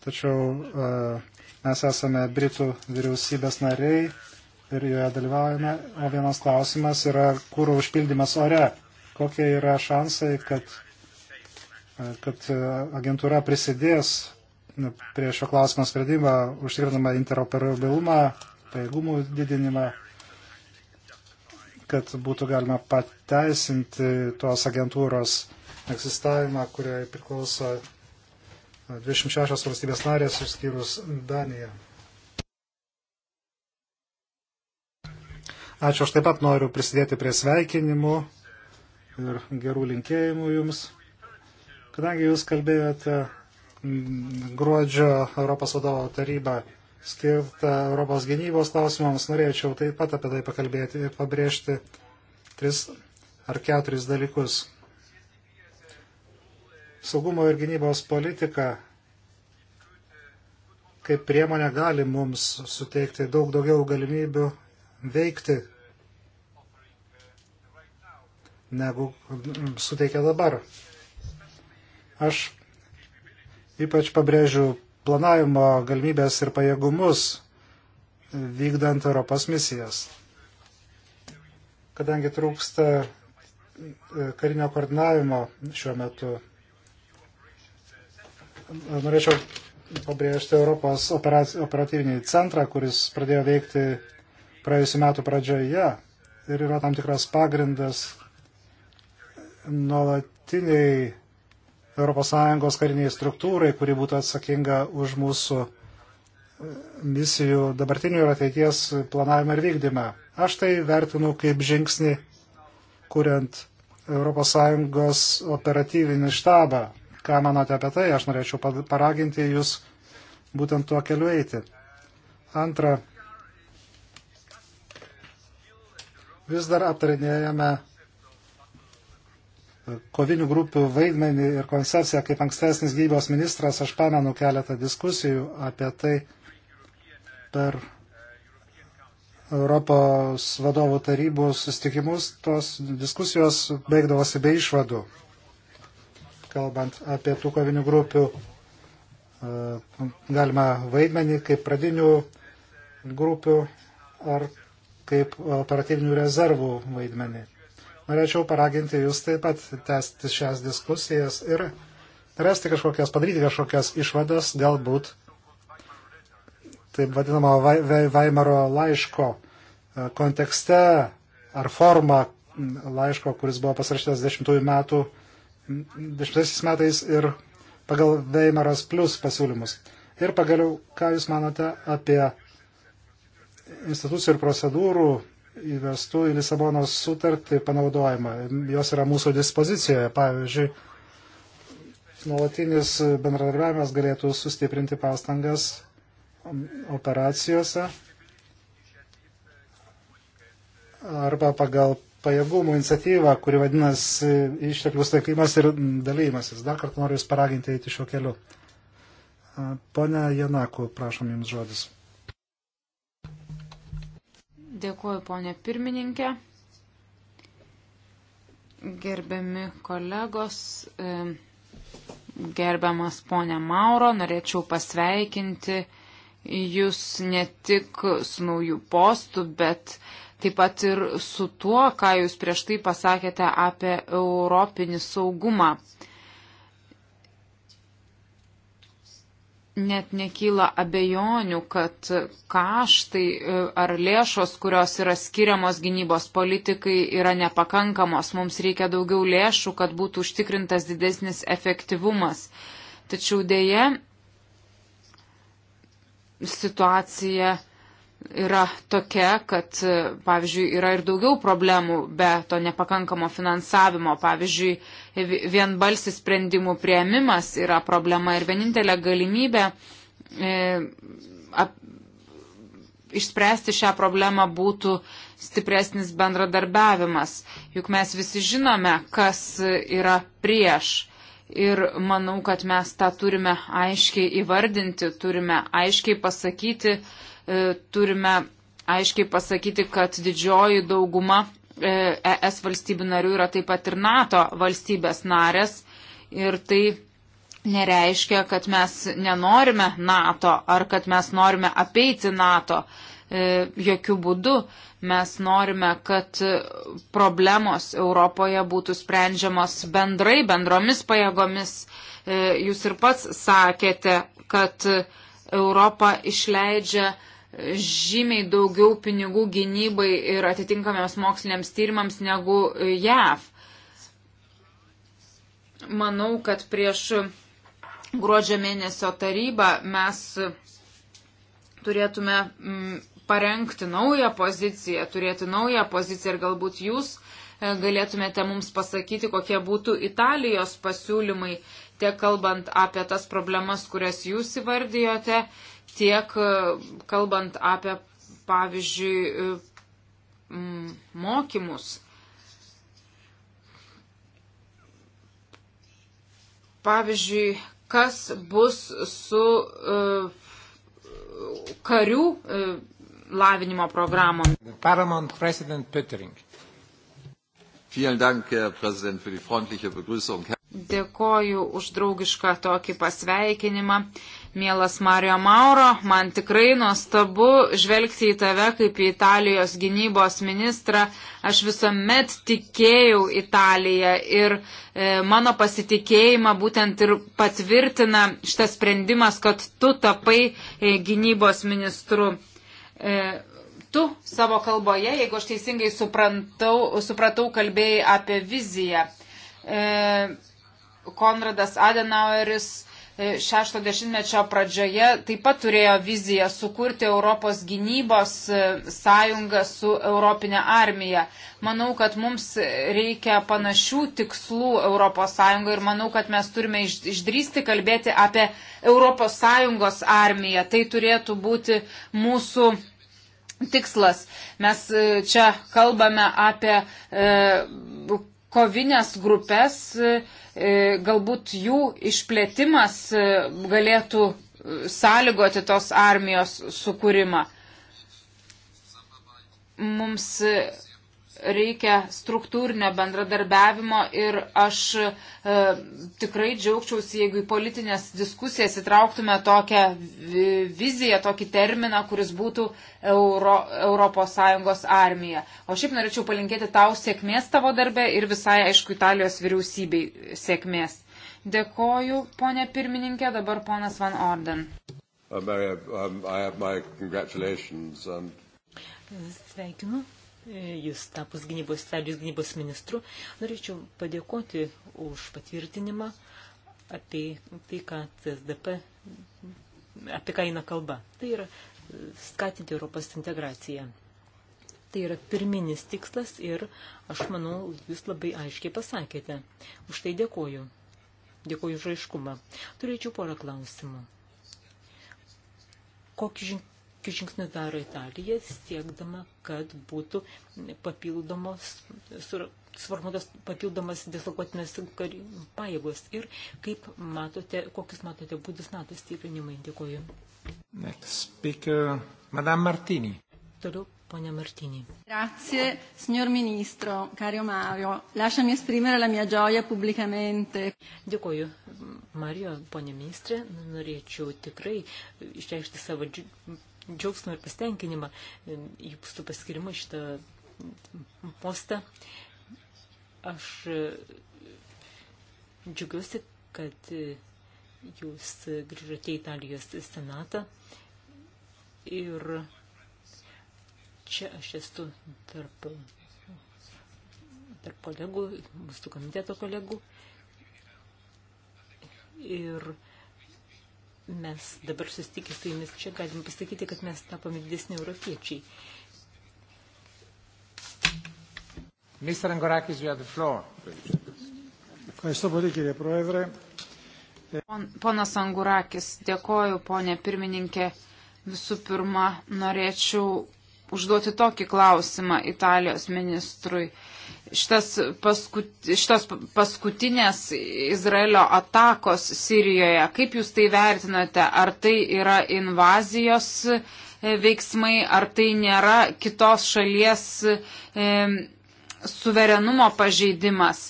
Tačiau e, mes esame Britų vyriausybės nariai ir joje dalyvaujame. O vienas klausimas yra kūro užpildymas ore. Kokie yra šansai, kad kad e, agentūra prisidės nu, prie šio klausimo sprendimą, užtikrinama interoperabilumą, pajėgumų didinimą, kad būtų galima pateisinti tos agentūros egzistavimą, kuriai priklauso 26 valstybės narės, išskyrus Daniją. Ačiū, aš taip pat noriu prisidėti prie sveikinimų ir gerų linkėjimų jums. Kadangi jūs kalbėjote mm, gruodžio Europos vadovo tarybą skirtą Europos gynybos klausimams, norėčiau taip pat apie tai pakalbėti ir pabrėžti tris ar keturis dalykus. Saugumo ir gynybos politika kaip priemonė gali mums suteikti daug daugiau galimybių veikti, negu mm, suteikia dabar. Aš ypač pabrėžiu planavimo galimybės ir pajėgumus vykdant Europos misijas. Kadangi trūksta e, karinio koordinavimo šiuo metu, norėčiau pabrėžti Europos operatyvinį centrą, kuris pradėjo veikti praėjusiu metu pradžioje ir yra tam tikras pagrindas nuolatiniai ES kariniai struktūrai, kuri būtų atsakinga už mūsų e, misijų dabartinių ir ateities planavimą ir vykdymą. Aš tai vertinu kaip žingsnį, kuriant ES operatyvinį štabą. Ką manote apie tai? Aš norėčiau paraginti jūs būtent tuo keliu eiti. Antra, vis dar aptarinėjame kovinių grupių vaidmenį ir koncepciją kaip ankstesnis gyvybos ministras, aš pamenu keletą diskusijų apie tai per Europos vadovų tarybų sustikimus. Tos diskusijos baigdavosi be išvadų, kalbant apie tų kovinių grupių e, galima vaidmenį kaip pradinių grupių ar kaip operatyvinių rezervų vaidmenį. Norėčiau paraginti jūs taip pat tęsti šias diskusijas ir rasti kažkokias, padaryti kažkokias išvadas, galbūt taip vadinamo Vaimaro laiško e, kontekste ar forma laiško, kuris buvo pasirašytas 10 metų, 10 metais ir pagal Veimaras plus pasiūlymus. Ir pagaliau, ką Jūs manote apie institucijų ir procedūrų įvestų į Lisabonos sutartį panaudojimą. Jos yra mūsų dispozicijoje. Pavyzdžiui, nuolatinis bendradarbiavimas galėtų sustiprinti pastangas operacijose arba pagal pajėgumų iniciatyvą, kuri vadinasi išteklių staikimas ir dalymasis. Dar kartą noriu Jūs paraginti eiti šiuo keliu. Pone Janaku, prašom Jums žodis. Dėkuoju, ponė pirmininkė. Gerbiami kolegos, e, gerbiamas ponė Mauro, norėčiau pasveikinti jūs ne tik su naujų postų, bet taip pat ir su tuo, ką jūs prieš tai pasakėte apie europinį saugumą. net nekyla abejonių, kad kaštai e, ar lėšos, kurios yra skiriamos gynybos politikai, yra nepakankamos. Mums reikia daugiau lėšų, kad būtų užtikrintas didesnis efektyvumas. Tačiau dėje situacija yra tokia, kad, pavyzdžiui, yra ir daugiau problemų be to nepakankamo finansavimo. Pavyzdžiui, vienbalsis sprendimų prieimimas yra problema ir vienintelė galimybė e, ap, išspręsti šią problemą būtų stipresnis bendradarbiavimas. Juk mes visi žinome, kas yra prieš. Ir manau, kad mes tą turime aiškiai įvardinti, turime aiškiai pasakyti, E, turime aiškiai pasakyti, kad didžioji dauguma ES e valstybių narių yra taip pat ir NATO valstybės narės. Ir tai nereiškia, kad mes nenorime NATO ar kad mes norime apeiti NATO. E, jokių būdų mes norime, kad problemos Europoje būtų sprendžiamos bendrai, bendromis pajėgomis. Jūs ir pats sakėte, kad Europa išleidžia uh, žymiai daugiau pinigų gynybai ir atitinkamiems moksliniams tyrimams negu JAV. Manau, kad prieš gruodžio mėnesio tarybą mes turėtume mm, parengti naują poziciją, turėti naują poziciją ir galbūt jūs e, galėtumėte mums pasakyti, kokie būtų Italijos pasiūlymai, tiek kalbant apie tas problemas, kurias jūs įvardijote, tiek e, kalbant apie, pavyzdžiui, e, mokymus. Pavyzdžiui, kas bus su e, karių lavinimo programom. Paramount President Pöttering. Vielen Dank, Herr Präsident, für die freundliche Begrüßung. Dėkoju už draugišką tokį pasveikinimą. Mielas Mario Mauro, man tikrai nuostabu žvelgti į tave kaip į Italijos gynybos ministrą. Aš visuomet tikėjau Italiją ir e, mano pasitikėjimą būtent ir patvirtina šitas sprendimas, kad tu tapai e, gynybos ministru. E, tu savo kalboje, jeigu aš teisingai suprantau, supratau, kalbėjai apie viziją. E, Konradas Adenaueris 60-mečio pradžioje taip pat turėjo viziją sukurti Europos gynybos e, sąjungą su Europinė armija. Manau, kad mums reikia panašių tikslų Europos sąjungoje ir manau, kad mes turime išdrysti kalbėti apie Europos sąjungos armiją. Tai turėtų būti mūsų tikslas. Mes e, čia kalbame apie e, kovinės grupės, e, e, galbūt jų išplėtimas e, galėtų sąlygoti tos armijos sukūrimą. Mums reikia struktūrinio bendradarbiavimo ir aš e, tikrai džiaugčiausi, jeigu į politinės diskusijas įtrauktume tokią viziją, tokį terminą, kuris būtų Euro, ES armija. O šiaip norėčiau palinkėti tau sėkmės tavo darbę ir visai, aišku, Italijos vyriausybei sėkmės. Dėkoju, ponė pirmininkė, dabar ponas Van Orden. Uh, um, um, Sveikinu jūs tapus gynybos, Italijos gynybos ministru. Norėčiau padėkoti už patvirtinimą apie tai, ką CSDP, apie ką eina kalba. Tai yra skatinti Europos integraciją. Tai yra pirminis tikslas ir aš manau, jūs labai aiškiai pasakėte. Už tai dėkoju. Dėkoju už aiškumą. Turėčiau porą klausimų. Kokį žin kokius žingsnius daro Italija, siekdama, kad būtų papildomos, suformuotas papildomas dislokuotinas pajėgos ir kaip matote, kokius matote būdus NATO stiprinimai. Dėkuoju. Next speaker, Madame Martini. Toliau Ponia Martini. Grazie, signor Ministro, caro Mario. Lasciami esprimere la mia gioia pubblicamente. Dėkuoju, Mario, ponia Ministrė. Norėčiau tikrai išreikšti savo džiaugsmą ir pasitenkinimą e, jūsų paskirimą šitą postą. Aš e, džiugiuosi, kad e, jūs grįžote į Italijos senatą ir čia aš esu tarp, tarp kolegų, mūsų komiteto kolegų ir mes dabar susitikę su jumis čia galim pasakyti, kad mes tapome didesni europiečiai. Mr. Angorakis, you have the floor. Ευχαριστώ πολύ κύριε Πρόεδρε. Ponas Angurakis, dėkoju, ponė pirmininkė. Visų pirma, norėčiau užduoti tokį klausimą Italijos ministrui. Uh, šitas, paskut, šitas paskutinės Izraelio atakos Sirijoje, kaip jūs tai vertinate, ar tai yra invazijos e, veiksmai, ar tai nėra kitos šalies e, suverenumo pažeidimas.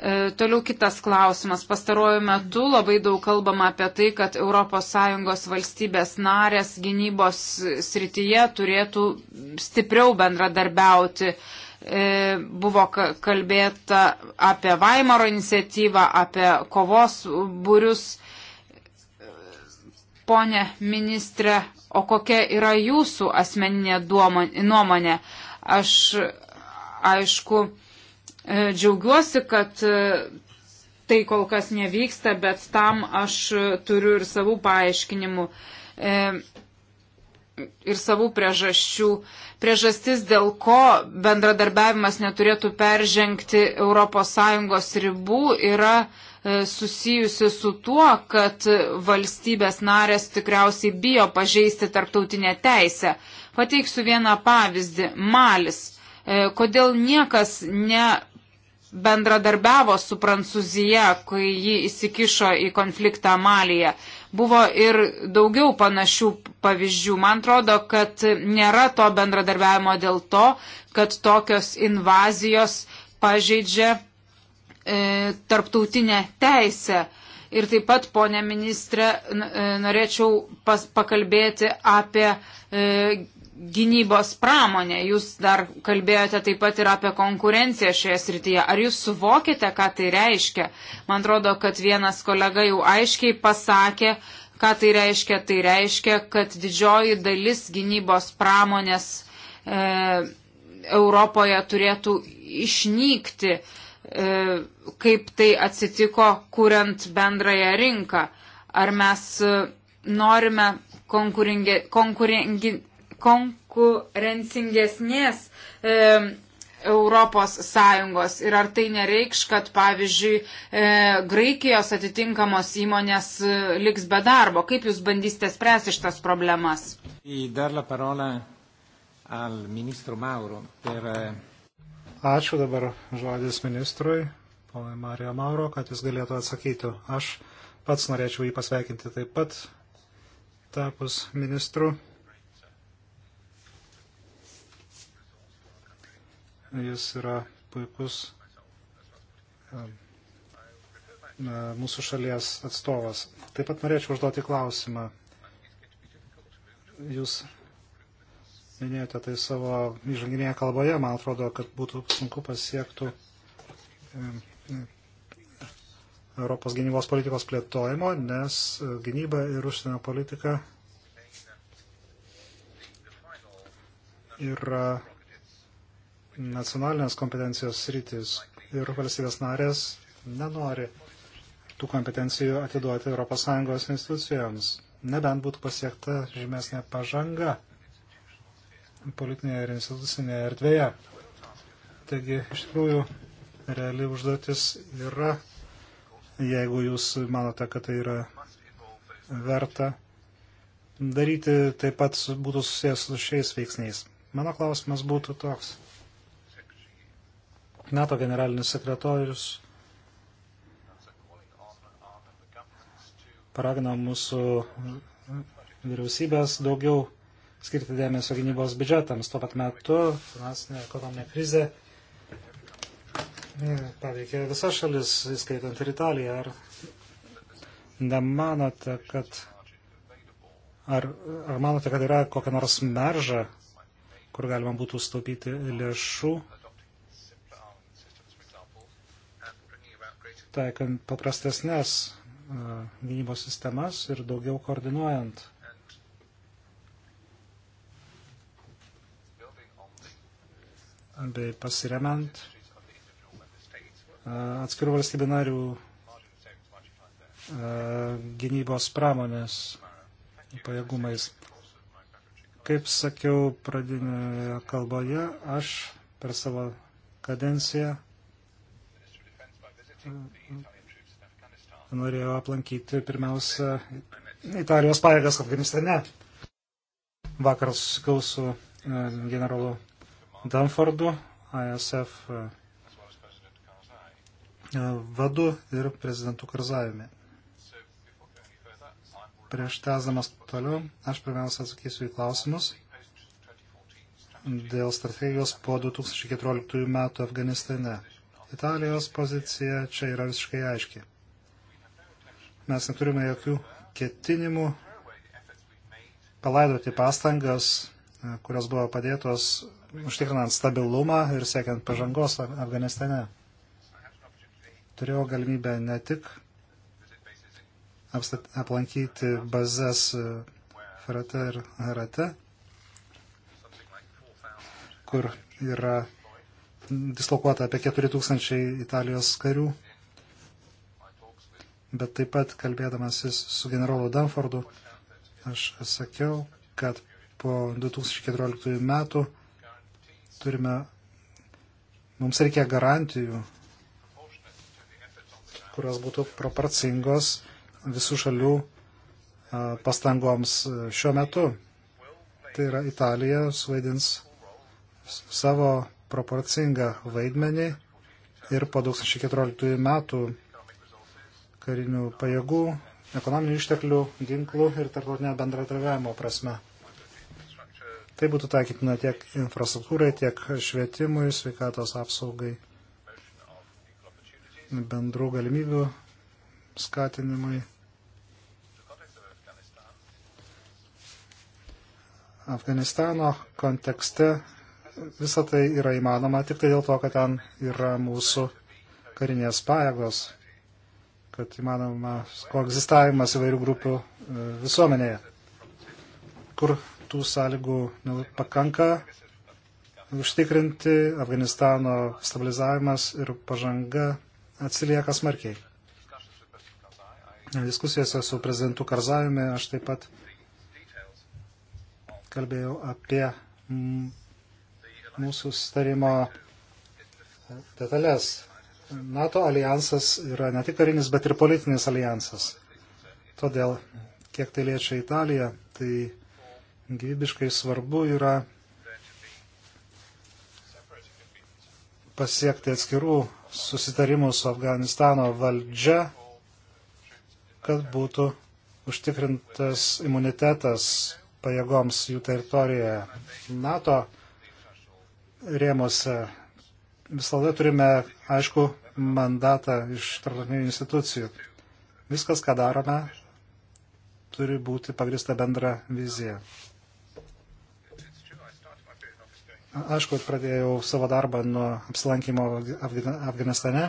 E, toliau kitas klausimas. Pastaruoju metu labai daug kalbama apie tai, kad ES valstybės narės gynybos srityje turėtų stipriau bendradarbiauti. E, E, buvo kalbėta apie Vaimaro iniciatyvą, apie kovos būrius. Pone ministre, o kokia yra jūsų asmeninė nuomonė? Aš aišku e, džiaugiuosi, kad e, tai kol kas nevyksta, bet tam aš turiu ir savų paaiškinimų. E, ir savų priežasčių. Priežastis, dėl ko bendradarbiavimas neturėtų peržengti ES ribų, yra e, susijusi su tuo, kad valstybės narės tikriausiai bijo pažeisti tarptautinę teisę. Pateiksiu vieną pavyzdį. Malis. E, kodėl niekas ne bendradarbiavo su Prancūzija, kai ji įsikišo į konfliktą Malyje. Buvo ir daugiau panašių pavyzdžių. Man atrodo, kad nėra to bendradarbiavimo dėl to, kad tokios invazijos pažeidžia e, tarptautinę teisę. Ir taip pat, ponė ministrė, e, norėčiau pas, pakalbėti apie e, gynybos pramonė. Jūs dar kalbėjote taip pat ir apie konkurenciją šioje srityje. Ar jūs suvokite, ką tai reiškia? Man atrodo, kad vienas kolega jau aiškiai pasakė, ką tai reiškia. Tai reiškia, kad didžioji dalis gynybos pramonės e, Europoje turėtų išnykti, e, kaip tai atsitiko, kuriant bendrąją rinką. Ar mes e, norime konkurengi, konkurengi, konkurencingesnės e, Europos Sąjungos ir ar tai nereikš, kad pavyzdžiui e, Graikijos atitinkamos įmonės e, liks be darbo? Kaip jūs bandysite spręsti šitas problemas? Per... E, Ačiū dabar žodis ministrui, ponai Marija Mauro, kad jis galėtų atsakyti. Aš pats norėčiau jį pasveikinti taip pat tapus ministru. Jis yra puikus mūsų šalies atstovas. Taip pat norėčiau užduoti klausimą. Jūs minėjote tai savo įžanginėje kalboje, man atrodo, kad būtų sunku pasiektų Europos gynybos politikos plėtojimo, nes e, gynyba ir užsienio politika yra nacionalinės kompetencijos sritis ir valstybės narės nenori tų kompetencijų atiduoti ES institucijoms, nebent būtų pasiekta žymesnė pažanga politinėje ir institucinėje erdvėje. Taigi, iš tikrųjų, reali užduotis yra, jeigu jūs manote, kad tai yra verta daryti, taip pat būtų susijęs su šiais veiksniais. Mano klausimas būtų toks. NATO generalinis sekretorius paragino mūsų vyriausybės daugiau skirti dėmesio gynybos biudžetams. Tuo pat metu finansinė ekonominė krizė e, paveikė visas šalis, įskaitant ir Italiją. Ar nemanote, kad, ar, ar manote, kad yra kokia nors merža, kur galima būtų staupyti lėšų taikant paprastesnės e, gynybos sistemas ir daugiau koordinuojant. bei pasiremiant e, atskirų valstybių narių e, gynybos pramonės pajėgumais. Kaip sakiau pradinėje kalboje, aš per savo kadenciją Mm. norėjo aplankyti pirmiausia Italijos pajėgas Afganistane. Vakar susikau su e, generolu Danfordu, ISF e, e, vadu ir prezidentu Karzavimi. Prieš tęsdamas toliau, aš pirmiausia atsakysiu į klausimus dėl strategijos po 2014 metų Afganistane. Italijos pozicija čia yra visiškai aiški. Mes neturime jokių ketinimų palaidoti pastangas, kurios buvo padėtos užtikrinant stabilumą ir siekiant pažangos Afganistane. Turėjau galimybę ne tik aplankyti bazės e, Ferate ir Herate, kur yra dislokuota apie 4000 Italijos karių. Bet taip pat kalbėdamasis su generolu Danfordu, aš sakiau, kad po 2014 metų turime, mums reikia garantijų, kurios būtų proporcingos visų šalių pastangoms šiuo metu. Tai yra Italija suvaidins savo proporcingą vaidmenį ir po 2014 metų karinių pajėgų, ekonominių išteklių, ginklų ir tarptautinio bendradarbiavimo prasme. Tai būtų taikytina tiek infrastruktūrai, tiek švietimui, sveikatos apsaugai, bendrų galimybių skatinimui. Afganistano kontekste visa tai yra įmanoma tik tai dėl to, kad ten yra mūsų karinės pajėgos, kad įmanoma koegzistavimas įvairių grupių e, visuomenėje. Kur tų sąlygų pakanka užtikrinti, Afganistano stabilizavimas ir pažanga atsilieka smarkiai. Diskusijose su prezidentu Karzajumi aš taip pat kalbėjau apie mūsų sustarimo detalės. NATO alijansas yra ne tik karinis, bet ir politinis alijansas. Todėl, kiek tai liečia Italiją, tai gyvybiškai svarbu yra pasiekti atskirų susitarimų su Afganistano valdžia, kad būtų užtikrintas imunitetas pajėgoms jų teritorijoje. NATO rėmose. Visada turime, aišku, mandatą iš tarptautinių institucijų. Viskas, ką darome, turi būti pagrista bendra vizija. Aišku, pradėjau savo darbą nuo apsilankimo Afganistane.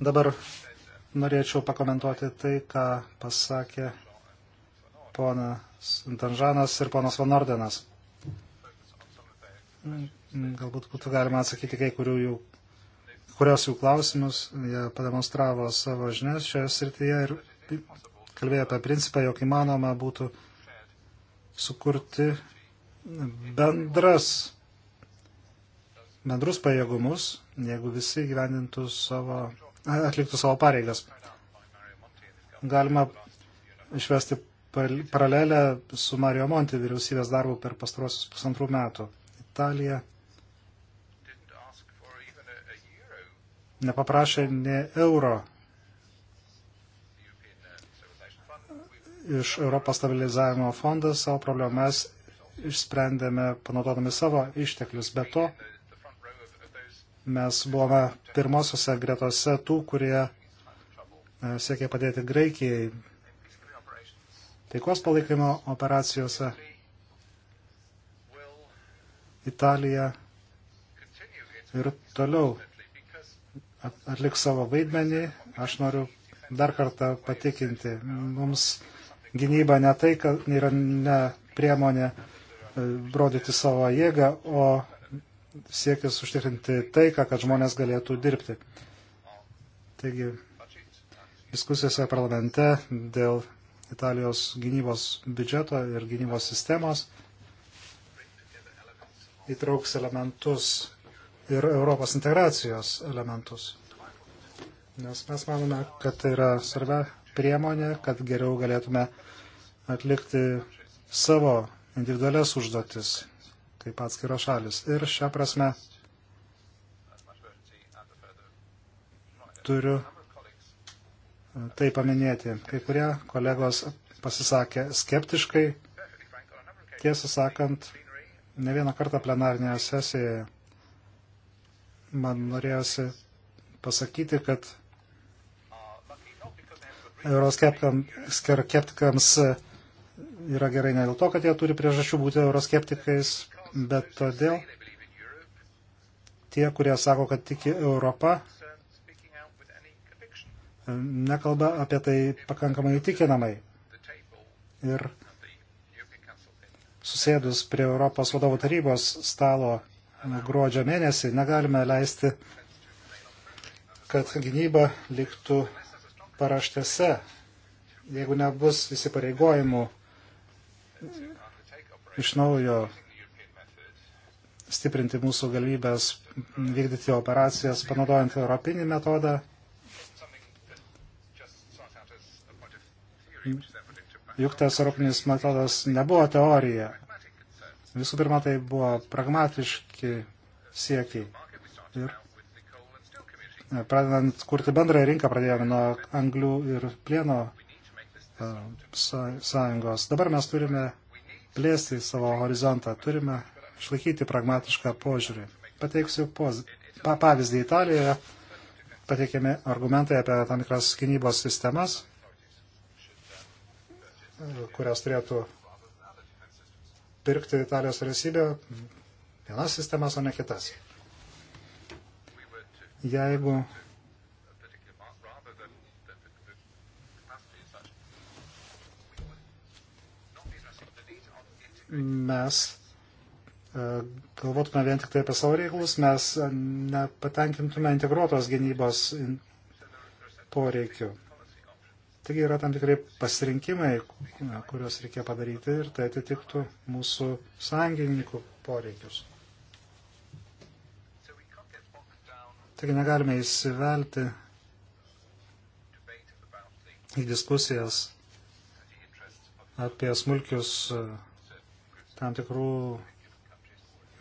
Dabar norėčiau pakomentuoti tai, ką pasakė ponas Danžanas ir ponas Van Ordenas. Galbūt būtų galima atsakyti kai kurių jų, kurios jų klausimus. Jie pademonstravo savo žinias šioje srityje ir kalbėjo apie principą, jog įmanoma būtų sukurti bendras, bendrus pajėgumus, jeigu visi gyvendintų savo atliktų savo pareigas. Galima išvesti paralelę su Mario Monti vyriausybės darbu per pastaruosius pusantrų metų. Italija nepaprašė ne euro iš Europos stabilizavimo fondas savo problemas išsprendėme panaudodami savo išteklius. Be to, mes buvome pirmosiose gretose tų, kurie e, siekia padėti Graikijai taikos palaikymo operacijose. Italija ir toliau atliks savo vaidmenį. Aš noriu dar kartą patikinti, mums gynyba ne tai, kad yra ne priemonė e, rodyti savo jėgą, o siekis užtikrinti taiką, kad žmonės galėtų dirbti. Taigi, diskusijose parlamente dėl Italijos gynybos biudžeto ir gynybos sistemos įtrauks elementus ir Europos integracijos elementus. Nes mes manome, kad tai yra svarbia priemonė, kad geriau galėtume atlikti savo individualias užduotis kaip atskiros šalis. Ir šią prasme turiu e, tai paminėti. Kai kurie kolegos pasisakė skeptiškai, tiesą sakant, ne vieną kartą plenarnėje sesijoje man norėjosi pasakyti, kad euroskeptikams yra gerai ne dėl to, kad jie turi priežasčių būti euroskeptikais, bet todėl tie, kurie sako, kad tiki Europą, nekalba apie tai pakankamai įtikinamai. Ir susėdus prie Europos vadovų tarybos stalo gruodžio mėnesį negalime leisti, kad gynyba liktų paraštėse, jeigu nebus įsipareigojimų iš naujo stiprinti mūsų galimybės vykdyti operacijas, panaudojant europinį metodą. Juk tas europinis metodas nebuvo teorija. Visų pirma, tai buvo pragmatiški siekiai. Ir pradedant kurti bendrąją rinką, pradėjome nuo anglių ir plieno e, sąjungos. Dabar mes turime plėsti savo horizontą, turime išlaikyti pragmatišką požiūrį. Pateiksiu poz... pa, pavyzdį Italijoje. Pateikiami argumentai apie tam tikras gynybos sistemas, kurias turėtų pirkti Italijos vyriausybė vienas sistemas, o ne kitas. Jeigu mes E, galvotume vien tik tai apie savo reikalus, mes e, nepatenkintume integruotos gynybos poreikių. Taigi yra tam tikrai pasirinkimai, kuriuos reikia padaryti ir tai atitiktų mūsų sąjungininkų poreikius. Taigi negalime įsivelti į diskusijas apie smulkius e, tam tikrų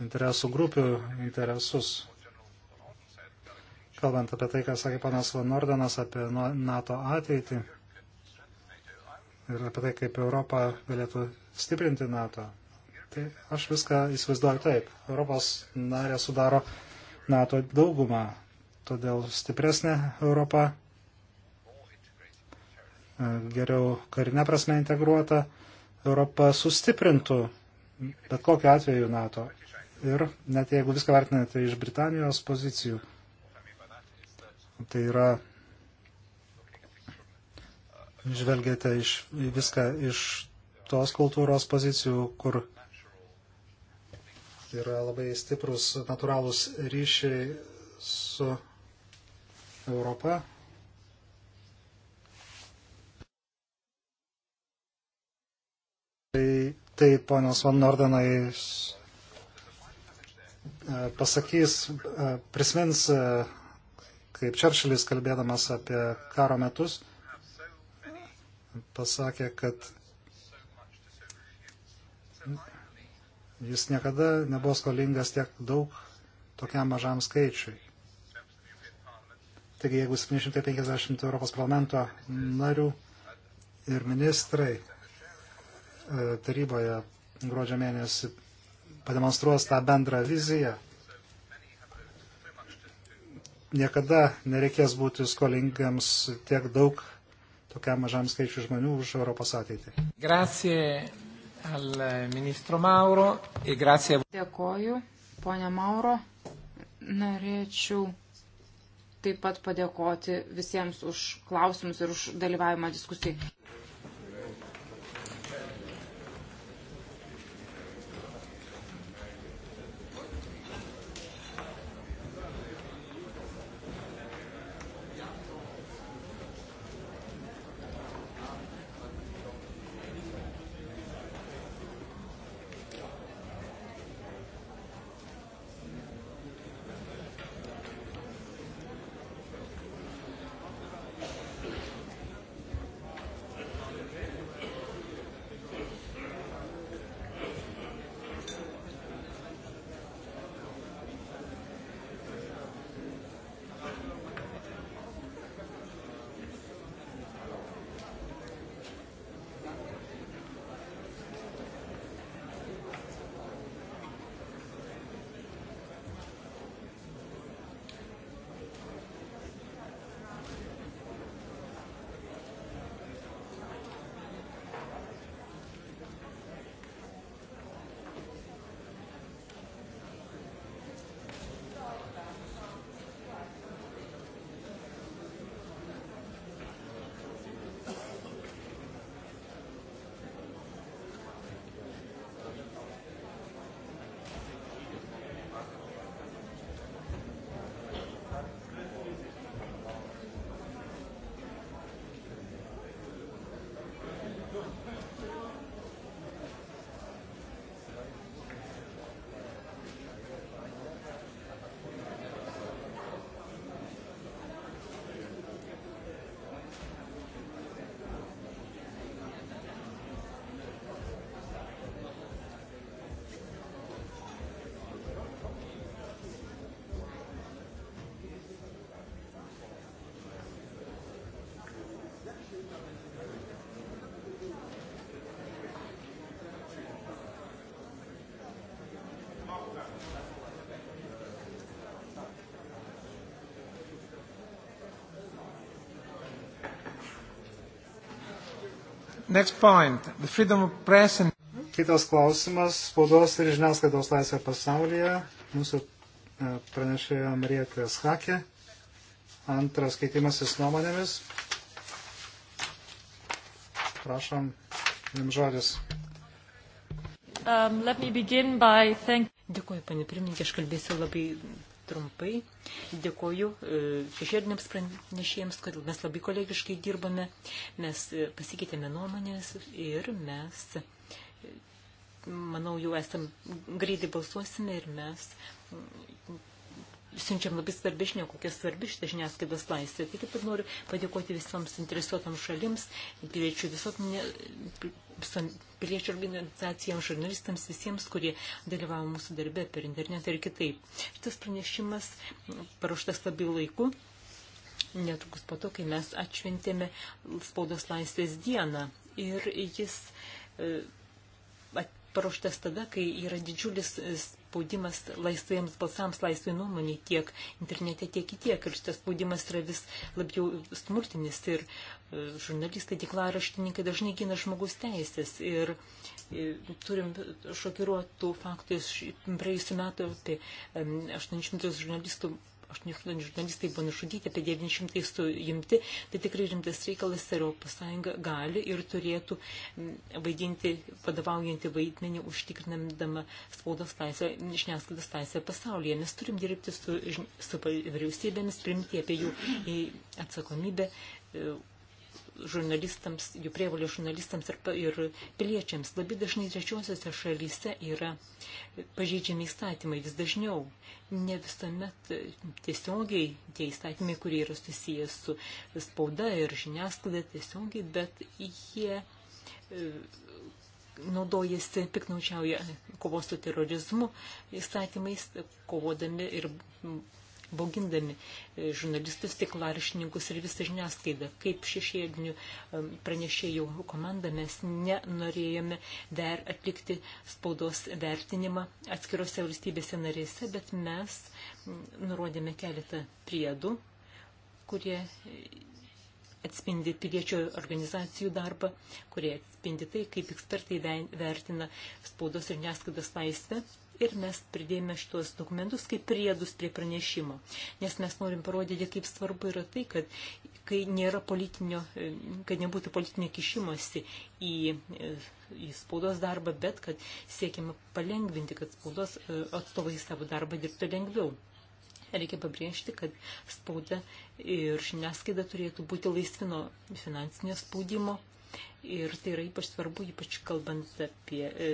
interesų grupių interesus. Kalbant apie tai, ką sakė panas Van Ordenas apie NATO ateitį ir apie tai, kaip Europa galėtų stiprinti NATO. Tai aš viską įsivaizduoju taip. Europos narė sudaro NATO daugumą, todėl stipresnė Europa, geriau karinė prasme integruota, Europa sustiprintų bet kokiu atveju NATO. Ir net jeigu viską vertinate iš Britanijos pozicijų, tai yra žvelgiate iš, viską iš tos kultūros pozicijų, kur yra labai stiprus natūralūs ryšiai su Europa. Tai, tai ponios Van Nordenai E, pasakys, e, prisimins, e, kaip Čerčilis kalbėdamas apie karo metus, pasakė, kad jis niekada nebuvo skolingas tiek daug tokiam mažam skaičiui. Taigi, jeigu 750 Europos parlamento narių ir ministrai taryboje gruodžio mėnesį pademonstruos tą bendrą viziją. Niekada nereikės būti skolingiams tiek daug tokiam mažam skaičiu žmonių už Europos ateitį. Grazie al ministro Mauro ir e grazie. Dėkoju, ponia Mauro. Norėčiau taip pat padėkoti visiems už klausimus ir už dalyvavimą diskusijai. Next point. The freedom of press and... Kitas klausimas - spaudos ir žiniasklaidos laisvė pasaulyje. Mūsų e, pranešėja Marija Kreshakė. Antras keitimasis nuomonėmis. Prašom, jums žodis. Um, Dėkuoju, panė pirmininkė, aš kalbėsiu labai trumpai. Dėkoju e, šešėdiniams pranešėjams, kad mes labai kolegiškai dirbame, mes e, pasikeitėme nuomonės ir mes, e, manau, jau esam greitai balsuosime ir mes mm, siunčiam labai svarbi žinia, kokia svarbi šita žiniasklaidos laisvė. Tai taip pat noriu padėkoti visoms interesuotams šalims, piliečių visuotinė visom piliečių organizacijams, žurnalistams, visiems, kurie dalyvavo mūsų darbe per internetą ir kitaip. Šitas pranešimas paruoštas labai laiku, netrukus po to, kai mes atšventėme spaudos laisvės dieną. Ir jis e, paruoštas tada, kai yra didžiulis spaudimas laisviems balsams, laisvai nuomonė tiek internete, tiek į tiek. Ir šitas spaudimas yra vis labiau smurtinis ir žurnalistai, tiklaraštininkai dažnai gina žmogus teisės ir e, turim šokiruotų faktų iš praėjusiu metu tai, apie 800 žurnalistų 88 žurnalistai buvo nužudyti, apie 900 suimti, tai tikrai rimtas reikalas Europos Sąjunga gali ir turėtų vaidinti vadovaujantį vaidmenį užtikrinamdama spaudos laisvę, žiniasklaidos laisvę pasaulyje. Mes turim dirbti su, su vyriausybėmis, primti apie jų atsakomybę e, žurnalistams, jų prievalė žurnalistams ir, ir piliečiams. Labai dažnai trečiosiuose šalyse yra pažeidžiami įstatymai vis dažniau. Ne visuomet e, tiesiogiai tie įstatymai, kurie yra susijęs su spauda ir žiniasklaida tiesiogiai, bet jie e, naudojasi, piknaučiauja kovos su terorizmu įstatymais, kovodami ir baugindami e, žurnalistus, tiklarišininkus ir visą žiniasklaidą. Kaip šešėdinių e, pranešėjų komanda mes nenorėjome dar atlikti spaudos vertinimą atskirose valstybėse narėse, bet mes nurodėme keletą priedų, kurie atspindi piliečio organizacijų darbą, kurie atspindi tai, kaip ekspertai vertina spaudos ir žiniasklaidos laisvę ir mes pridėjome šitos dokumentus kaip priedus prie pranešimo, nes mes norim parodyti, kaip svarbu yra tai, kad kai nėra politinio, e, kad nebūtų politinio kišimosi į, e, į spaudos darbą, bet kad siekiama palengvinti, kad spaudos e, atstovai savo darbą dirbtų lengviau. Reikia pabrėžti, kad spauda ir žiniasklaida turėtų būti laisvino finansinio spaudimo Ir tai yra ypač svarbu, ypač kalbant apie, e,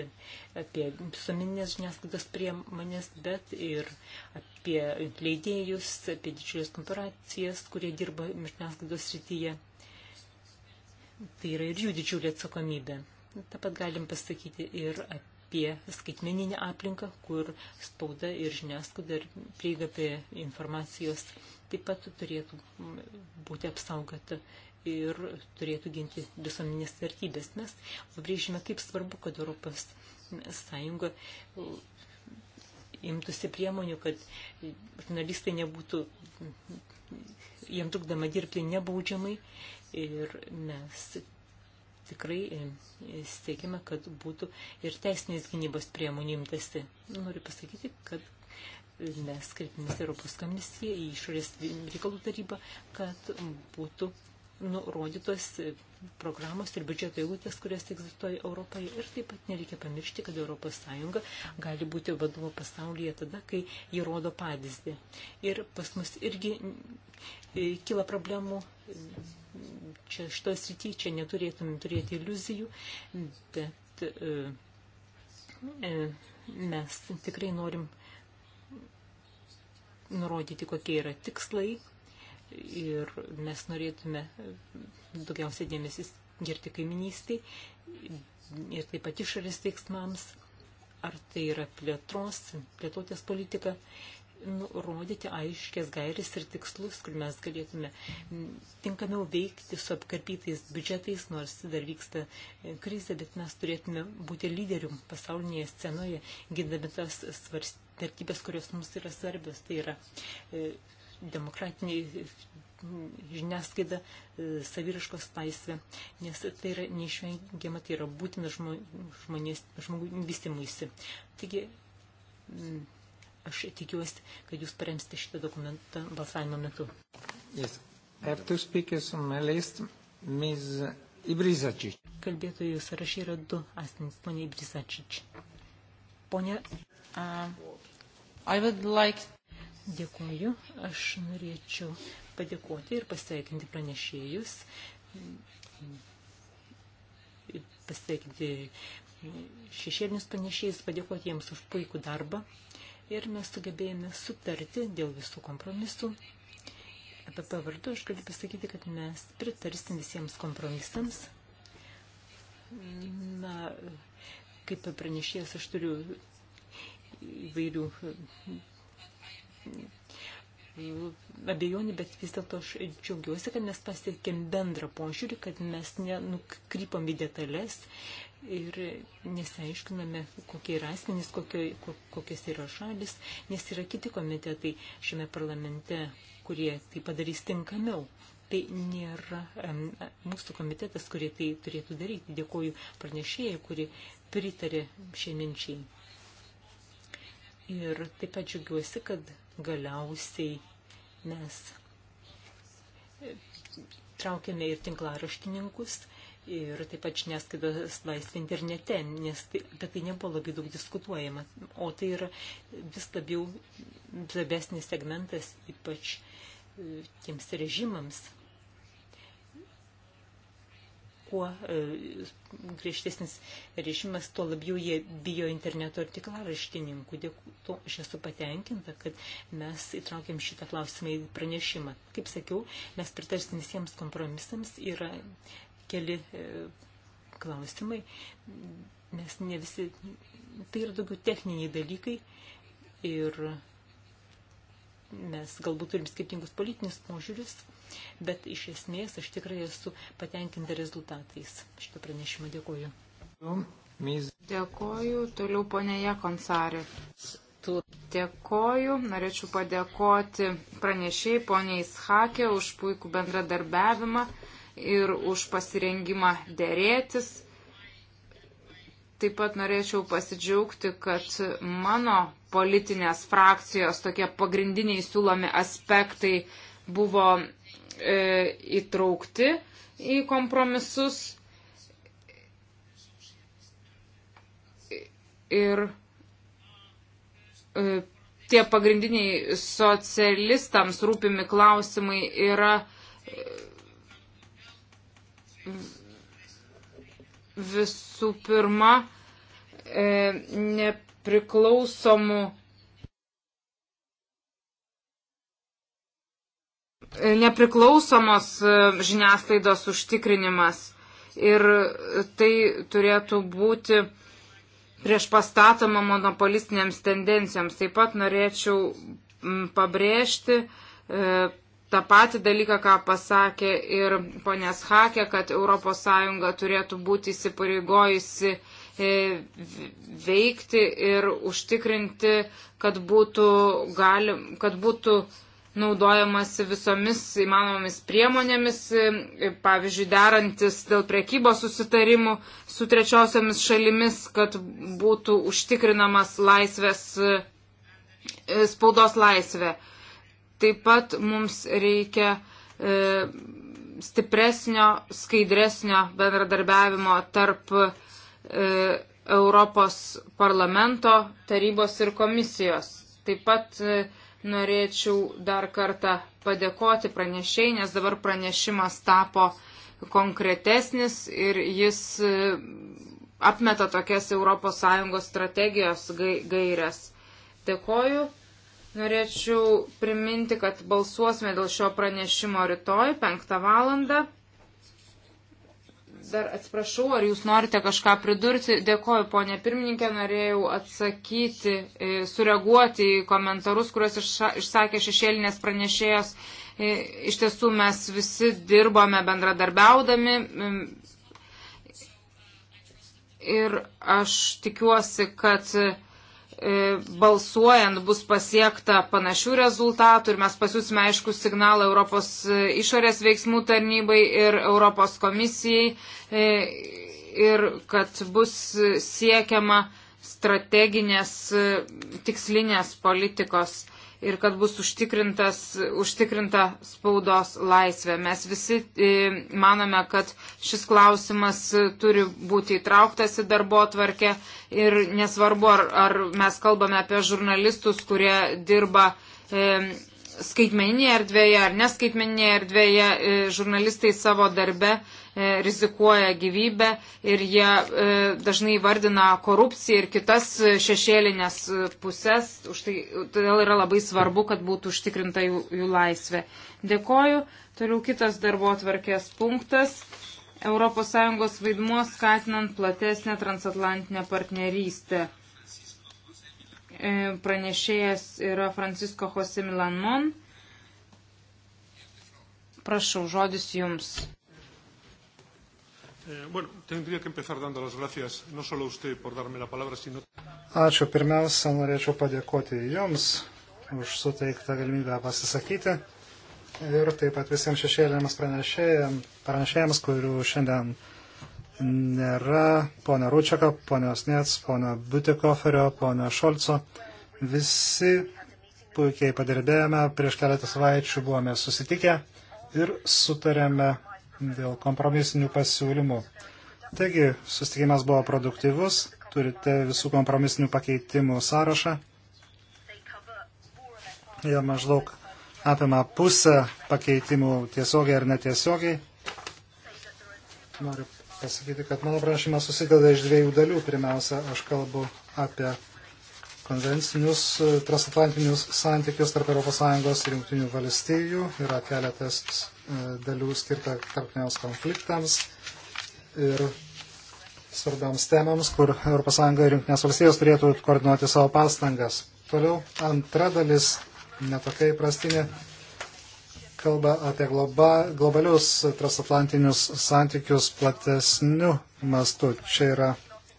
apie visuomeninės žiniasklaidos priemonės, bet ir apie leidėjus, apie didžiulės korporacijas, kurie dirba žiniasklaidos srityje. Tai yra ir jų didžiulė atsakomybė. Taip pat galim pasakyti ir apie apie skaitmeninę aplinką, kur spauda ir žiniasklaida ir prieiga prie informacijos taip pat turėtų būti apsaugota ir turėtų ginti visuomenės vertybės. Mes pabrėžime, kaip svarbu, kad Europos Sąjunga uh, imtųsi priemonių, kad žurnalistai nebūtų jiem trukdama dirbti nebaudžiamai ir mes tikrai uh, siekime, kad būtų ir teisinės gynybos priemonių imtasi. Noriu pasakyti, kad mes kreipimės Europos komisiją į išorės reikalų tarybą, kad būtų nurodytos programos ir biudžeto eilutės, kurios egzistuoja Europoje. Ir taip pat nereikia pamiršti, kad ES gali būti vadovo pasaulyje tada, kai jį rodo pavyzdį. Ir pas mus irgi e, kyla problemų. Čia šitoje srityje čia neturėtumėm turėti iliuzijų, bet e, e, mes tikrai norim nurodyti, kokie yra tikslai, ir mes norėtume daugiausiai dėmesį girti kaiminystiai ir taip pat išorės veiksmams, ar tai yra plėtros, plėtotės politika, nurodyti aiškės gairis ir tikslus, kur mes galėtume tinkamiau veikti su apkarpytais biudžetais, nors dar vyksta krizė, bet mes turėtume būti lyderių pasaulinėje scenoje, gindami tas vertybės, kurios mums yra svarbios. Tai yra e, demokratinė žiniasklaida, e, saviriškos laisvė, nes tai yra neišvengiama, tai yra būtina žmonės, žmogų vystimuisi. Taigi, aš tikiuosi, kad jūs paremsite šitą dokumentą balsavimo metu. Yes. List, Kalbėtojų sąrašai yra du asmenys, ponia Ibrisačič. Ponia. Uh, I would like Dėkuoju. Aš norėčiau padėkoti ir pasveikinti pranešėjus, pasveikinti šešėlinius pranešėjus, padėkoti jiems už puikų darbą. Ir mes sugebėjome sutarti dėl visų kompromisų. Apie pavardų aš galiu pasakyti, kad mes pritarsim visiems kompromisams. Na, kaip pranešėjas aš turiu įvairių abejonių, bet vis dėlto aš džiaugiuosi, kad mes pasiekėm bendrą požiūrį, kad mes nenukrypom į detalės ir nesiaiškiname, kokie yra asmenys, kokio, kokios yra šalis, nes yra kiti komitetai šiame parlamente, kurie tai padarys tinkamiau. Tai nėra um, mūsų komitetas, kurie tai turėtų daryti. Dėkoju pranešėjai, kuri pritarė šiai minčiai. Ir taip pat džiugiuosi, kad galiausiai mes traukiame ir tinklaraštininkus, ir taip pat žiniasklaidos laisvė internete, nes tai, apie tai nebuvo labai daug diskutuojama. O tai yra vis labiau labesnis segmentas, ypač e, tiems režimams, kuo e, griežtesnis režimas, tuo labiau jie bijo interneto ir tiklaraštininkų. Dėkuoju, aš esu patenkinta, kad mes įtraukėm šitą klausimą į pranešimą. Kaip sakiau, mes pritarsim visiems kompromisams, yra keli e, klausimai, mes ne visi, tai yra daugiau techniniai dalykai ir mes galbūt turim skirtingus politinius požiūrius, bet iš esmės aš tikrai esu patenkinta rezultatais šito pranešimo. Dėkuoju. Dėkuoju. Toliau ponė Jekonsarė. Dėkoju, norėčiau padėkoti pranešiai poniai Schakė už puikų bendradarbiavimą ir už pasirengimą dėrėtis. Taip pat norėčiau pasidžiaugti, kad mano politinės frakcijos tokie pagrindiniai siūlomi aspektai buvo e, įtraukti į kompromisus. Ir e, tie pagrindiniai socialistams rūpimi klausimai yra. E, visų pirma e, nepriklausomų e, nepriklausomos e, žiniasklaidos užtikrinimas. Ir tai turėtų būti prieš pastatoma monopolistinėms tendencijoms. Taip pat norėčiau pabrėžti e, tą patį dalyką, ką pasakė ir ponės Hakė, kad ES turėtų būti įsipareigojusi e, veikti ir užtikrinti, kad būtų, gali, kad būtų naudojamasi visomis įmanomomis priemonėmis, e, e, pavyzdžiui, derantis dėl priekybos susitarimų su trečiosiamis šalimis, kad būtų užtikrinamas laisvės, spaudos laisvė. Taip pat mums reikia e, stipresnio, skaidresnio bendradarbiavimo tarp e, Europos parlamento, tarybos ir komisijos. Taip pat e, norėčiau dar kartą padėkoti pranešėjai, nes dabar pranešimas tapo konkretesnis ir jis e, apmeta tokias ES strategijos gairias. Dėkoju. Norėčiau priminti, kad balsuosime dėl šio pranešimo rytoj 5 valandą. Dar atsiprašau, ar jūs norite kažką pridurti? Dėkoju, ponė pirmininkė, norėjau atsakyti, e, sureaguoti į komentarus, kuriuos išsakė šešėlinės pranešėjos. E, iš tiesų mes visi dirbome bendradarbiaudami. Ir aš tikiuosi, kad E, balsuojant bus pasiekta panašių rezultatų ir mes pasiūsime aišku signalą Europos e, išorės veiksmų tarnybai ir Europos komisijai e, ir kad bus siekiama strateginės tikslinės politikos ir kad bus užtikrinta spaudos laisvė. Mes visi e, manome, kad šis klausimas turi būti įtrauktas į darbo tvarkę ir nesvarbu, ar, ar mes kalbame apie žurnalistus, kurie dirba. E, skaitmeninėje erdvėje ar neskaitmeninėje erdvėje e, žurnalistai savo darbe E, rizikuoja gyvybę ir jie e, dažnai vardina korupciją ir kitas šešėlinės e, pusės. Už tai todėl yra labai svarbu, kad būtų užtikrinta jų, jų laisvė. Dėkoju. Toliau kitas darbo atvarkės punktas. ES vaidmuo skatinant platesnę transatlantinę partnerystę. Pranešėjas yra Francisko Jose Milanmon. Prašau, žodis jums. Eh, bueno, tendría que empezar dando las gracias no solo a usted por darme la palabra, sino... Ačiū. Pirmiausia, norėčiau padėkoti Jums už suteiktą galimybę pasisakyti ir taip pat visiems šešėlėms pranešėjams, pranešėjams kurių šiandien nėra, pono Rūčiako, ponios Nets, pono Butikoferio, pono Šolco. Visi puikiai padirbėjome, prieš keletą savaičių buvome susitikę ir sutarėme dėl kompromisinių pasiūlymų. Taigi, sustikimas buvo produktyvus, turite visų kompromisinių pakeitimų sąrašą. Jie maždaug apima pusę pakeitimų tiesiogiai ar netiesiogiai. Noriu pasakyti, kad mano prašymas susideda iš dviejų dalių. Pirmiausia, aš kalbu apie konvencinius transatlantinius santykius tarp ES ir jungtinių valstijų. Yra keletas E, dalių skirta tarptautiniams konfliktams ir svarbiams temams, kur ES ir Junktinės valstijos turėtų koordinuoti savo pastangas. Toliau antra dalis, netokia įprastinė, kalba apie globa, globalius transatlantinius santykius platesnių mastų. Čia yra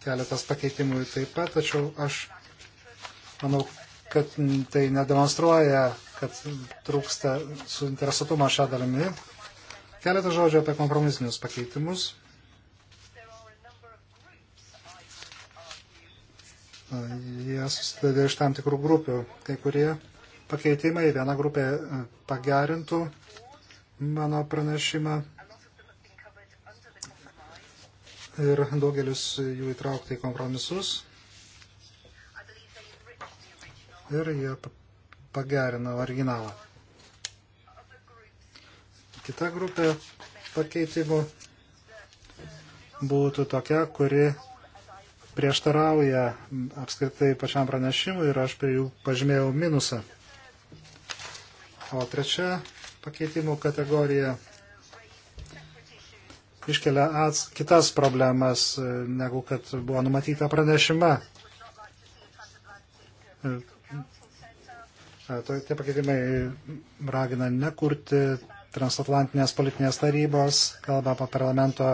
keletas pakeitimų taip pat, tačiau aš manau, kad tai nedemonstruoja kad trūksta suinteresuotumo šią dalimi. Keletą žodžių apie kompromisinius pakeitimus. Jie susideda iš tam tikrų grupių. Kai kurie pakeitimai, viena grupė e, pagerintų mano pranešimą ir daugelis jų įtraukti į kompromisus. Ir jie pagerina originalą. Kita grupė pakeitimų būtų tokia, kuri prieštarauja apskritai pačiam pranešimui ir aš prie jų pažymėjau minusą. O trečia pakeitimų kategorija iškelia ats, kitas problemas, e, negu kad buvo numatyta pranešime. Tie pakeitimai ragina nekurti transatlantinės politinės tarybos, kalba apie parlamento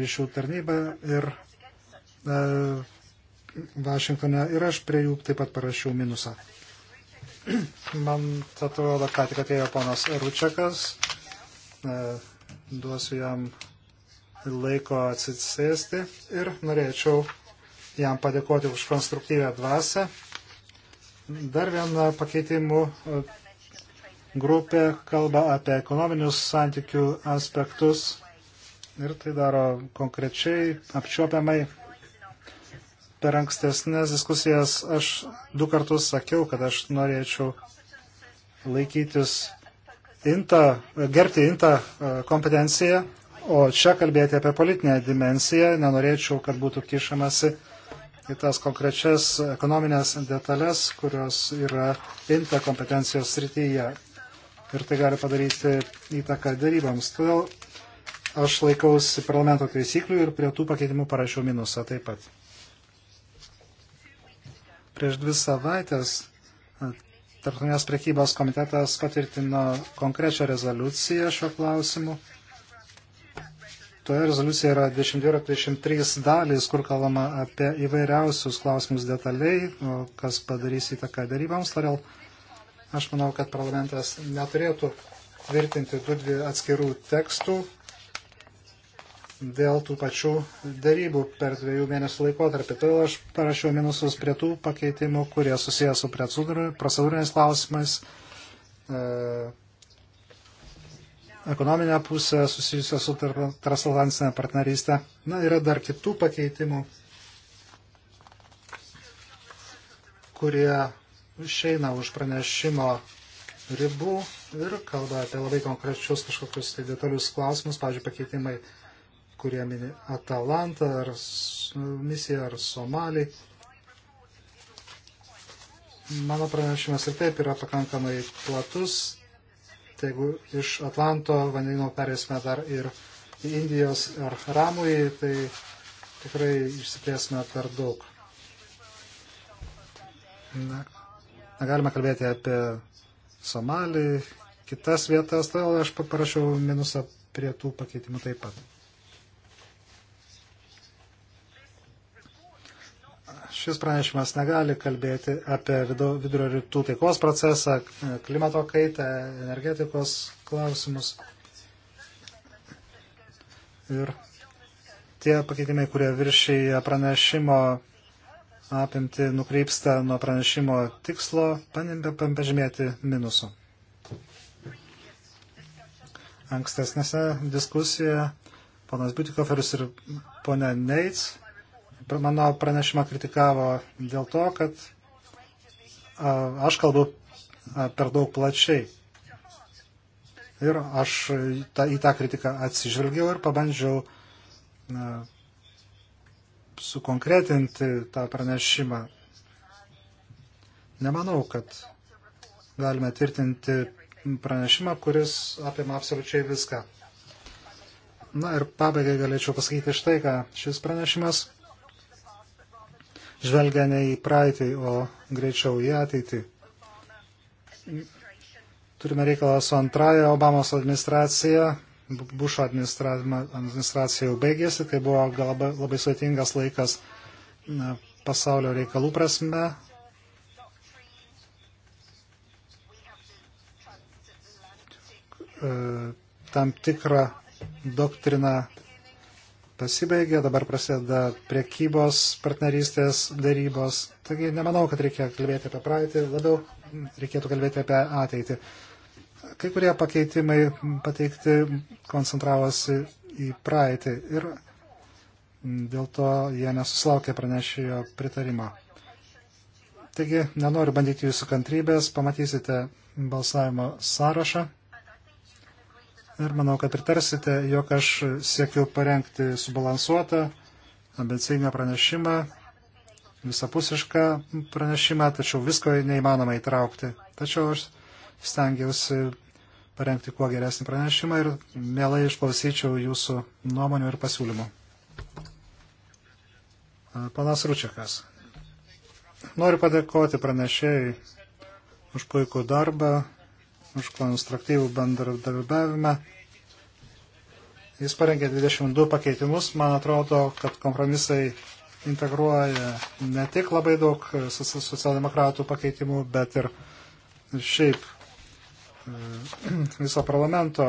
ryšių tarnybą ir e, Vašingtone ir aš prie jų taip pat parašiau minusą. Man atrodo, ką tik atėjo ponas Ručiakas, e, duosiu jam laiko atsisėsti ir norėčiau jam padėkoti už konstruktyvę dvasę Dar viena pakeitimų e, grupė kalba apie ekonominius santykių aspektus ir tai daro konkrečiai, apčiuopiamai. Per ankstesnės diskusijas aš du kartus sakiau, kad aš norėčiau laikytis inta, gerti intą e, kompetenciją, o čia kalbėti apie politinę dimenciją, nenorėčiau, kad būtų kišamasi į tas konkrečias ekonominės detalės, kurios yra imta kompetencijos srityje. Ir tai gali padaryti įtaką darybams. Todėl aš laikausi parlamento taisyklių ir prie tų pakeitimų parašiau minusą taip pat. Prieš dvi savaitės Tarptautinės prekybos komitetas patvirtino konkrečią rezoliuciją šiuo klausimu Toje rezoliucijoje yra 22-23 dalys, kur kalbama apie įvairiausius klausimus detaliai, kas padarys įtaką darybams. Todėl aš manau, kad parlamentas neturėtų tvirtinti tų dvi atskirų tekstų dėl tų pačių darybų per dviejų mėnesių laikotarpį. Todėl aš parašiau minusus prie tų pakeitimų, kurie susijęs su procedūriniais klausimais, e, ekonominę pusę susijusią su transatlantinė partnerystė. Na, yra dar kitų pakeitimų, kurie išeina už pranešimo ribų ir kalba apie labai konkrečius kažkokius tai detalius klausimus, pavyzdžiui, pakeitimai, kurie mini Atalantą ar misiją ar Somalį. Mano pranešimas ir taip yra pakankamai platus, kad jeigu iš Atlanto vandenino perėsime dar ir į Indijos ar Ramui, tai tikrai išsiplėsime per daug. Na, galime kalbėti apie Somalį, kitas vietas, todėl aš parašiau minusą prie tų pakeitimų taip pat. šis pranešimas negali kalbėti apie vidurio rytų taikos procesą, klimato kaitą, energetikos klausimus. Ir tie pakeitimai, kurie viršyje pranešimo apimti nukreipsta nuo pranešimo tikslo, pažymėti minusų. Ankstesnėse diskusijoje ponas Butikoferis ir ponia Neits mano pranešimą kritikavo dėl to, kad aš kalbu per daug plačiai. Ir aš ta, į tą kritiką atsižvelgiau ir pabandžiau na, sukonkretinti tą pranešimą. Nemanau, kad galime tvirtinti pranešimą, kuris apima absoliučiai viską. Na ir pabaigai galėčiau pasakyti štai, ką šis pranešimas žvelgia ne į praeitį, o greičiau į ateitį. Turime reikalą su antraja Obamos administracija. Bušo administra... administracija jau baigėsi, tai buvo labai, labai sudėtingas laikas pasaulio reikalų prasme. E, tam tikrą doktriną pasibaigė, dabar prasideda priekybos partnerystės darybos. Taigi nemanau, kad reikia kalbėti apie praeitį, labiau reikėtų kalbėti apie ateitį. Kai kurie pakeitimai pateikti koncentravosi į praeitį ir dėl to jie nesuslaukė pranešėjo pritarimo. Taigi nenoriu bandyti jūsų kantrybės, pamatysite balsavimo sąrašą ir manau, kad pritarsite, jog aš siekiu parengti subalansuotą, ambicinę pranešimą, visapusišką pranešimą, tačiau visko neįmanoma įtraukti. Tačiau aš stengiausi parengti kuo geresnį pranešimą ir mielai išklausyčiau jūsų nuomonių ir pasiūlymų. Panas Ručiakas. Noriu padėkoti pranešėjai už puikų darbą už konstruktyvų bendradarbiavimą. Jis parengė 22 pakeitimus. Man atrodo, kad kompromisai integruoja ne tik labai daug socialdemokratų pakeitimų, bet ir šiaip e, viso parlamento,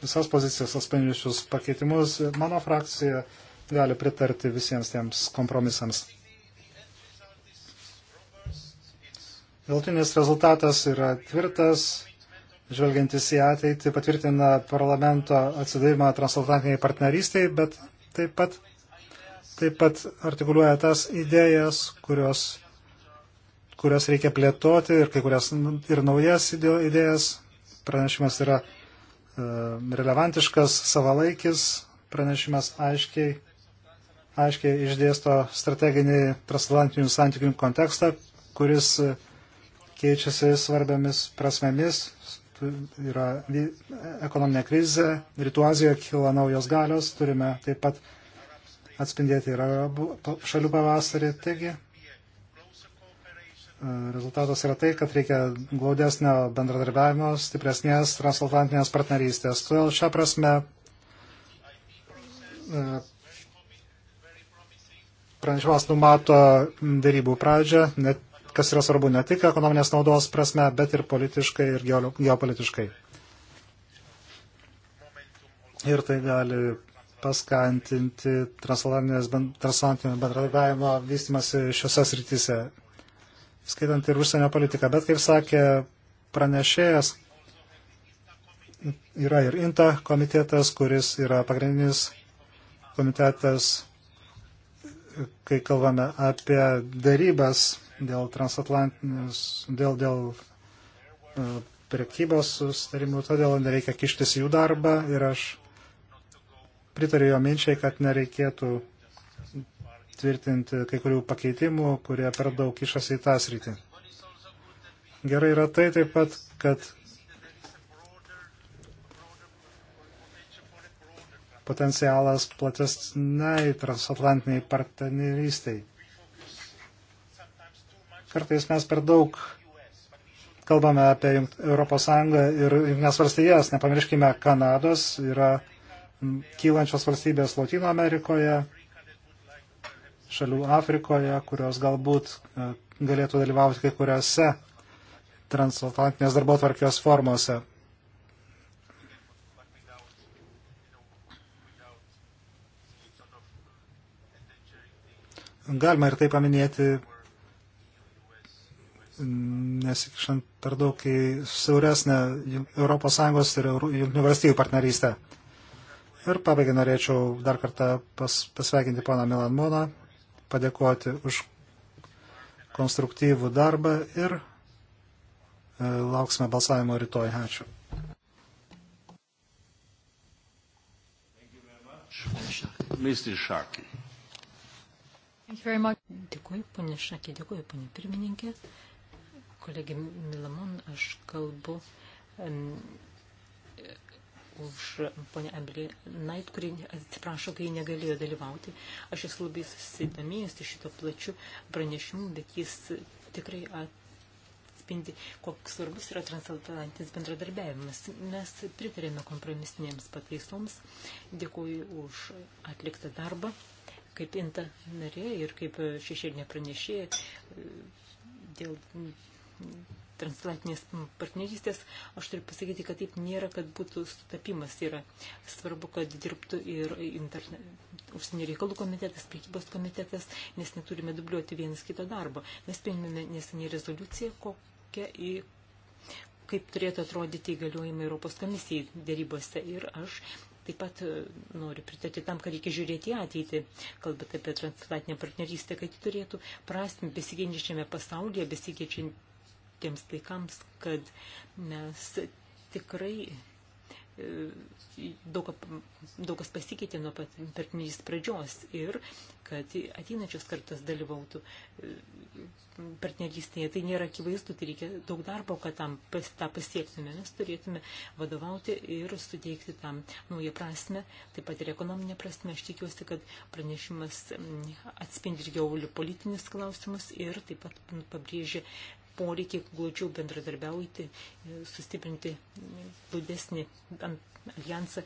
visas pozicijas atspindžiusius pakeitimus. Mano frakcija gali pritarti visiems tiems kompromisams. Galtinis rezultatas yra tvirtas, žvelgiantis į ateitį, patvirtina parlamento atsidavimą transatlantiniai partnerystiai, bet taip pat, taip pat artikuliuoja tas idėjas, kurios, kurias reikia plėtoti ir kai kurias ir naujas idėjas. Pranešimas yra e, relevantiškas, savalaikis, pranešimas aiškiai, aiškiai išdėsto strateginį transatlantinių santykių kontekstą, kuris e, keičiasi svarbiamis prasmėmis, yra ekonominė krizė, rytų Azijoje kyla naujos galios, turime taip pat atspindėti ir šalių pavasarį. Taigi, e, rezultatas yra tai, kad reikia glaudesnio bendradarbiavimo, stipresnės transatlantinės partnerystės. Todėl šią prasme e, pranešimas numato darybų pradžią, net kas yra svarbu ne tik ekonominės naudos prasme, bet ir politiškai ir geopolitiškai. Ir tai gali paskantinti transatlantinio bendradavimo vystimasi šiose srityse, skaitant ir užsienio politiką. Bet, kaip sakė pranešėjas, yra ir INTA komitetas, kuris yra pagrindinis komitetas, kai kalbame apie darybas dėl transatlantinius, dėl, dėl e, prekybos sustarimų, todėl nereikia kištis jų darbą ir aš pritariu jo minčiai, kad nereikėtų tvirtinti kai kurių pakeitimų, kurie per daug kišasi į tą sritį. Gerai yra tai taip pat, kad potencialas platesniai transatlantiniai partnerystiai. Kartais mes per daug kalbame apie Europos Sąjungą ir Junktinės valstijas. Nepamirškime, Kanados yra kylančios valstybės Latino Amerikoje, šalių Afrikoje, kurios galbūt e, galėtų dalyvauti kai kuriuose transatlantinės darbo tvarkios formose. Galima ir tai paminėti nesikišant per daug į siauresnę ES ir Junktinių valstybių partnerystę. Ir pabaigai norėčiau dar kartą pas, pasveikinti poną Milan Moną, padėkoti už konstruktyvų darbą ir e, lauksime balsavimo rytoj. Ačiū. Dėkuoju, ponė Šakė, dėkuoju, ponė pirmininkė kolegė Milamon, aš kalbu um, už ponę Emily Knight, kuri atsiprašo, kai negalėjo dalyvauti. Aš esu labai susidomėjęs tai šito plačiu pranešimu, bet jis tikrai atspindi, koks svarbus yra transatlantinis bendradarbiavimas. Mes pritarėme kompromisinėms pataisoms. Dėkuoju už atliktą darbą kaip inta narė ir kaip šešėlinė pranešėja dėl transatlantinės partnerystės, aš turiu pasakyti, kad taip nėra, kad būtų sutapimas. Yra svarbu, kad dirbtų ir interne... užsienio reikalų komitetas, prekybos komitetas, nes neturime dubliuoti vienas kito darbo. Mes priėmėme neseniai rezoliuciją, kokią į kaip turėtų atrodyti įgaliojimai Europos komisijai dėrybose. Ir aš taip pat e, noriu pritarti tam, kad reikia žiūrėti į ateitį, kalbant apie transatlantinę partnerystę, kad ji turėtų prasme besikeičiame pasaulyje, besikeičiant tiems laikams, kad mes tikrai e, daug, daug kas pasikeitė nuo pat pertinys pradžios ir kad ateinančios kartos dalyvautų e, partnerystėje. Tai nėra akivaizdu, tai reikia daug darbo, kad tam pas, tą pasiektume. Mes turėtume vadovauti ir suteikti tam naują prasme, taip pat ir ekonominę prasme. Aš tikiuosi, kad pranešimas mm, atspindi ir geolių politinius klausimus ir taip pat pabrėžia poreikį glaudžiau bendradarbiauti, sustiprinti glaudesnį alijansą,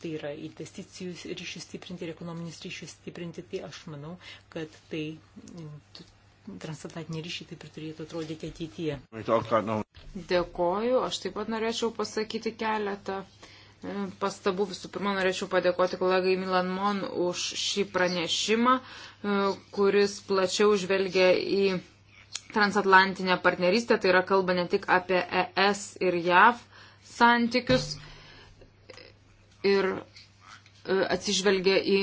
tai yra investicijų ryšių stiprinti ir ekonominius ryšius stiprinti, tai aš manau, kad tai transatlantiniai ryšiai taip ir turėtų atrodyti ateityje. Dėkoju, aš taip pat norėčiau pasakyti keletą e, pastabų. Visų pirma, norėčiau padėkoti kolegai Milan Mon už šį pranešimą, e, kuris plačiau žvelgia į transatlantinę partnerystę, tai yra kalba ne tik apie ES ir JAV santykius ir e, atsižvelgia į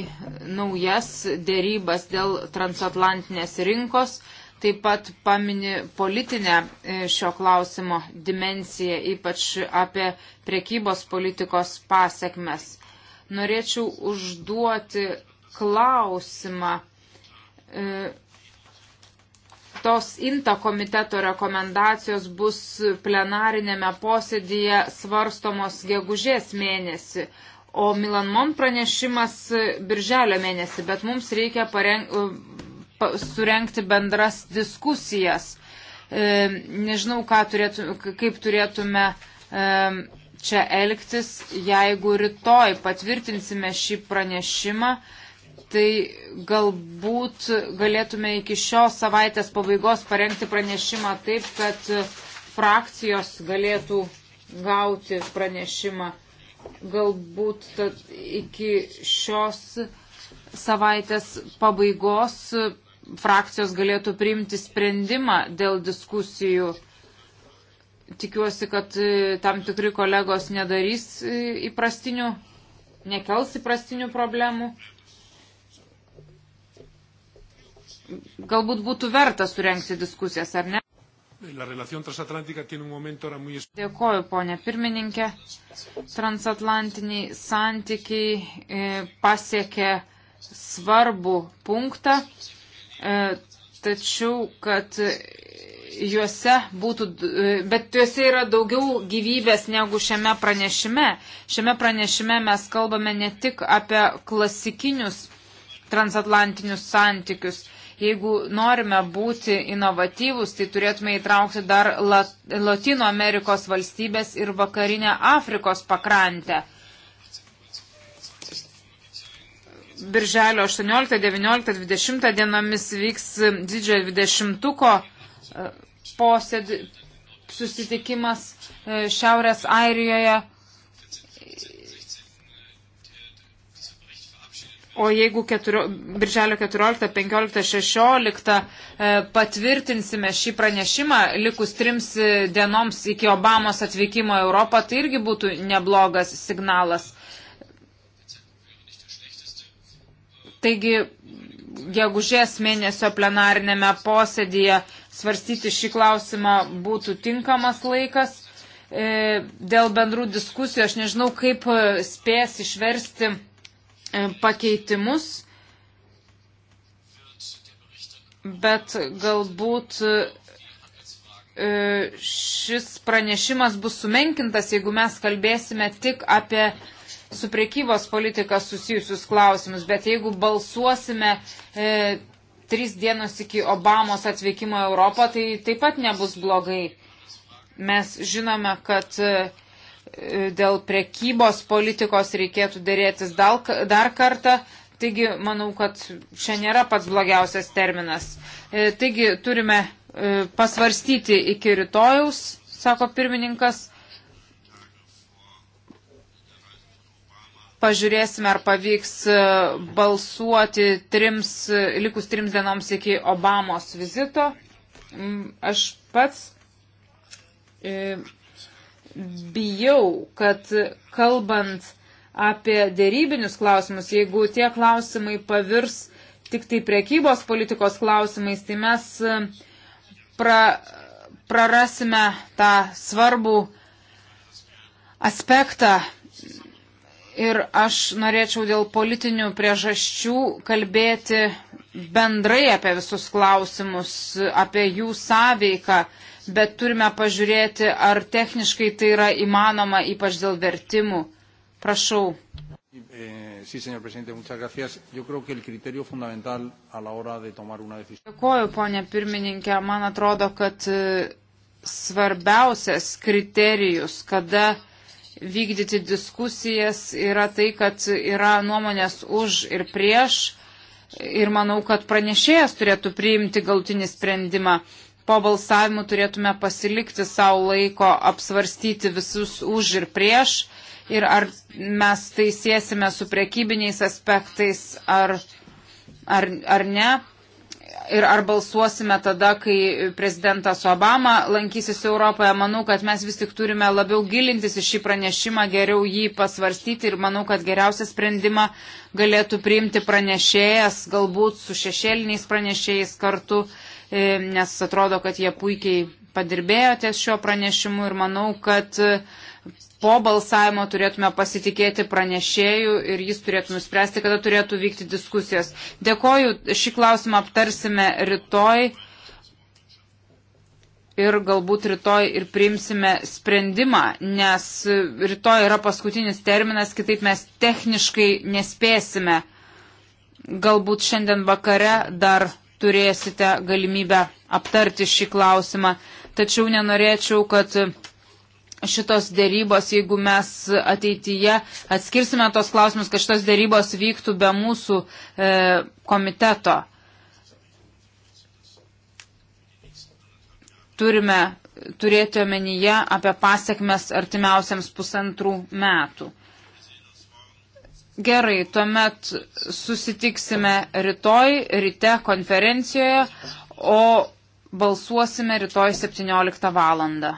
naujas dėrybas dėl transatlantinės rinkos, taip pat pamini politinę e, šio klausimo dimenciją, ypač apie prekybos politikos pasiekmes. Norėčiau užduoti klausimą e, tos INTA komiteto rekomendacijos bus plenarinėme posėdėje svarstomos gegužės mėnesį, o Milan Mon pranešimas birželio mėnesį, bet mums reikia pareng, pa, surenkti bendras diskusijas. E, nežinau, turėtų, kaip turėtume e, čia elgtis, jeigu rytoj patvirtinsime šį pranešimą. E, tai galbūt galėtume iki šios savaitės pabaigos parengti pranešimą taip, kad frakcijos galėtų gauti pranešimą. Galbūt iki šios savaitės pabaigos frakcijos galėtų priimti sprendimą dėl diskusijų. Tikiuosi, kad e, tam tikri kolegos nedarys e, įprastinių, nekels įprastinių problemų. galbūt būtų verta surenkti diskusijas, ar ne? Muy... Dėkoju, ponė pirmininkė. Transatlantiniai santykiai e, pasiekė svarbų punktą, e, tačiau, kad juose būtų, e, bet juose yra daugiau gyvybės negu šiame pranešime. Šiame pranešime mes kalbame ne tik apie klasikinius transatlantinius santykius, Jeigu norime būti inovatyvus, tai turėtume įtraukti dar Latino Amerikos valstybės ir vakarinę Afrikos pakrantę. Birželio 18, 19, 20 dienomis vyks didžiojo 20-ko e, posėdį susitikimas e, Šiaurės Airijoje. O jeigu keturo, birželio 14, 15, 16 patvirtinsime šį pranešimą likus trims e, dienoms iki Obamos atvykimo į Europą, tai irgi būtų neblogas signalas. Taigi, gegužės mėnesio plenarinėme posėdėje svarstyti šį klausimą būtų tinkamas laikas. E, dėl bendrų diskusijų aš nežinau, kaip e, spės išversti E, pakeitimus, bet galbūt e, šis pranešimas bus sumenkintas, jeigu mes kalbėsime tik apie su priekybos politika susijusius klausimus, bet jeigu balsuosime e, tris dienos iki Obamos atvykimo į Europą, tai taip pat nebus blogai. Mes žinome, kad e, dėl prekybos politikos reikėtų dėrėtis dar kartą. Taigi, manau, kad čia nėra pats blogiausias terminas. E, taigi, turime e, pasvarstyti iki rytojaus, sako pirmininkas. Pažiūrėsime, ar pavyks e, balsuoti trims, likus trims dienoms iki Obamos vizito. Mm, aš pats bijau, kad kalbant apie dėrybinius klausimus, jeigu tie klausimai pavirs tik tai priekybos politikos klausimais, tai mes e, pra, prarasime tą svarbų aspektą. Ir aš norėčiau dėl politinių priežasčių kalbėti bendrai apie visus klausimus, apie jų sąveiką bet turime pažiūrėti, ar techniškai tai yra įmanoma, ypač dėl vertimų. Prašau. Eh, sí, señor presidente, muchas gracias. Yo creo que el criterio fundamental a la hora de tomar una decisión. Dėkuoju, ponė pirmininkė. Man atrodo, kad e, svarbiausias kriterijus, kada vykdyti diskusijas, yra tai, kad yra nuomonės už ir prieš. Ir manau, kad pranešėjas turėtų priimti galtinį sprendimą po balsavimų turėtume pasilikti savo laiko apsvarstyti visus už ir prieš ir ar mes tai sėsime su prekybiniais aspektais ar, ar, ar ne. Ir ar balsuosime tada, kai prezidentas Obama lankysis Europoje, manau, kad mes vis tik turime labiau gilintis į šį pranešimą, geriau jį pasvarstyti ir manau, kad geriausią sprendimą galėtų priimti pranešėjas, galbūt su šešėliniais pranešėjais kartu. Uh, E, nes atrodo, kad jie puikiai padirbėjo ties šio pranešimu ir manau, kad po balsavimo turėtume pasitikėti pranešėjų ir jis turėtų nuspręsti, kada turėtų vykti diskusijos. Dėkoju, šį klausimą aptarsime rytoj ir galbūt rytoj ir priimsime sprendimą, nes rytoj yra paskutinis terminas, kitaip mes techniškai nespėsime. Galbūt šiandien vakare dar turėsite galimybę aptarti šį klausimą. Tačiau nenorėčiau, kad šitos dėrybos, jeigu mes ateityje atskirsime tos klausimus, kad šitos dėrybos vyktų be mūsų e, komiteto. Turime turėti omenyje apie pasiekmes artimiausiams pusantrų metų. Gerai, tuomet susitiksime rytoj ryte konferencijoje, o balsuosime rytoj 17 valandą.